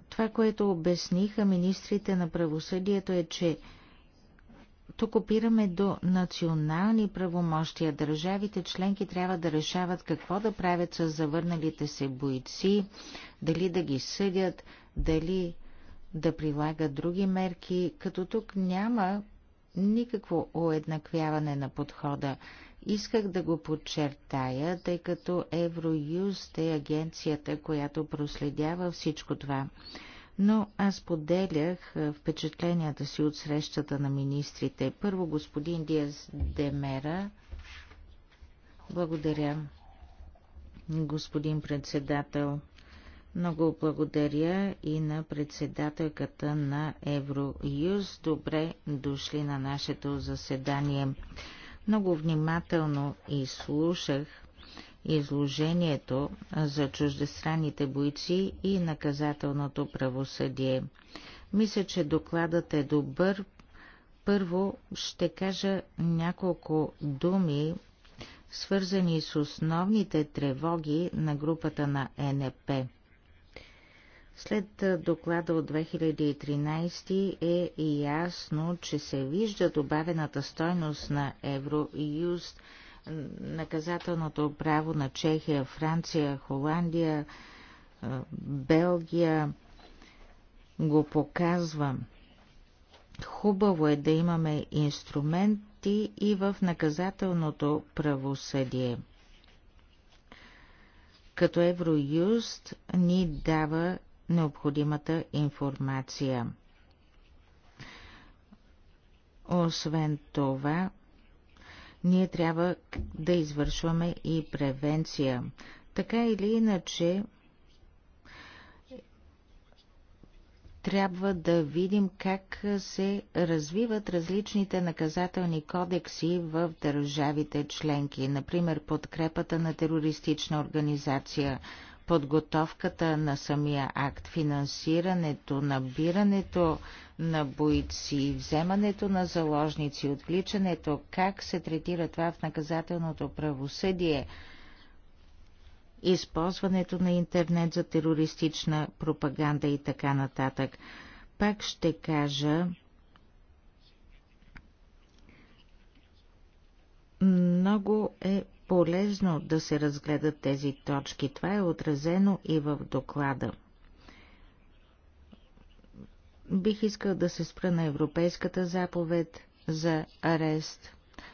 Това, което обясниха министрите на правосъдието е, че тук опираме до национални правомощия. Държавите членки трябва да решават какво да правят с завърналите се бойци, дали да ги съдят, дали да прилагат други мерки, като тук няма никакво уеднаквяване на подхода. Исках да го подчертая, тъй като Евроюст е агенцията, която проследява всичко това. Но аз поделях впечатленията си от срещата на министрите. Първо господин Диас Демера. Благодаря, господин председател. Много благодаря и на председателката на Евроюз. Добре дошли на нашето заседание. Много внимателно изслушах изложението за чуждестранните бойци и наказателното правосъдие. Мисля, че докладът е добър. Първо ще кажа няколко думи, свързани с основните тревоги на групата на НП. След доклада от 2013 е ясно, че се вижда добавената стойност на Евроюст, наказателното право на Чехия, Франция, Холандия, Белгия го показва. Хубаво е да имаме инструменти и в наказателното правосъдие като Евроюст ни дава необходимата информация. Освен това, ние трябва да извършваме и превенция. Така или иначе, трябва да видим как се развиват различните наказателни кодекси в държавите членки, например подкрепата на терористична организация – подготовката на самия акт, финансирането, набирането на бойци, вземането на заложници, отвличането, как се третира това в наказателното правосъдие, използването на интернет за терористична пропаганда и така нататък. Пак ще кажа, много е полезно да се разгледат тези точки. Това е отразено и в доклада. Бих искал да се спра на Европейската заповед за арест,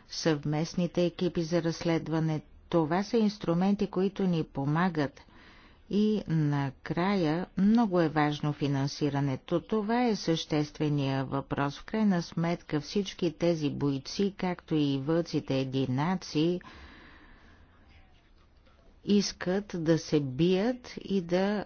съвместните екипи за разследване. Това са инструменти, които ни помагат. И накрая много е важно финансирането. Това е съществения въпрос. В крайна сметка всички тези бойци, както и вълците единаци, искат да се бият и да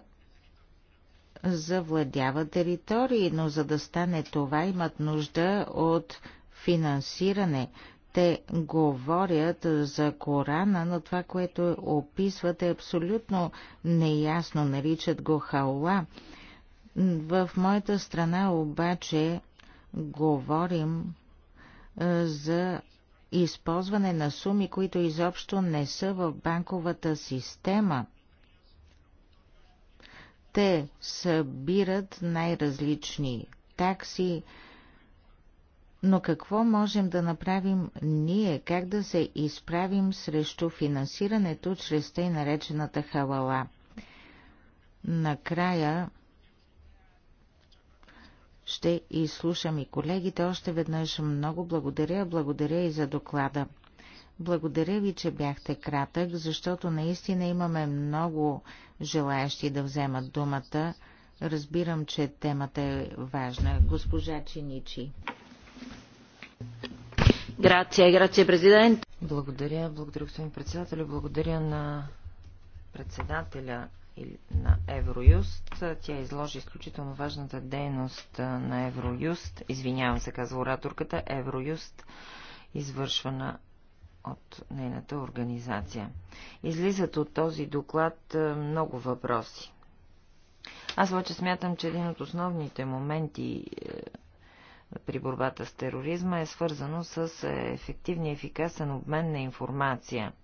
завладяват територии, но за да стане това имат нужда от финансиране. Те говорят за Корана, но това, което описват е абсолютно неясно. Наричат го хаула. В моята страна обаче говорим за използване на суми, които изобщо не са в банковата система. Те събират най-различни такси, но какво можем да направим ние, как да се изправим срещу финансирането чрез тъй наречената халала? Накрая ще изслушам и колегите. Още веднъж много благодаря, благодаря и за доклада. Благодаря ви, че бяхте кратък, защото наистина имаме много желаящи да вземат думата. Разбирам, че темата е важна. Госпожа Чиничи. Грация, грация, президент. Благодаря, благодаря, господин председател. Благодаря на председателя на Евроюст. Тя изложи изключително важната дейност на Евроюст. Извинявам се, казва ораторката. Евроюст, извършвана от нейната организация. Излизат от този доклад много въпроси. Аз обаче смятам, че един от основните моменти е, при борбата с тероризма е свързано с е, ефективния и ефикасен обмен на информация –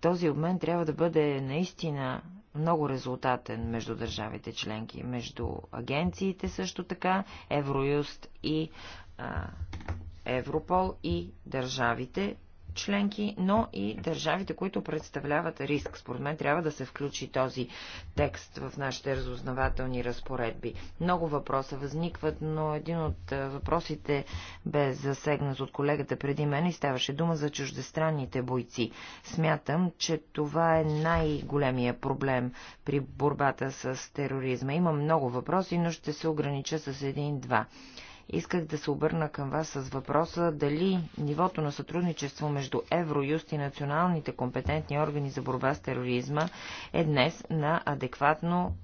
този обмен трябва да бъде наистина много резултатен между държавите членки, между агенциите също така, Евроюст и а, Европол и държавите, членки, но и държавите, които представляват риск. Според мен трябва да се включи този текст в нашите разузнавателни разпоредби. Много въпроса възникват, но един от въпросите бе засегнат от колегата преди мен и ставаше дума за чуждестранните бойци. Смятам, че това е най-големия проблем при борбата с тероризма. Има много въпроси, но ще се огранича с един-два. Исках да се обърна към вас с въпроса дали нивото на сътрудничество между Евроюст и националните компетентни органи за борба с тероризма е днес на адекватно,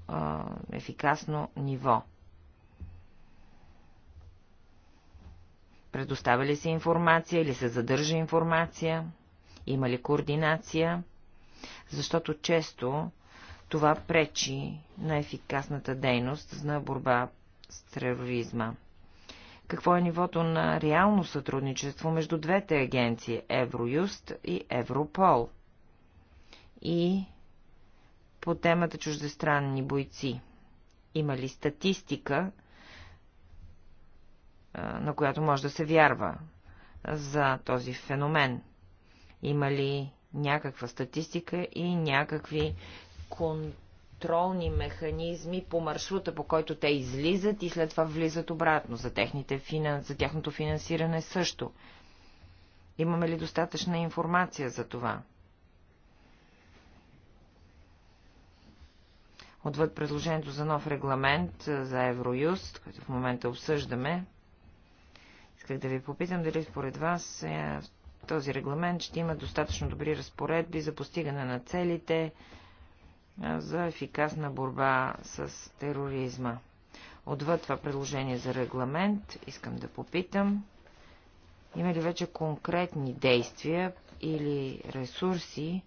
ефикасно ниво. Предоставя ли се информация или се задържа информация? Има ли координация? Защото често това пречи на ефикасната дейност на борба с тероризма какво е нивото на реално сътрудничество между двете агенции Евроюст и Европол и по темата чуждестранни бойци. Има ли статистика, на която може да се вярва за този феномен? Има ли някаква статистика и някакви контакти? контролни механизми по маршрута, по който те излизат и след това влизат обратно за, техните, за тяхното финансиране също. Имаме ли достатъчна информация за това? Отвъд предложението за нов регламент за Евроюст, който в момента обсъждаме, исках да ви попитам дали според вас е, този регламент ще има достатъчно добри разпоредби за постигане на целите, за ефикасна борба с тероризма. Отвъд това предложение за регламент, искам да попитам, има ли вече конкретни действия или ресурси,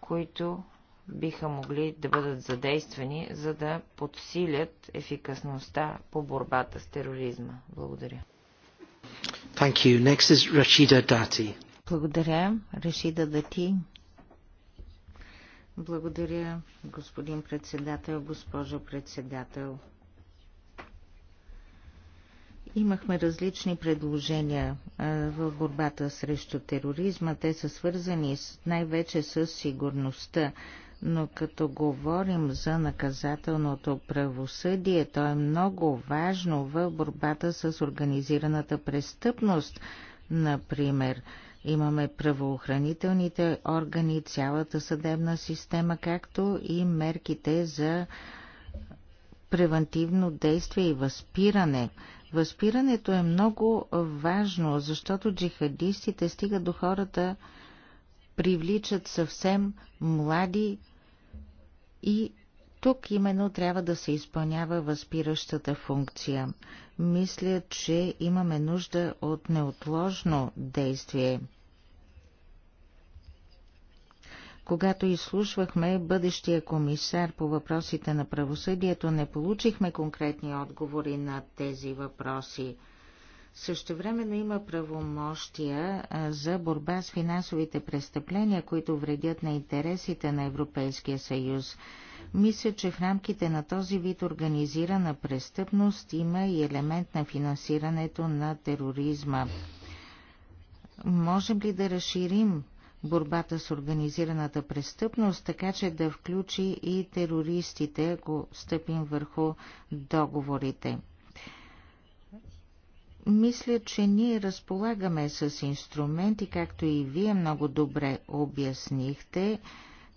които биха могли да бъдат задействани, за да подсилят ефикасността по борбата с тероризма. Благодаря. Thank you. Next is Rashida Dati. Благодаря. Рашида Дати. Благодаря, господин председател, госпожо председател. Имахме различни предложения в борбата срещу тероризма. Те са свързани най-вече с сигурността, но като говорим за наказателното правосъдие, то е много важно в борбата с организираната престъпност, например. Имаме правоохранителните органи, цялата съдебна система, както и мерките за превентивно действие и възпиране. Възпирането е много важно, защото джихадистите стигат до хората, привличат съвсем млади и тук именно трябва да се изпълнява възпиращата функция. Мисля, че имаме нужда от неотложно действие. Когато изслушвахме бъдещия комисар по въпросите на правосъдието, не получихме конкретни отговори на тези въпроси – Същевременно има правомощия за борба с финансовите престъпления, които вредят на интересите на Европейския съюз. Мисля, че в рамките на този вид организирана престъпност има и елемент на финансирането на тероризма. Можем ли да разширим борбата с организираната престъпност, така че да включи и терористите, ако стъпим върху договорите? Мисля, че ние разполагаме с инструменти, както и вие много добре обяснихте.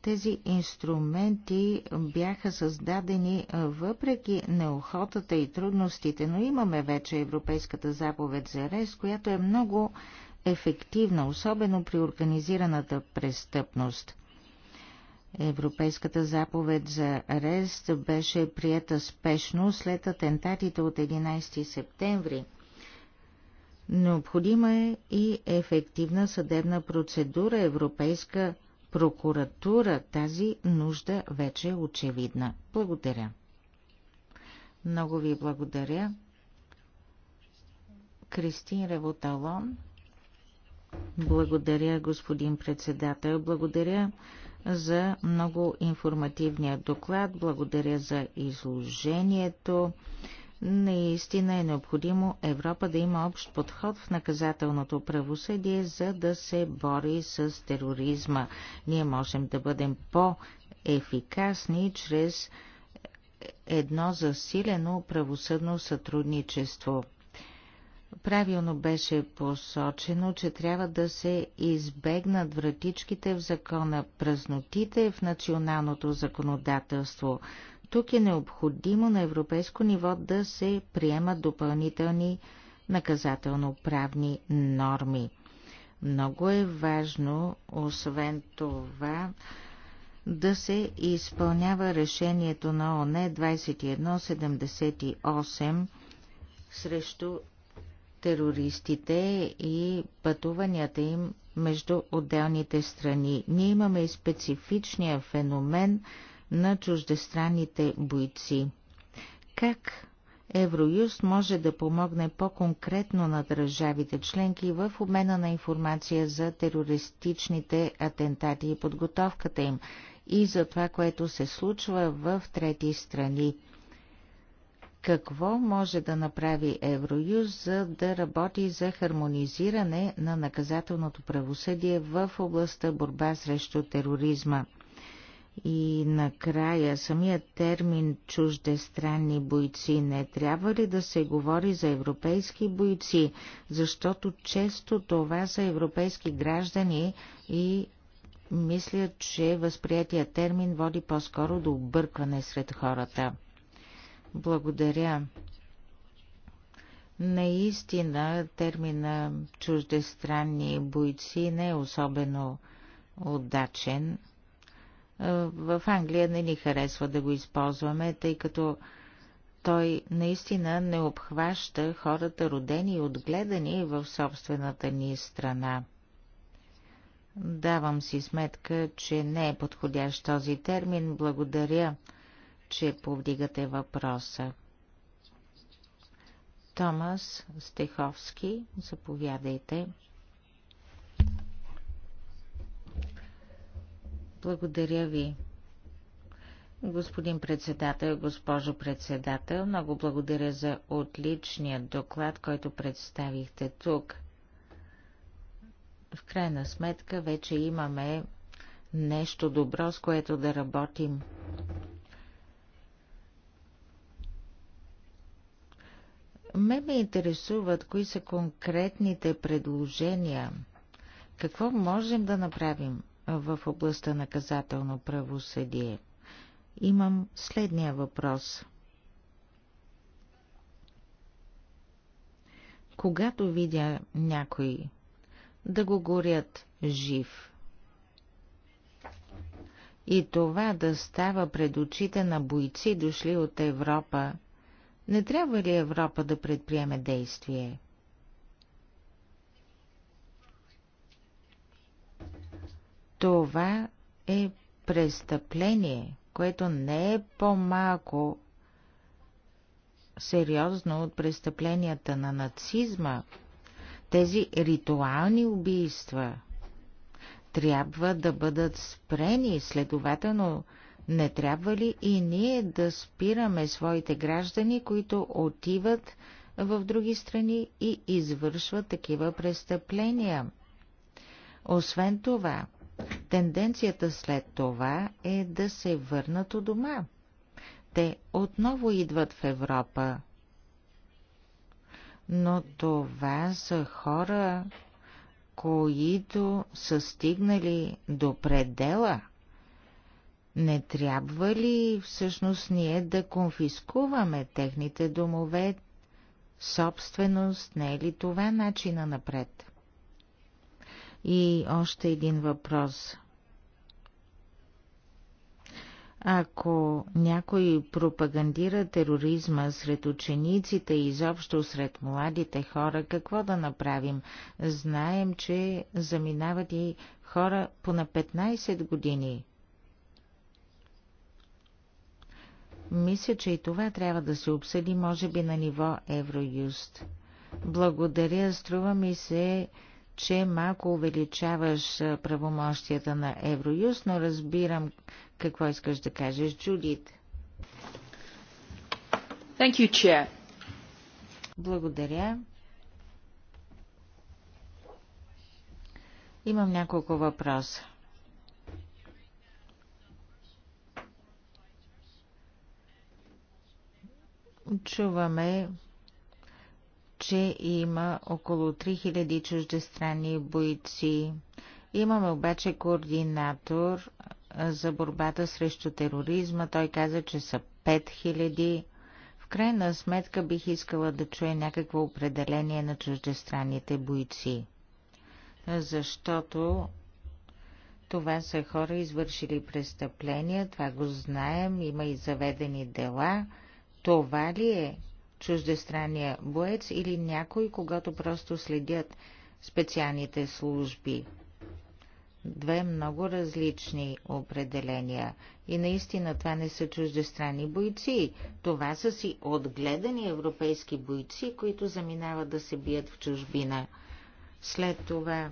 Тези инструменти бяха създадени въпреки неохотата и трудностите, но имаме вече Европейската заповед за арест, която е много ефективна, особено при организираната престъпност. Европейската заповед за арест беше приета спешно след атентатите от 11 септември – Необходима е и ефективна съдебна процедура, Европейска прокуратура. Тази нужда вече е очевидна. Благодаря. Много ви благодаря. Кристин Ревоталон. Благодаря, господин председател. Благодаря за много информативния доклад. Благодаря за изложението. Наистина е необходимо Европа да има общ подход в наказателното правосъдие, за да се бори с тероризма. Ние можем да бъдем по-ефикасни чрез едно засилено правосъдно сътрудничество. Правилно беше посочено, че трябва да се избегнат вратичките в закона, празнотите в националното законодателство. Тук е необходимо на европейско ниво да се приемат допълнителни наказателно-правни норми. Много е важно, освен това, да се изпълнява решението на ОНЕ 2178 срещу терористите и пътуванията им между отделните страни. Ние имаме и специфичния феномен – на чуждестранните бойци. Как Евроюст може да помогне по-конкретно на държавите членки в обмена на информация за терористичните атентати и подготовката им и за това, което се случва в трети страни. Какво може да направи Евроюз, за да работи за хармонизиране на наказателното правосъдие в областта борба срещу тероризма? И накрая, самият термин чуждестранни бойци не трябва ли да се говори за европейски бойци, защото често това са европейски граждани и мисля, че възприятия термин води по-скоро до объркване сред хората. Благодаря. Наистина термина чуждестранни бойци не е особено удачен – в Англия не ни харесва да го използваме, тъй като той наистина не обхваща хората родени и отгледани в собствената ни страна. Давам си сметка, че не е подходящ този термин. Благодаря, че повдигате въпроса. Томас Стеховски, заповядайте. Благодаря ви. Господин председател, госпожо председател, много благодаря за отличния доклад, който представихте тук. В крайна сметка вече имаме нещо добро, с което да работим. Ме ме интересуват кои са конкретните предложения. Какво можем да направим? в областта наказателно правосъдие. Имам следния въпрос. Когато видя някой да го горят жив и това да става пред очите на бойци, дошли от Европа, не трябва ли Европа да предприеме действие? Това е престъпление, което не е по-малко сериозно от престъпленията на нацизма. Тези ритуални убийства трябва да бъдат спрени, следователно не трябва ли и ние да спираме своите граждани, които отиват в други страни и извършват такива престъпления? Освен това, Тенденцията след това е да се върнат у дома. Те отново идват в Европа. Но това са хора, които са стигнали до предела. Не трябва ли всъщност ние да конфискуваме техните домове? Собственост не е ли това начина напред? И още един въпрос. Ако някой пропагандира тероризма сред учениците и изобщо сред младите хора, какво да направим? Знаем, че заминават и хора по на 15 години. Мисля, че и това трябва да се обсъди, може би, на ниво Евроюст. Благодаря, струва ми се, че малко увеличаваш правомощията на Евроюст, но разбирам какво искаш да кажеш, Джудит? Thank you, Chair. Благодаря. Имам няколко въпроса. Чуваме, че има около 3000 чуждестранни бойци. Имаме обаче координатор за борбата срещу тероризма. Той каза, че са 5000. В крайна сметка бих искала да чуя някакво определение на чуждестранните бойци. Защото това са хора, извършили престъпления, това го знаем, има и заведени дела. Това ли е чуждестранния боец или някой, когато просто следят специалните служби? две много различни определения. И наистина това не са чуждестранни бойци. Това са си отгледани европейски бойци, които заминават да се бият в чужбина. След това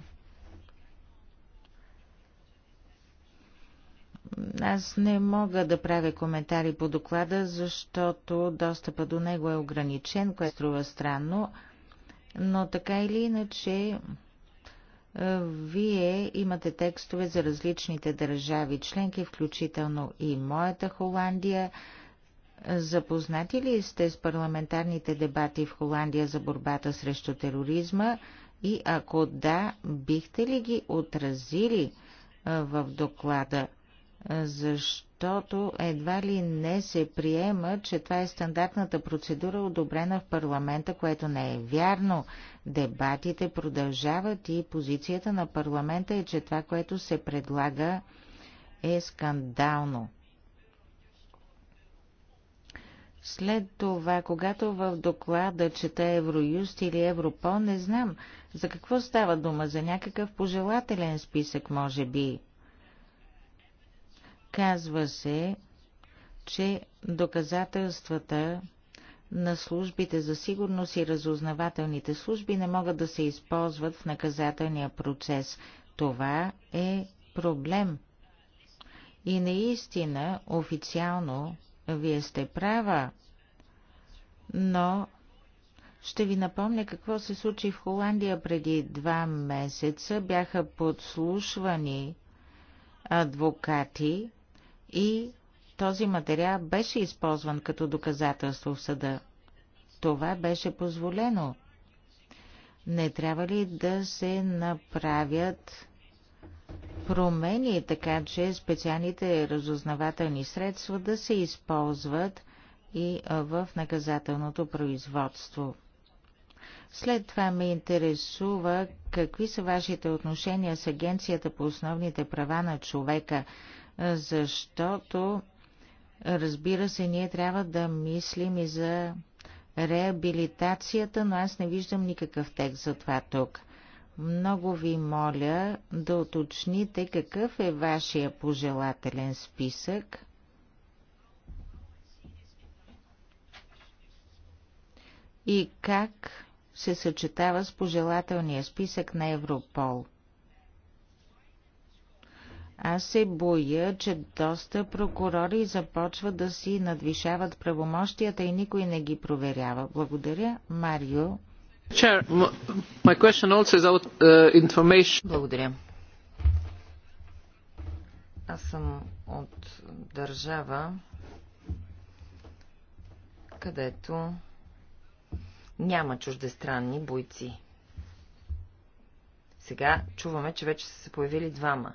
Аз не мога да правя коментари по доклада, защото достъпа до него е ограничен, което струва странно, но така или иначе вие имате текстове за различните държави членки, включително и моята Холандия. Запознати ли сте с парламентарните дебати в Холандия за борбата срещу тероризма и ако да, бихте ли ги отразили в доклада? защото едва ли не се приема, че това е стандартната процедура, одобрена в парламента, което не е вярно. Дебатите продължават и позицията на парламента е, че това, което се предлага, е скандално. След това, когато в доклада чета Евроюст или Европол, не знам за какво става дума, за някакъв пожелателен списък, може би. Казва се, че доказателствата на службите за сигурност и разузнавателните служби не могат да се използват в наказателния процес. Това е проблем. И наистина, официално, вие сте права, но ще ви напомня какво се случи в Холандия преди два месеца. Бяха подслушвани адвокати, и този материал беше използван като доказателство в съда. Това беше позволено. Не трябва ли да се направят промени, така че специалните разузнавателни средства да се използват и в наказателното производство? След това ме интересува какви са вашите отношения с Агенцията по основните права на човека защото разбира се, ние трябва да мислим и за реабилитацията, но аз не виждам никакъв текст за това тук. Много ви моля да уточните какъв е вашия пожелателен списък. И как се съчетава с пожелателния списък на Европол. Аз се боя, че доста прокурори започват да си надвишават правомощията и никой не ги проверява. Благодаря, Марио. Uh, Благодаря. Аз съм от държава, където няма чуждестранни бойци. Сега чуваме, че вече са се появили двама.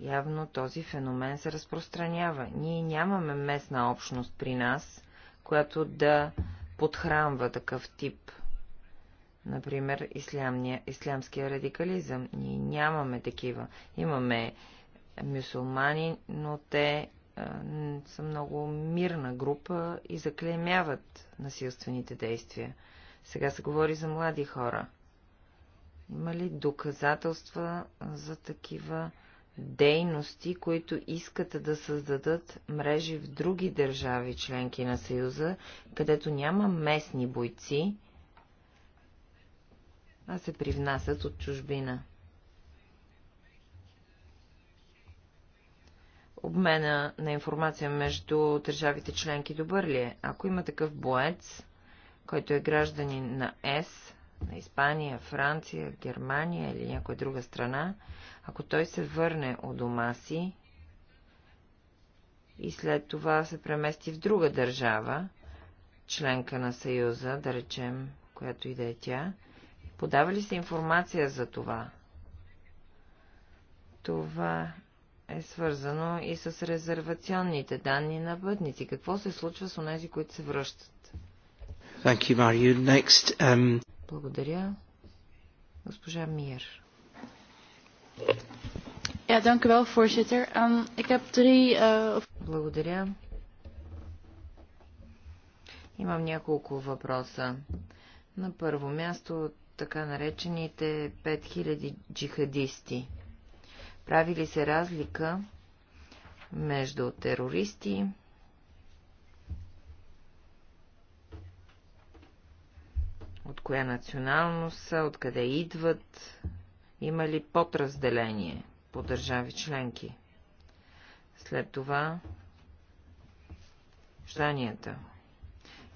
Явно този феномен се разпространява. Ние нямаме местна общност при нас, която да подхранва такъв тип. Например, ислямния, ислямския радикализъм. Ние нямаме такива. Имаме мюсулмани, но те а, е, са много мирна група и заклемяват насилствените действия. Сега се говори за млади хора. Има ли доказателства за такива дейности, които искат да създадат мрежи в други държави, членки на Съюза, където няма местни бойци, а се привнасят от чужбина. Обмена на информация между държавите членки добър ли е? Ако има такъв боец, който е гражданин на ЕС, на Испания, Франция, Германия или някоя друга страна, ако той се върне от дома си и след това се премести в друга държава, членка на Съюза, да речем, която и да е тя, подава ли се информация за това? Това е свързано и с резервационните данни на пътници. Какво се случва с онези, които се връщат? Thank you, Mario. Next, um... Благодаря. Госпожа Мир dank u wel, voorzitter. Um, ik heb drie... Uh... Благодаря. Имам няколко въпроса. На първо място, така наречените 5000 джихадисти. Прави ли се разлика между терористи от коя националност са, откъде идват има ли подразделение по държави членки? След това жданията.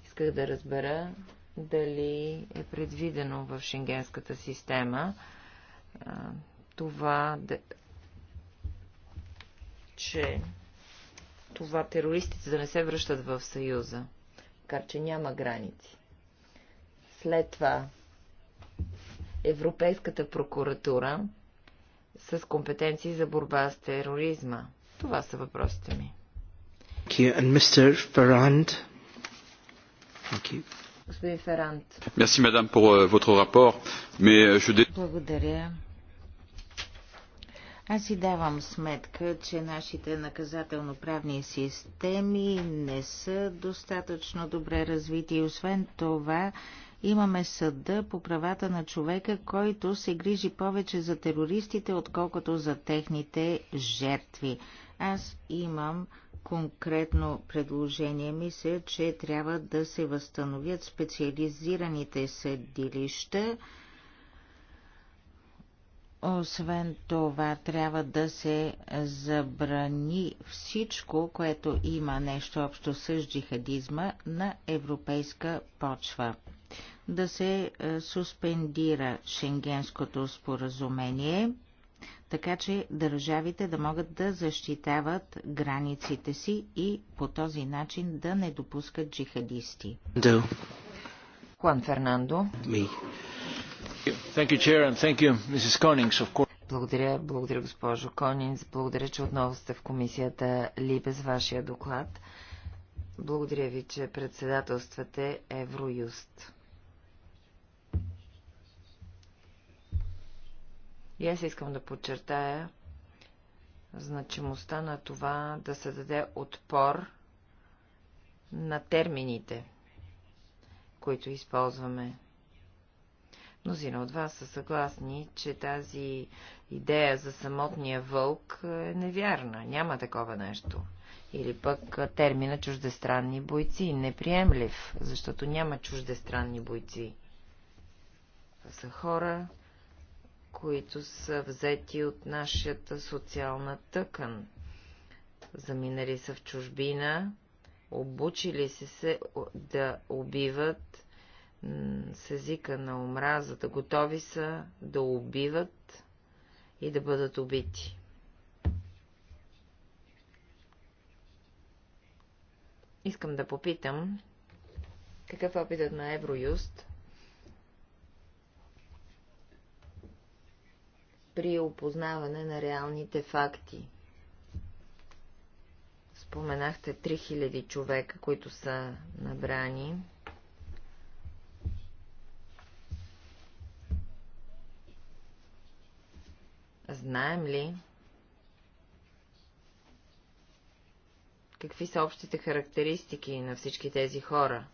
Исках да разбера дали е предвидено в шенгенската система а, това, че това терористите да не се връщат в Съюза, така че няма граници. След това Европейската прокуратура с компетенции за борба с тероризма? Това са въпросите ми. Господин Ферант. Euh, euh, Благодаря. Аз си давам сметка, че нашите наказателно-правни системи не са достатъчно добре развити. Освен това, имаме съда по правата на човека, който се грижи повече за терористите, отколкото за техните жертви. Аз имам конкретно предложение. Мисля, че трябва да се възстановят специализираните съдилища. Освен това, трябва да се забрани всичко, което има нещо общо с джихадизма на европейска почва да се е, суспендира Шенгенското споразумение, така че държавите да могат да защитават границите си и по този начин да не допускат джихадисти. Да. Хуан Фернандо. Thank you, Chair, and thank you, Mrs. of course. Благодаря, благодаря госпожо Конинс. Благодаря, че отново сте в комисията ли без вашия доклад. Благодаря ви, че председателствате Евроюст. И аз искам да подчертая значимостта на това да се даде отпор на термините, които използваме. Мнозина от вас са съгласни, че тази идея за самотния вълк е невярна. Няма такова нещо. Или пък термина чуждестранни бойци. Неприемлив, защото няма чуждестранни бойци. Това са хора, които са взети от нашата социална тъкан. Заминали са в чужбина, обучили се, се да убиват с езика на омразата, готови са да убиват и да бъдат убити. Искам да попитам, какъв е опитът на Евроюст при опознаване на реалните факти. Споменахте 3000 човека, които са набрани. Знаем ли какви са общите характеристики на всички тези хора,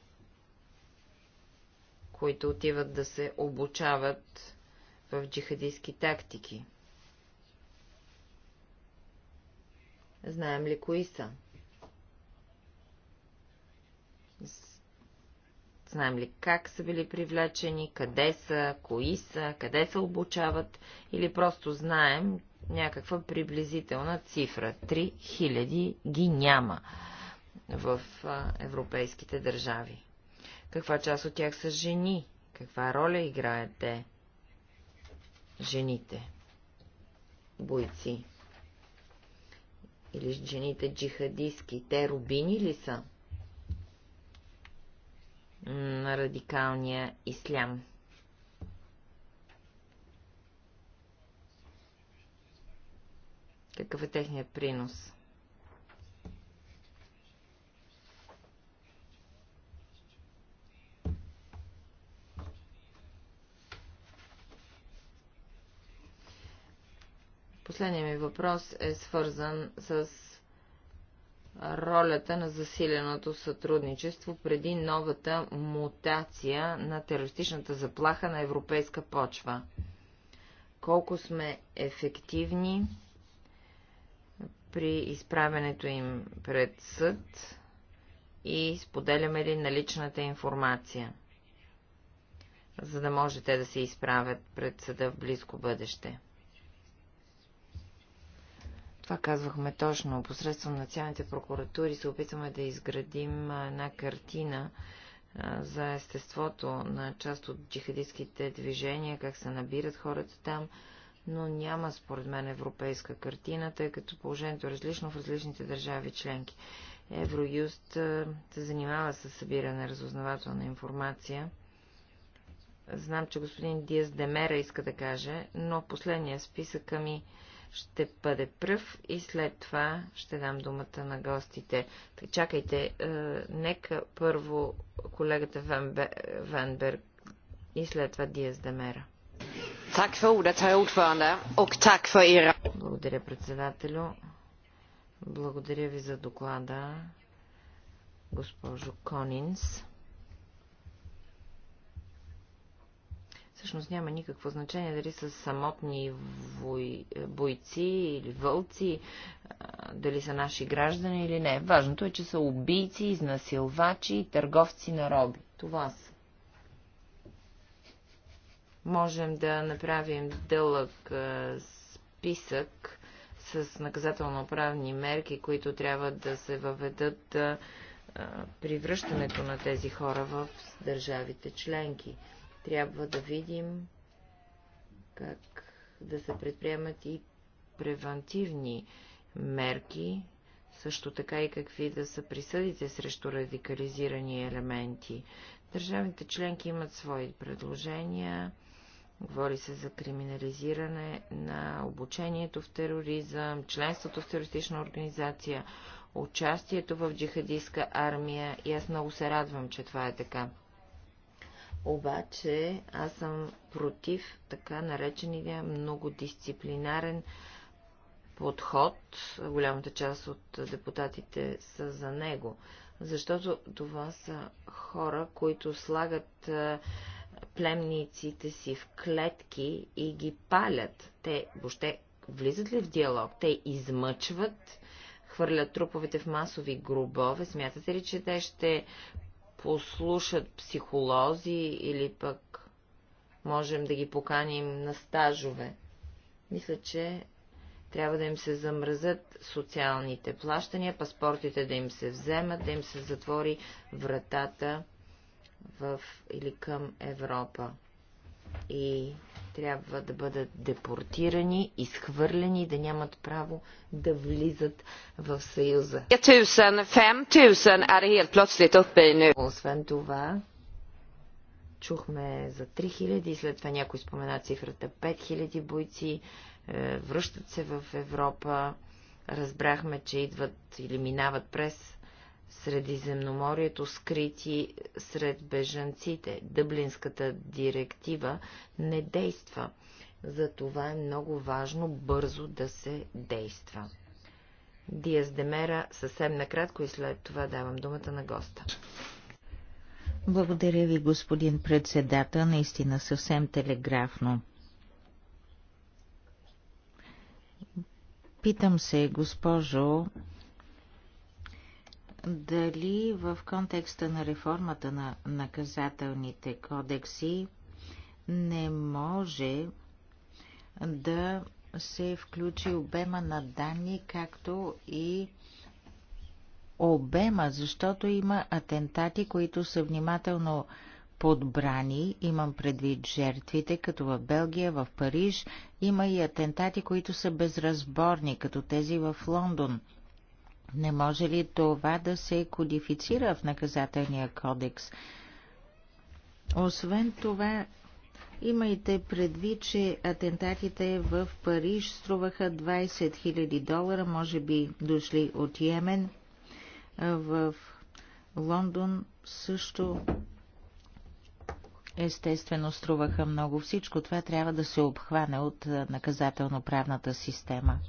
които отиват да се обучават в джихадистски тактики. Знаем ли кои са? Знаем ли как са били привлечени, къде са, кои са, къде се обучават или просто знаем някаква приблизителна цифра. 3000 ги няма в европейските държави. Каква част от тях са жени? Каква роля играят те? жените бойци? Или жените джихадистки? Те рубини ли са? На радикалния ислям. Какъв е техният принос? Последният ми въпрос е свързан с ролята на засиленото сътрудничество преди новата мутация на терористичната заплаха на европейска почва. Колко сме ефективни при изправенето им пред съд и споделяме ли наличната информация, за да може те да се изправят пред съда в близко бъдеще. Това казвахме точно. Посредством националните прокуратури се опитваме да изградим една картина за естеството на част от джихадистските движения, как се набират хората там, но няма според мен европейска картина, тъй като положението е различно в различните държави членки. Евроюст се занимава с събиране разузнавателна информация. Знам, че господин Диас Демера иска да каже, но последния списък ми ще бъде пръв и след това ще дам думата на гостите. Так, чакайте, е, нека първо колегата Ванберг и след това Диас Демера. Er. Благодаря, председателю. Благодаря ви за доклада, госпожо Конинс. Всъщност няма никакво значение дали са самотни вой... Е, бойци или вълци, дали са наши граждани или не. Важното е, че са убийци, изнасилвачи и търговци на роби. Това са. Можем да направим дълъг е, списък с наказателно-правни мерки, които трябва да се въведат е, при връщането на тези хора в държавите членки. Трябва да видим как да се предприемат и превантивни мерки, също така и какви да са присъдите срещу радикализирани елементи. Държавните членки имат свои предложения. Говори се за криминализиране на обучението в тероризъм, членството в терористична организация, участието в джихадистска армия и аз много се радвам, че това е така. Обаче аз съм против така наречения много дисциплинарен подход. Голямата част от депутатите са за него. Защото това са хора, които слагат племниците си в клетки и ги палят. Те въобще влизат ли в диалог? Те измъчват, хвърлят труповете в масови гробове. Смятате ли, че те ще послушат психолози или пък можем да ги поканим на стажове. Мисля, че трябва да им се замръзат социалните плащания, паспортите да им се вземат, да им се затвори вратата в или към Европа. И трябва да бъдат депортирани, изхвърлени, да нямат право да влизат в Съюза. 5000, Освен това, чухме за 3000 и след това някой спомена цифрата 5000 бойци, е, връщат се в Европа, разбрахме, че идват или минават през Средиземноморието скрити сред бежанците. Дъблинската директива не действа. Затова е много важно бързо да се действа. Диас Демера съвсем накратко и след това давам думата на госта. Благодаря ви, господин председател, наистина съвсем телеграфно. Питам се, госпожо, дали в контекста на реформата на наказателните кодекси не може да се включи обема на данни, както и обема, защото има атентати, които са внимателно подбрани, имам предвид жертвите, като в Белгия, в Париж, има и атентати, които са безразборни, като тези в Лондон – не може ли това да се кодифицира в наказателния кодекс? Освен това, имайте предвид, че атентатите в Париж струваха 20 000 долара, може би дошли от Йемен. В Лондон също естествено струваха много. Всичко това трябва да се обхване от наказателно-правната система.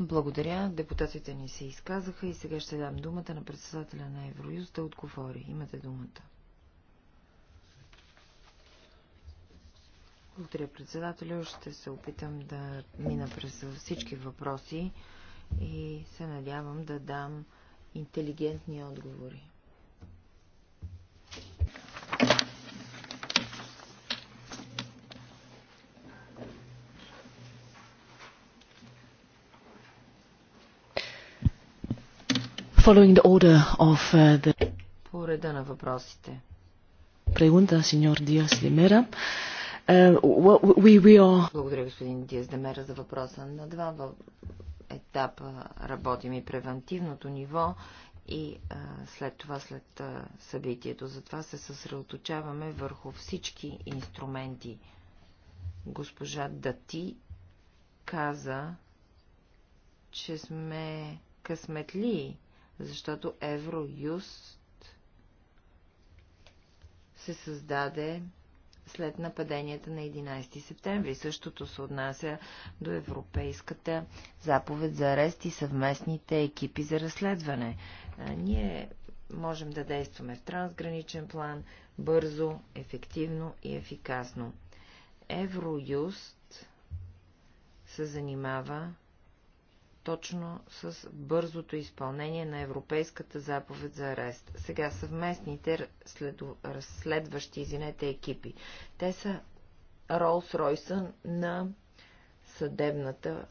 Благодаря. Депутатите ни се изказаха и сега ще дам думата на председателя на Евроюз да отговори. Имате думата. Благодаря, председателя. Ще се опитам да мина през всички въпроси и се надявам да дам интелигентни отговори. Following the order of uh, the... По реда на въпросите. Прегунта, сеньор Диас е, are... Благодаря, господин Диас Демера, за въпроса. На два етапа работим и превентивното ниво и uh, след това, след uh, събитието. Затова се съсредоточаваме върху всички инструменти. Госпожа Дати каза, че сме късметли защото Евроюст се създаде след нападенията на 11 септември. Същото се отнася до Европейската заповед за арест и съвместните екипи за разследване. Ние можем да действаме в трансграничен план, бързо, ефективно и ефикасно. Евроюст се занимава точно с бързото изпълнение на Европейската заповед за арест. Сега съвместните следу... разследващи извинете, екипи. Те са Ролс Ройсън на съдебната...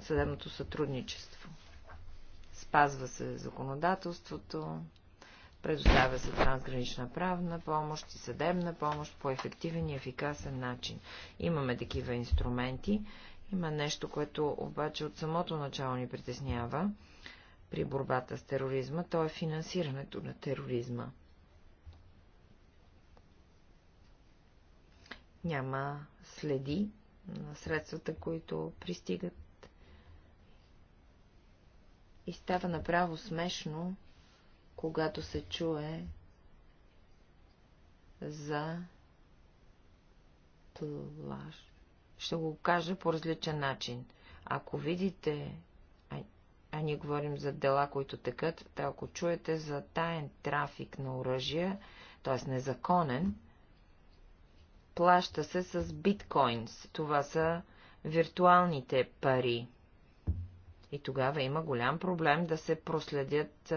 съдебното сътрудничество. Спазва се законодателството, предоставя се трансгранична правна помощ и съдебна помощ по ефективен и ефикасен начин. Имаме такива инструменти има нещо, което обаче от самото начало ни притеснява при борбата с тероризма, то е финансирането на тероризма. Няма следи на средствата, които пристигат. И става направо смешно, когато се чуе за плаж ще го кажа по различен начин. Ако видите, а, а ние говорим за дела, които текат, та ако чуете за таен трафик на оръжия, т.е. незаконен, плаща се с биткоинс. Това са виртуалните пари. И тогава има голям проблем да се проследят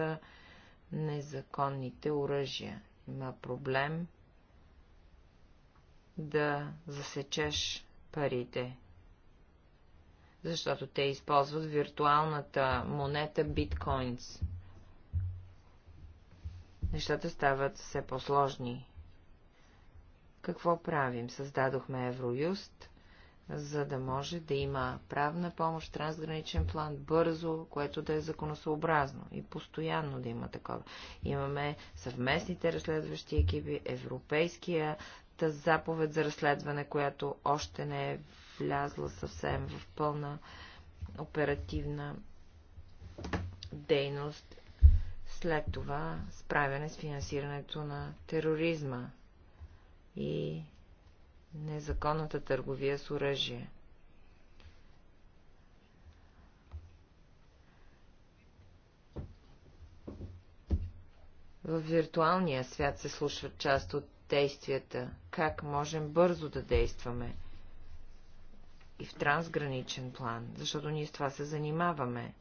незаконните оръжия. Има проблем да засечеш парите. Защото те използват виртуалната монета биткоинс. Нещата стават все по-сложни. Какво правим? Създадохме Евроюст, за да може да има правна помощ, трансграничен план, бързо, което да е законосъобразно и постоянно да има такова. Имаме съвместните разследващи екипи, Европейския та заповед за разследване, която още не е влязла съвсем в пълна оперативна дейност. След това справяне с финансирането на тероризма и незаконната търговия с оръжие. В виртуалния свят се слушват част от действията, как можем бързо да действаме и в трансграничен план, защото ние с това се занимаваме.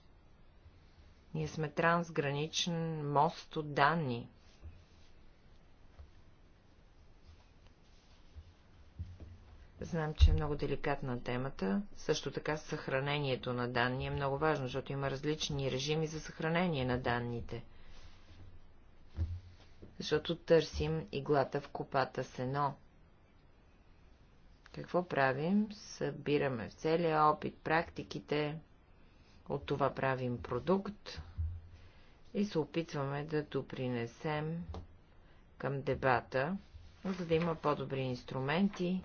Ние сме трансграничен мост от данни. Знам, че е много деликатна темата. Също така съхранението на данни е много важно, защото има различни режими за съхранение на данните – защото търсим иглата в копата сено. Какво правим? Събираме в целия опит, практиките, от това правим продукт и се опитваме да допринесем към дебата, за да има по-добри инструменти,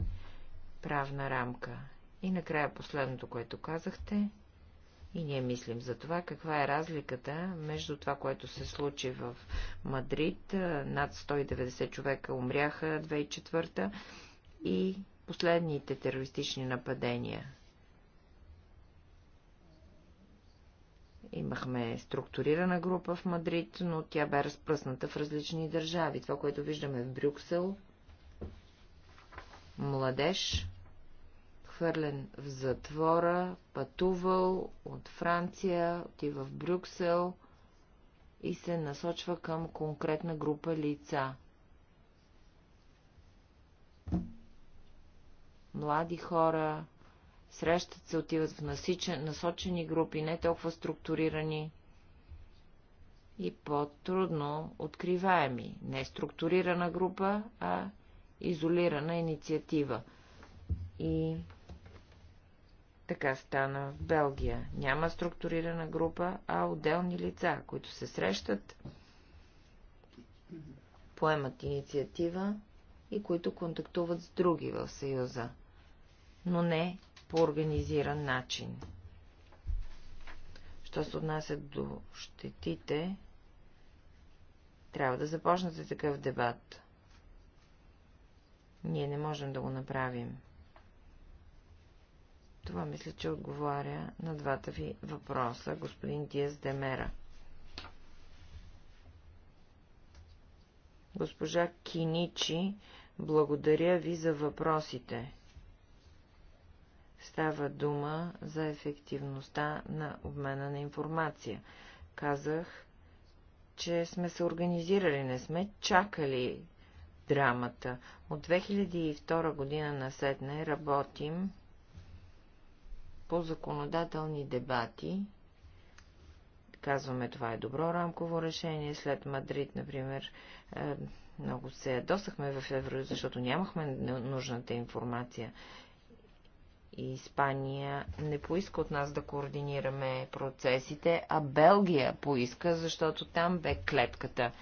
правна рамка. И накрая последното, което казахте и ние мислим за това, каква е разликата между това, което се случи в Мадрид, над 190 човека умряха 2004 и последните терористични нападения. Имахме структурирана група в Мадрид, но тя бе разпръсната в различни държави. Това, което виждаме в Брюксел, младеж, хвърлен в затвора, пътувал от Франция, отива в Брюксел и се насочва към конкретна група лица. Млади хора срещат се, отиват в насичен, насочени групи, не толкова структурирани и по-трудно откриваеми. Не структурирана група, а изолирана инициатива. И така стана в Белгия. Няма структурирана група, а отделни лица, които се срещат, поемат инициатива и които контактуват с други в Съюза, но не по организиран начин. Що се отнася до щетите, трябва да започнете такъв дебат. Ние не можем да го направим. Това мисля, че отговаря на двата ви въпроса, господин Диас Демера. Госпожа Киничи, благодаря ви за въпросите. Става дума за ефективността на обмена на информация. Казах, че сме се организирали, не сме чакали драмата. От 2002 година насетне работим по законодателни дебати. Казваме, това е добро рамково решение. След Мадрид, например, е, много се ядосахме в Евро, защото нямахме нужната информация. И Испания не поиска от нас да координираме процесите, а Белгия поиска, защото там бе клетката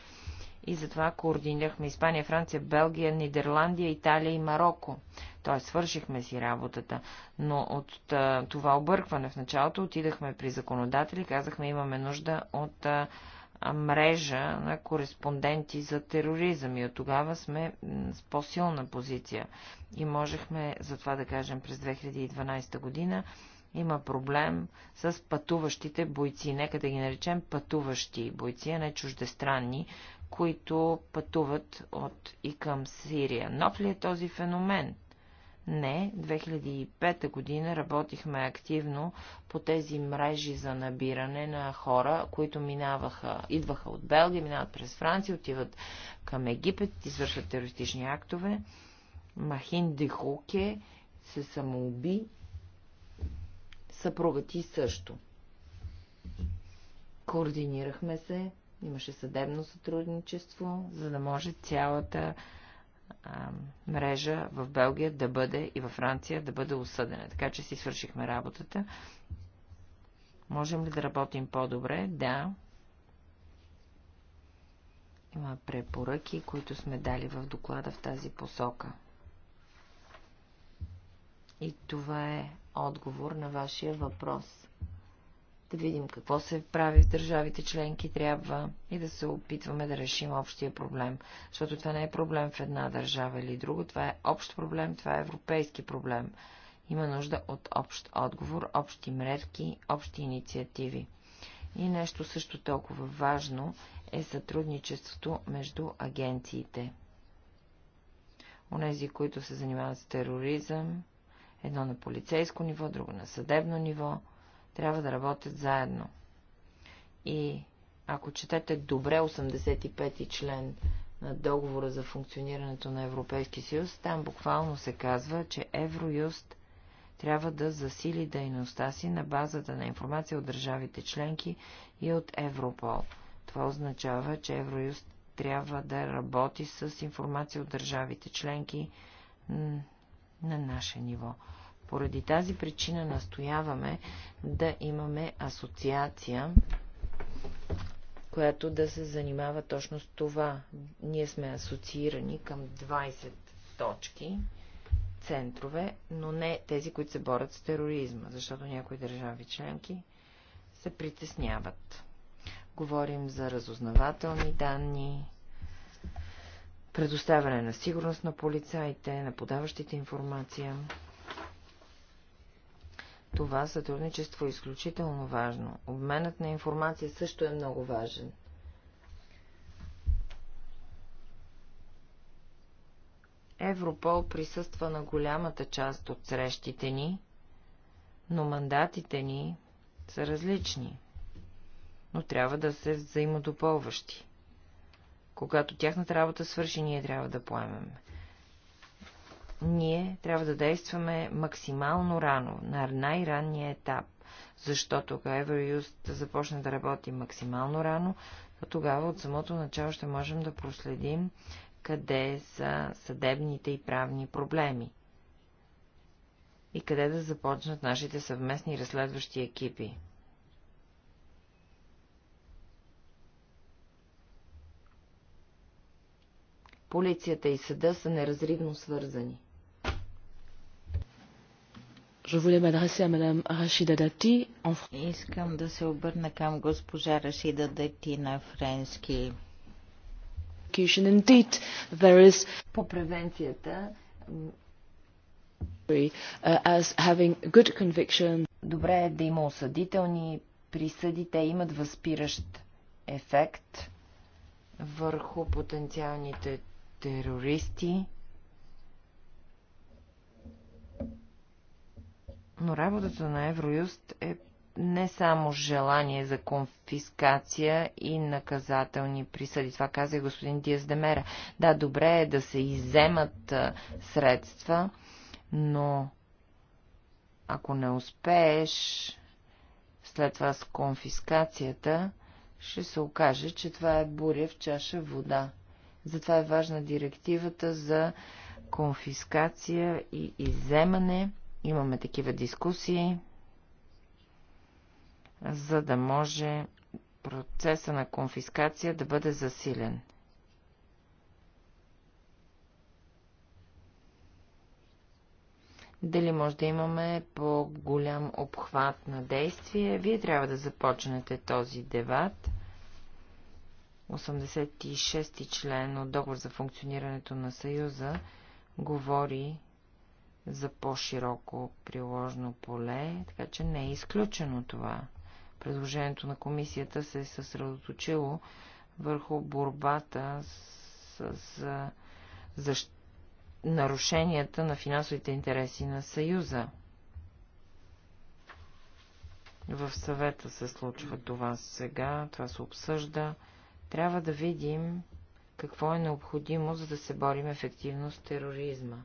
и затова координирахме Испания, Франция, Белгия, Нидерландия, Италия и Марокко. Т.е. свършихме си работата. Но от това объркване в началото отидахме при законодатели, казахме имаме нужда от мрежа на кореспонденти за тероризъм и от тогава сме с по-силна позиция. И можехме, за това да кажем, през 2012 година има проблем с пътуващите бойци. Нека да ги наречем пътуващи бойци, а не чуждестранни, които пътуват от и към Сирия. Нов ли е този феномен? Не, 2005 година работихме активно по тези мрежи за набиране на хора, които минаваха, идваха от Белгия, минават през Франция, отиват към Египет, извършват терористични актове. Махин Дихуке се самоуби, съпругът и също. Координирахме се, Имаше съдебно сътрудничество, за да може цялата а, мрежа в Белгия да бъде и във Франция да бъде осъдена. Така че си свършихме работата. Можем ли да работим по-добре? Да. Има препоръки, които сме дали в доклада в тази посока. И това е отговор на вашия въпрос да видим какво се прави в държавите членки трябва и да се опитваме да решим общия проблем. Защото това не е проблем в една държава или друго, това е общ проблем, това е европейски проблем. Има нужда от общ отговор, общи мерки, общи инициативи. И нещо също толкова важно е сътрудничеството между агенциите. Онези, които се занимават с тероризъм, едно на полицейско ниво, друго на съдебно ниво – трябва да работят заедно. И ако четете добре 85-ти член на договора за функционирането на Европейския съюз, там буквално се казва, че Евроюст трябва да засили дейността си на базата на информация от държавите членки и от Европол. Това означава, че Евроюст трябва да работи с информация от държавите членки на наше ниво. Поради тази причина настояваме да имаме асоциация, която да се занимава точно с това. Ние сме асоциирани към 20 точки, центрове, но не тези, които се борят с тероризма, защото някои държави членки се притесняват. Говорим за разузнавателни данни, предоставяне на сигурност на полицаите, на подаващите информация. Това сътрудничество е изключително важно. Обменът на информация също е много важен. Европол присъства на голямата част от срещите ни, но мандатите ни са различни, но трябва да се взаимодопълващи. Когато тяхната работа свърши, ние трябва да поемем ние трябва да действаме максимално рано, на най-ранния етап, защото ако Евроюст започне да работи максимално рано, то тогава от самото начало ще можем да проследим къде са съдебните и правни проблеми и къде да започнат нашите съвместни разследващи екипи. Полицията и съда са неразривно свързани. Искам да се обърна към госпожа Рашида Дати на френски. По превенцията uh, Добре е да има осъдителни присъди, те имат възпиращ ефект върху потенциалните терористи. Но работата на Евроюст е не само желание за конфискация и наказателни присъди. Това каза и господин Диас Демера. Да, добре е да се иземат средства, но ако не успееш след това с конфискацията, ще се окаже, че това е буря в чаша вода. Затова е важна директивата за конфискация и иземане имаме такива дискусии, за да може процеса на конфискация да бъде засилен. Дали може да имаме по-голям обхват на действие? Вие трябва да започнете този дебат. 86 ти член от договор за функционирането на Съюза говори за по-широко приложно поле, така че не е изключено това. Предложението на комисията се е съсредоточило върху борбата с, с защ... нарушенията на финансовите интереси на Съюза. В съвета се случва това сега, това се обсъжда. Трябва да видим какво е необходимо, за да се борим ефективно с тероризма.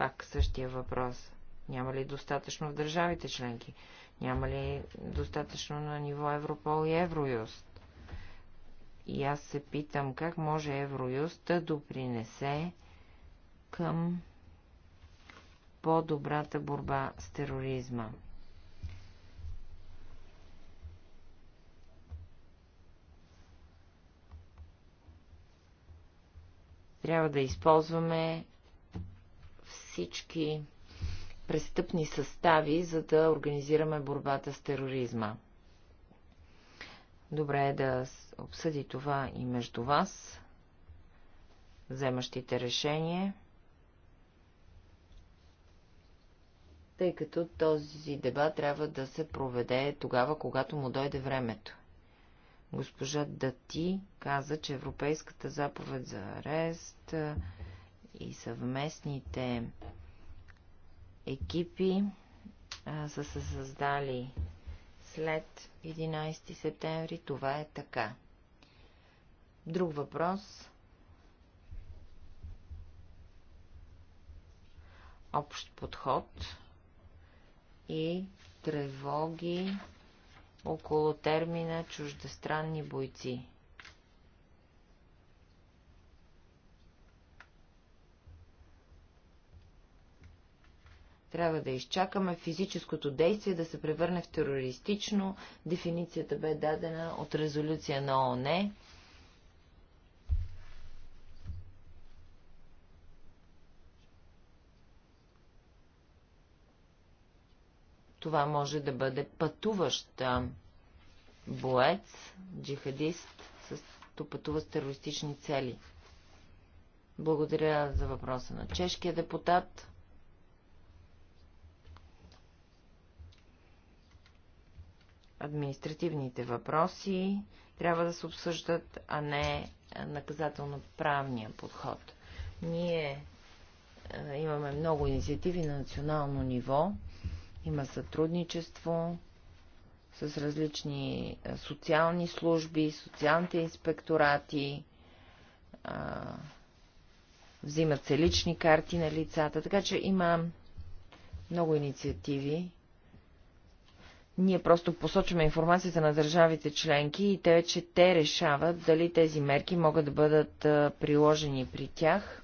Пак същия въпрос. Няма ли достатъчно в държавите членки? Няма ли достатъчно на ниво Европол и Евроюст? И аз се питам, как може Евроюст да допринесе към по-добрата борба с тероризма? Трябва да използваме всички престъпни състави, за да организираме борбата с тероризма. Добре е да обсъди това и между вас, вземащите решение, тъй като този дебат трябва да се проведе тогава, когато му дойде времето. Госпожа Дати каза, че Европейската заповед за арест и съвместните екипи а, са се създали след 11 септември. Това е така. Друг въпрос. Общ подход и тревоги около термина чуждестранни бойци. Трябва да изчакаме физическото действие да се превърне в терористично. Дефиницията бе дадена от резолюция на ООН. Това може да бъде пътуващ боец, джихадист, с пътува с терористични цели. Благодаря за въпроса на чешкия депутат. административните въпроси трябва да се обсъждат, а не наказателно-правния подход. Ние е, имаме много инициативи на национално ниво, има сътрудничество с различни е, социални служби, социалните инспекторати, е, взимат се лични карти на лицата, така че има много инициативи ние просто посочваме информацията на държавите членки и те, че те решават дали тези мерки могат да бъдат приложени при тях.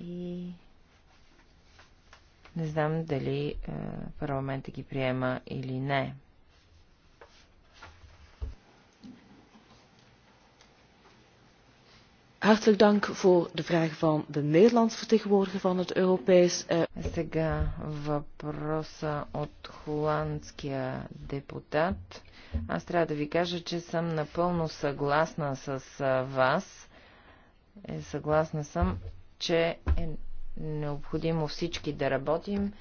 И не знам дали парламентът ги приема или не. Hartelijk dank voor de vraag van de Nederlands vertegenwoordiger van het Europees... Eh, Сега въпроса от холандския депутат. Аз трябва да ви кажа, че съм напълно съгласна с вас. Е, съгласна съм, че е необходимо всички да работим.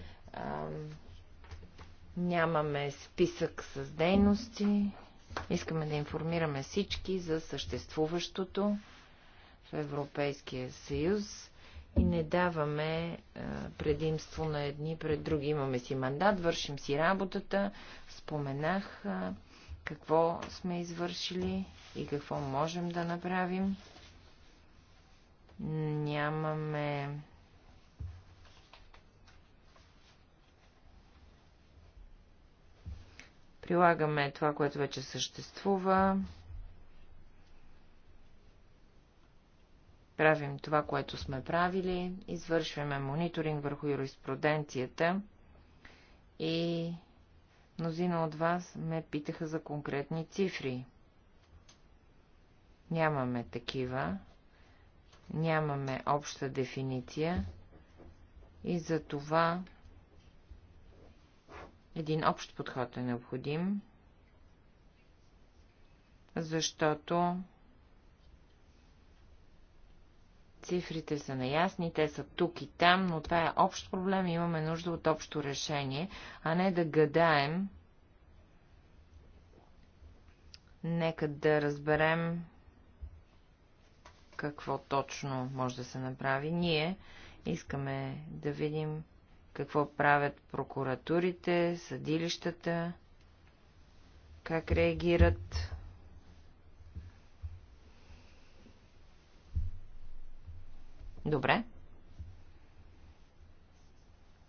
Нямаме списък с дейности. Искаме да информираме всички за съществуващото. Европейския съюз и не даваме е, предимство на едни пред други. Имаме си мандат, вършим си работата. Споменах е, какво сме извършили и какво можем да направим. Нямаме прилагаме това, което вече съществува. Правим това, което сме правили, извършваме мониторинг върху юриспруденцията и мнозина от вас ме питаха за конкретни цифри. Нямаме такива, нямаме обща дефиниция и за това един общ подход е необходим, защото Цифрите са неясни, те са тук и там, но това е общ проблем и имаме нужда от общо решение, а не да гадаем. Нека да разберем какво точно може да се направи. Ние искаме да видим какво правят прокуратурите, съдилищата, как реагират Добре.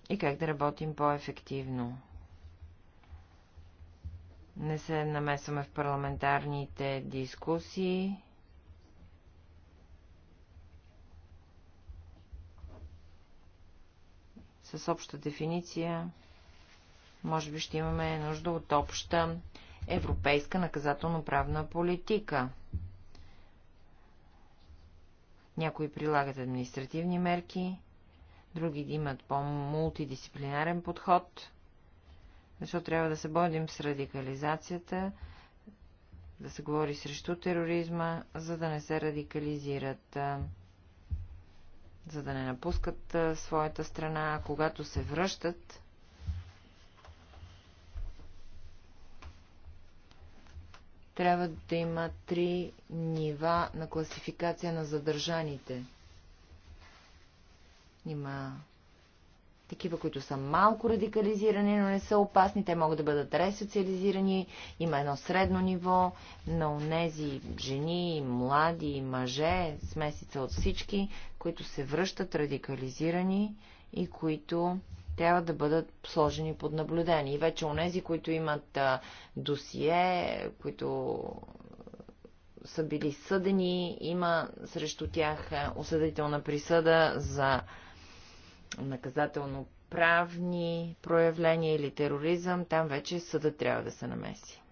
И как да работим по-ефективно? Не се намесваме в парламентарните дискусии. С обща дефиниция, може би ще имаме нужда от обща европейска наказателно-правна политика. Някои прилагат административни мерки, други имат по-мултидисциплинарен подход, защото трябва да се бодим с радикализацията, да се говори срещу тероризма, за да не се радикализират, за да не напускат своята страна, а когато се връщат, трябва да има три нива на класификация на задържаните. Има такива, които са малко радикализирани, но не са опасни. Те могат да бъдат ресоциализирани. Има едно средно ниво на онези жени, млади, мъже, смесица от всички, които се връщат радикализирани и които трябва да бъдат сложени под наблюдение. И вече онези, които имат досие, които са били съдени, има срещу тях е, осъдителна присъда за наказателно правни проявления или тероризъм, там вече съда трябва да се намеси.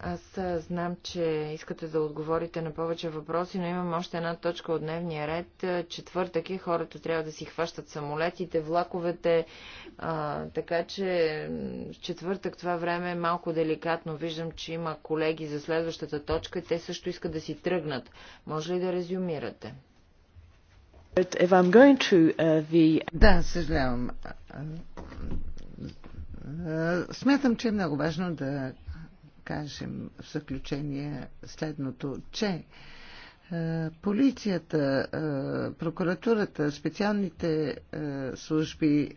Аз знам, че искате да отговорите на повече въпроси, но имам още една точка от дневния ред. Четвъртък е, хората трябва да си хващат самолетите, влаковете, а, така че четвъртък това време е малко деликатно. Виждам, че има колеги за следващата точка, те също искат да си тръгнат. Може ли да резюмирате? To, uh, the... Да, съжалявам. Смятам, че е много важно да кажем в заключение следното, че е, полицията, е, прокуратурата, специалните е, служби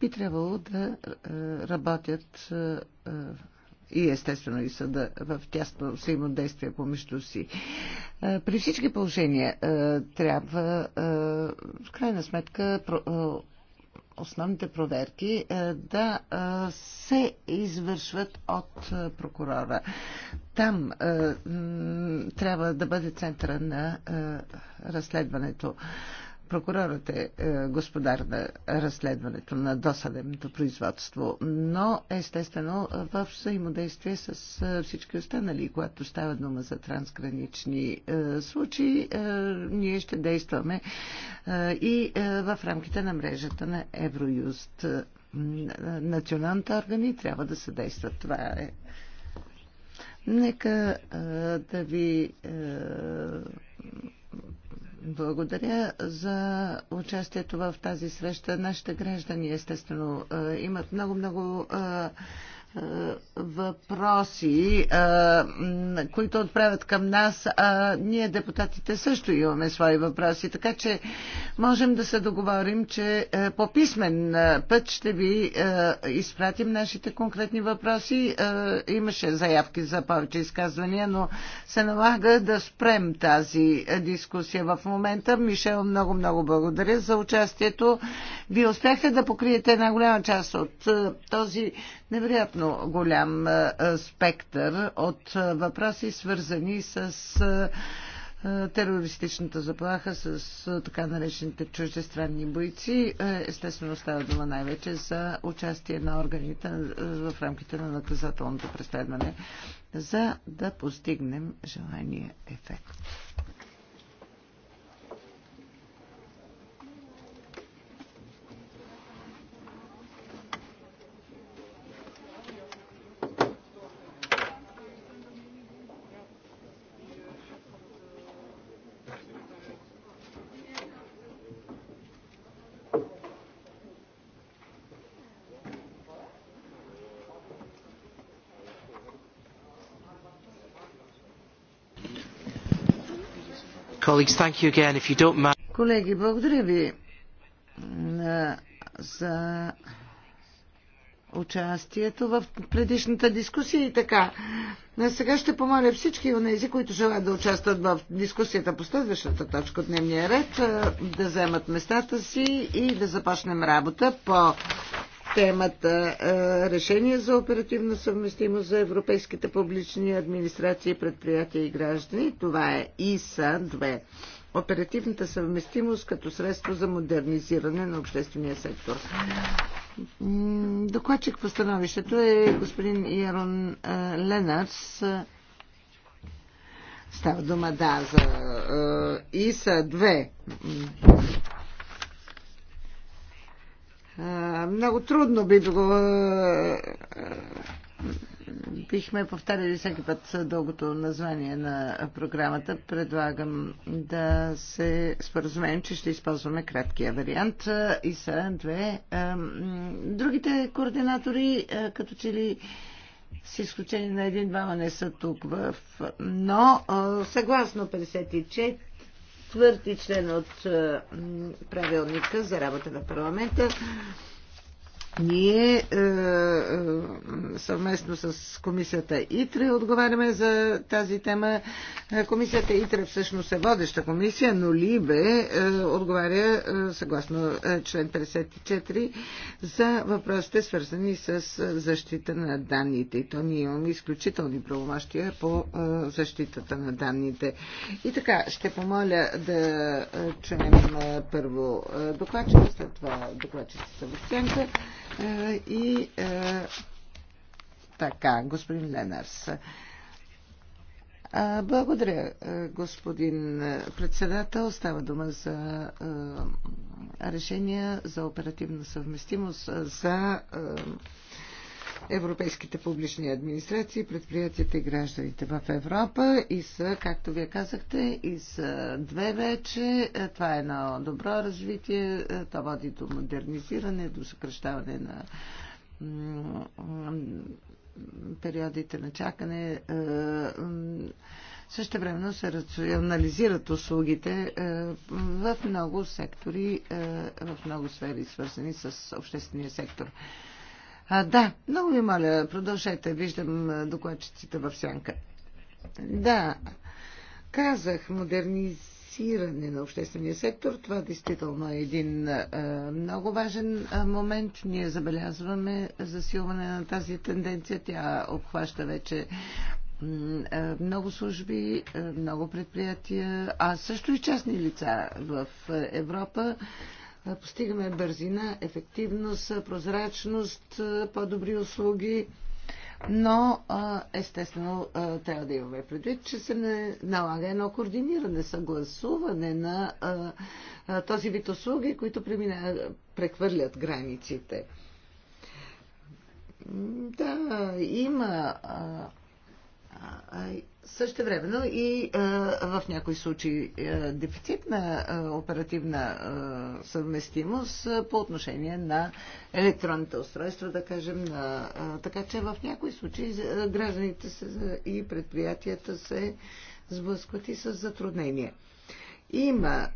би трябвало да работят и естествено и съда в тясно взаимодействие помежду си. При всички положения трябва в крайна сметка основните проверки е, да е, се извършват от е, прокурора. Там трябва да бъде центъра на разследването прокурорът е, е господар на разследването на досъдебното производство, но естествено в взаимодействие с е, всички останали, когато става дума за трансгранични е, случаи, ние ще действаме и в рамките на мрежата на Евроюст. Националните органи трябва да съдействат. Това е. Нека да ви благодаря за участието в тази среща. Нашите граждани, естествено, е, имат много-много въпроси, които отправят към нас, а ние депутатите също имаме свои въпроси, така че можем да се договорим, че е, по писмен е, път ще ви е, изпратим нашите конкретни въпроси. Имаше заявки за повече изказвания, но се налага да спрем тази дискусия в момента. Мишел, много-много благодаря за участието. Вие успяхте да покриете една голяма част от този невероятно голям спектър от въпроси, свързани с терористичната заплаха с така наречените чуждестранни бойци. Естествено става дума най-вече за участие на органите в рамките на наказателното преследване, за да постигнем желания ефект. Колеги, благодаря ви за участието в предишната дискусия и така. На Сега ще помоля всички от тези, които желаят да участват в дискусията по следващата точка от дневния ред, да вземат местата си и да започнем работа по темата Решение за оперативна съвместимост за европейските публични администрации, предприятия и граждани. Това е ИСА 2. Оперативната съвместимост като средство за модернизиране на обществения сектор. Докладчик по становището е господин Ярон Ленарс. Става дума, да, за ИСА 2 много трудно би било. Бихме повтаряли всеки път дългото название на програмата. Предлагам да се споразумеем, че ще използваме краткия вариант. И са две. Другите координатори, като че ли с изключение на един-двама не са тук, в... но съгласно 54 четвърти член от е, правилника за работа на парламента. Ние е, е, съвместно с комисията ИТРЕ отговаряме за тази тема. Е, комисията ИТРЕ всъщност е водеща комисия, но ЛИБЕ е, отговаря е, съгласно е, член 54 за въпросите свързани с е, защита на данните. И то ние имаме изключителни правомащия по е, защитата на данните. И така, ще помоля да чуем първо докладчика, след това докладчицата в сценка. Е, и е, така, господин Ленарс. Е, благодаря, господин председател. Става дума за решения за оперативна съвместимост, за европейските публични администрации, предприятията и гражданите в Европа и са, както вие казахте, и са две вече. Е, това е едно добро развитие. Е, то води до модернизиране, до съкръщаване на периодите на чакане. Е, Също времено се рационализират услугите в много сектори, в много сфери, свързани с обществения сектор. А, да, много ви моля, продължете. Виждам докладчиците в сянка. Да, казах, модернизиране на обществения сектор, това действително е един а, много важен а, момент. Ние забелязваме засилване на тази тенденция. Тя обхваща вече много служби, много предприятия, а също и частни лица в Европа постигаме бързина, ефективност, прозрачност, по-добри услуги, но естествено трябва да имаме предвид, че се не налага едно координиране, съгласуване на този вид услуги, които премина, прехвърлят границите. Да, има Същевременно и а, е, в някои случаи а, е, дефицит на а, е, оперативна а, съвместимост а, по отношение на електронните устройства, да кажем. На, а, така че в някои случаи гражданите се, и предприятията се сблъскват и с затруднения. Има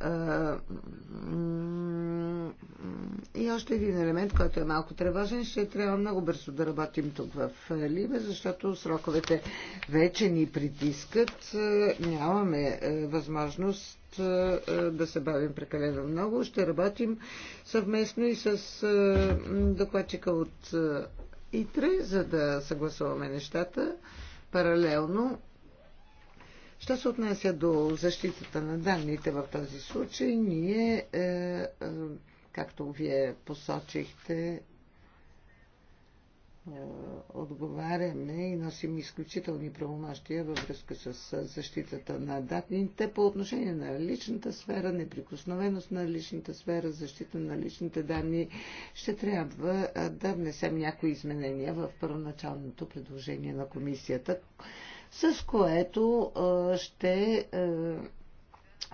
и още един елемент, който е малко тревожен. Ще трябва много бързо да работим тук в Либе, защото сроковете вече ни притискат. Нямаме възможност да се бавим прекалено много. Ще работим съвместно и с докладчика от ИТРЕ, за да съгласуваме нещата паралелно Що се отнася до защитата на данните в този случай, ние, е, е, както вие посочихте, е, отговаряме и носим изключителни правомощия във връзка с защитата на данните по отношение на личната сфера, неприкосновеност на личната сфера, защита на личните данни. Ще трябва да внесем някои изменения в първоначалното предложение на комисията, с което ще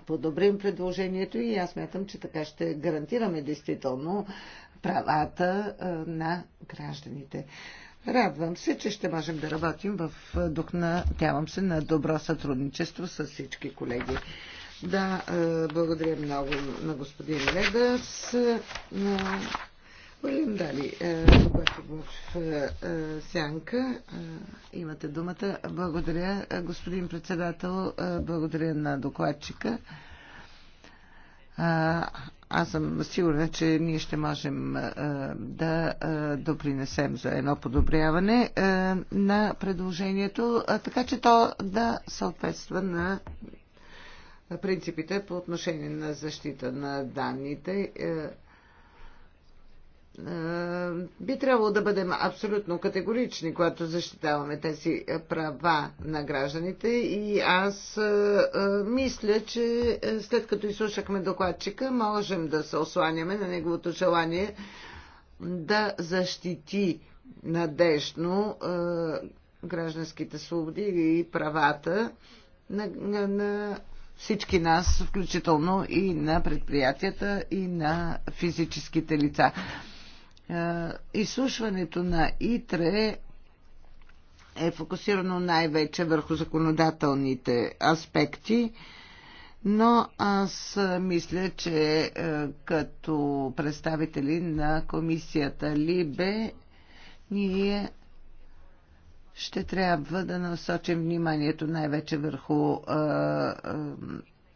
подобрим предложението и аз мятам, че така ще гарантираме действително правата на гражданите. Радвам се, че ще можем да работим в дух на, тявам се, на добро сътрудничество с всички колеги. Да, благодаря много на господин Ледърс. Уилям Дали, е, докладчик в е, е, Сянка. Имате думата. Благодаря, господин председател. Благодаря на докладчика. Аз съм сигурна, че ние ще можем да допринесем за едно подобряване на предложението, така че то да съответства на принципите по отношение на защита на данните е, би трябвало да бъдем абсолютно категорични, когато защитаваме тези права на гражданите. И аз е, е, мисля, че след като изслушахме докладчика, можем да се осланяме на неговото желание да защити надежно гражданските свободи и правата на, на, на всички нас, включително и на предприятията и на физическите лица. Е, изслушването на ИТРЕ е фокусирано най-вече върху законодателните аспекти, но аз мисля, че е, като представители на комисията Либе, ние ще трябва да насочим вниманието най-вече върху е,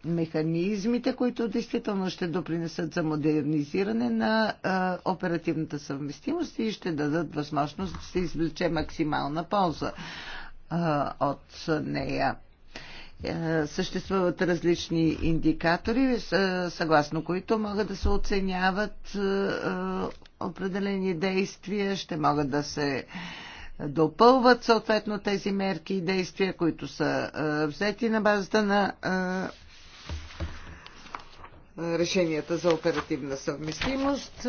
механизмите, които действително ще допринесат за модернизиране на а, оперативната съвместимост и ще дадат възможност да се извлече максимална полза а, от нея. Е, съществуват различни индикатори, съгласно които могат да се оценяват е, е, определени действия, ще могат да се допълват съответно тези мерки и действия, които са взети на базата на решенията за оперативна съвместимост,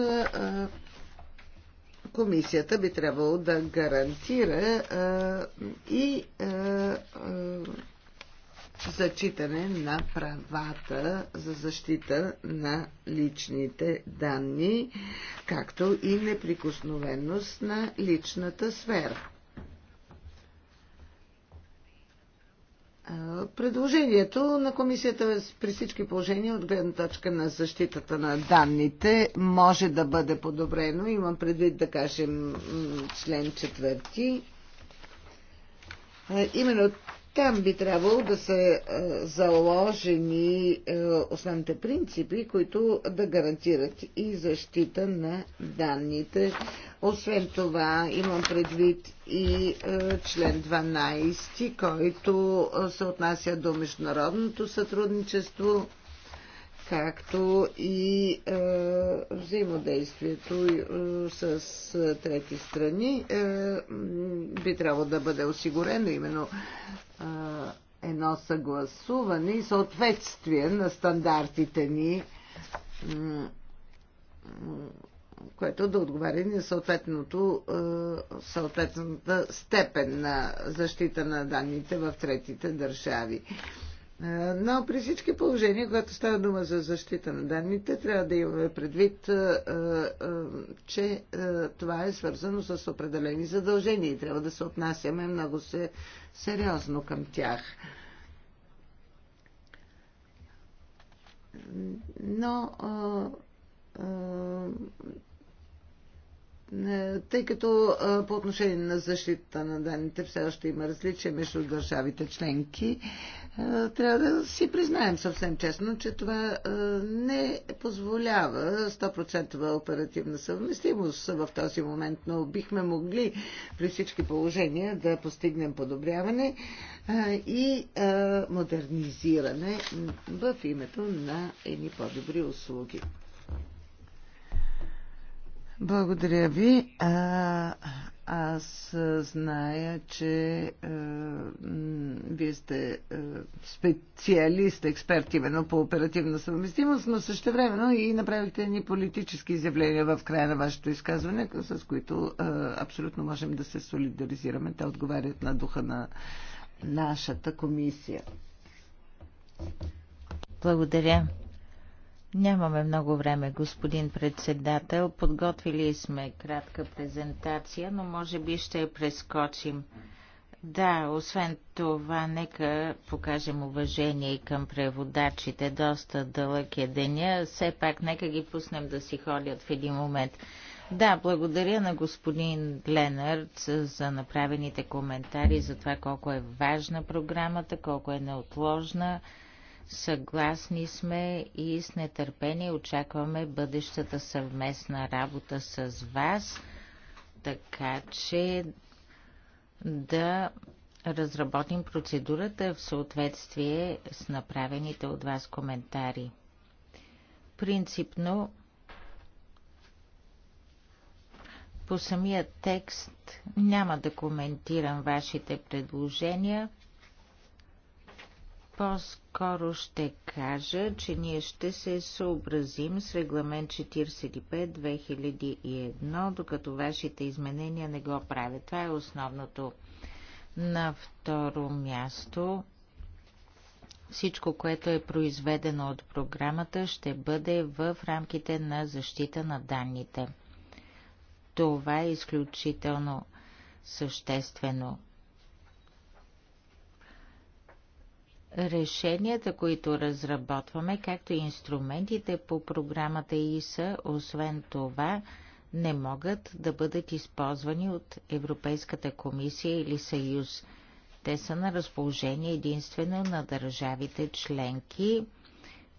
комисията би трябвало да гарантира и зачитане на правата за защита на личните данни, както и неприкосновеност на личната сфера. Предложението на комисията при всички положения от гледна точка на защитата на данните може да бъде подобрено. Имам предвид да кажем член четвърти. Именно там би трябвало да са е, заложени е, основните принципи, които да гарантират и защита на данните. Освен това, имам предвид и е, член 12, който се отнася до международното сътрудничество, както и взаимодействието с трети страни би трябвало да бъде осигурено именно едно съгласуване и съответствие на стандартите ни, което да отговаря на съответното, е, съответната степен на защита на данните в третите държави. Но при всички положения, когато става дума за защита на данните, трябва да имаме предвид, че това е свързано с определени задължения и трябва да се отнасяме много се сериозно към тях. Но е, тъй като е, по отношение на защита на данните все още има различия между държавите членки, е, трябва да си признаем съвсем честно, че това не позволява 100% оперативна съвместимост в този момент, но бихме могли при всички положения да постигнем подобряване и модернизиране в името на едни по-добри услуги. Благодаря ви. А, аз зная, че а, вие сте а, специалист, експерт именно по оперативна съвместимост, но също времено и направихте ни политически изявления в края на вашето изказване, с които а, абсолютно можем да се солидаризираме. Те отговарят на духа на нашата комисия. Благодаря. Нямаме много време, господин председател. Подготвили сме кратка презентация, но може би ще я прескочим. Да, освен това, нека покажем уважение и към преводачите. Доста дълъг е деня. Все пак, нека ги пуснем да си ходят в един момент. Да, благодаря на господин Ленард за направените коментари за това колко е важна програмата, колко е неотложна. Съгласни сме и с нетърпение очакваме бъдещата съвместна работа с вас, така че да разработим процедурата в съответствие с направените от вас коментари. Принципно по самия текст няма да коментирам вашите предложения – по-скоро ще кажа, че ние ще се съобразим с регламент 45-2001, докато вашите изменения не го правят. Това е основното. На второ място всичко, което е произведено от програмата, ще бъде в рамките на защита на данните. Това е изключително съществено. Решенията, които разработваме, както и инструментите по програмата ИСА, освен това, не могат да бъдат използвани от Европейската комисия или Съюз. Те са на разположение единствено на държавите членки,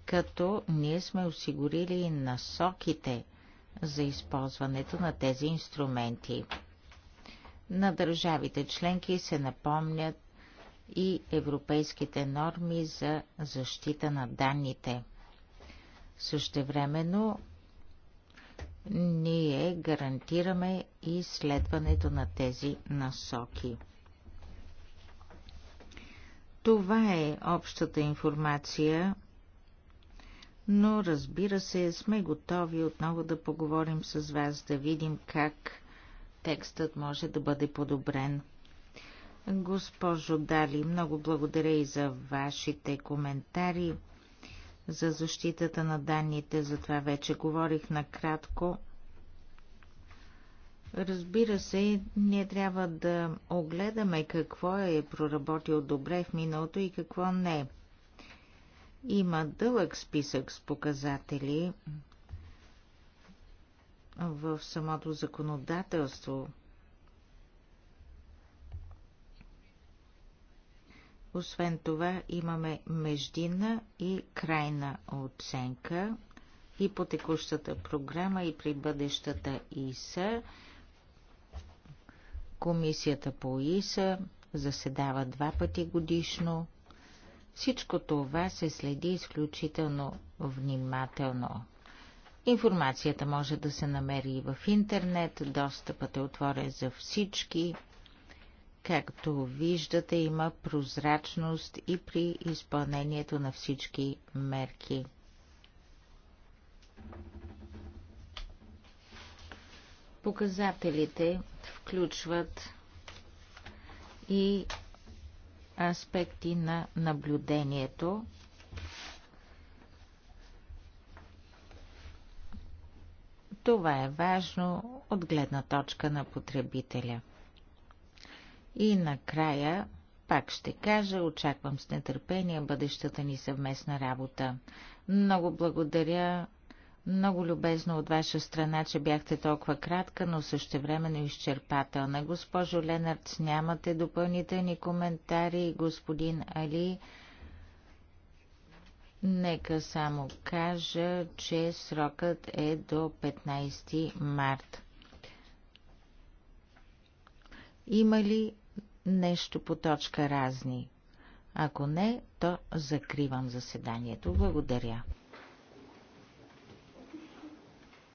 като ние сме осигурили насоките за използването на тези инструменти. На държавите членки се напомнят и европейските норми за защита на данните. Същевременно ние гарантираме и следването на тези насоки. Това е общата информация, но разбира се, сме готови отново да поговорим с вас, да видим как текстът може да бъде подобрен. Госпожо Дали, много благодаря и за вашите коментари за защитата на данните, за това вече говорих накратко. Разбира се, ние трябва да огледаме какво е проработил добре в миналото и какво не. Има дълъг списък с показатели в самото законодателство Освен това имаме междинна и крайна оценка и по текущата програма и при бъдещата ИСА. Комисията по ИСА заседава два пъти годишно. Всичко това се следи изключително внимателно. Информацията може да се намери и в интернет, достъпът е отворен за всички. Както виждате, има прозрачност и при изпълнението на всички мерки. Показателите включват и аспекти на наблюдението. Това е важно от гледна точка на потребителя. И накрая, пак ще кажа, очаквам с нетърпение бъдещата ни съвместна работа. Много благодаря, много любезно от ваша страна, че бяхте толкова кратка, но също времено изчерпателна. Госпожо Ленард, нямате допълнителни коментари, господин Али. Нека само кажа, че срокът е до 15 март. Има ли нещо по точка разни? Ако не, то закривам заседанието. Благодаря.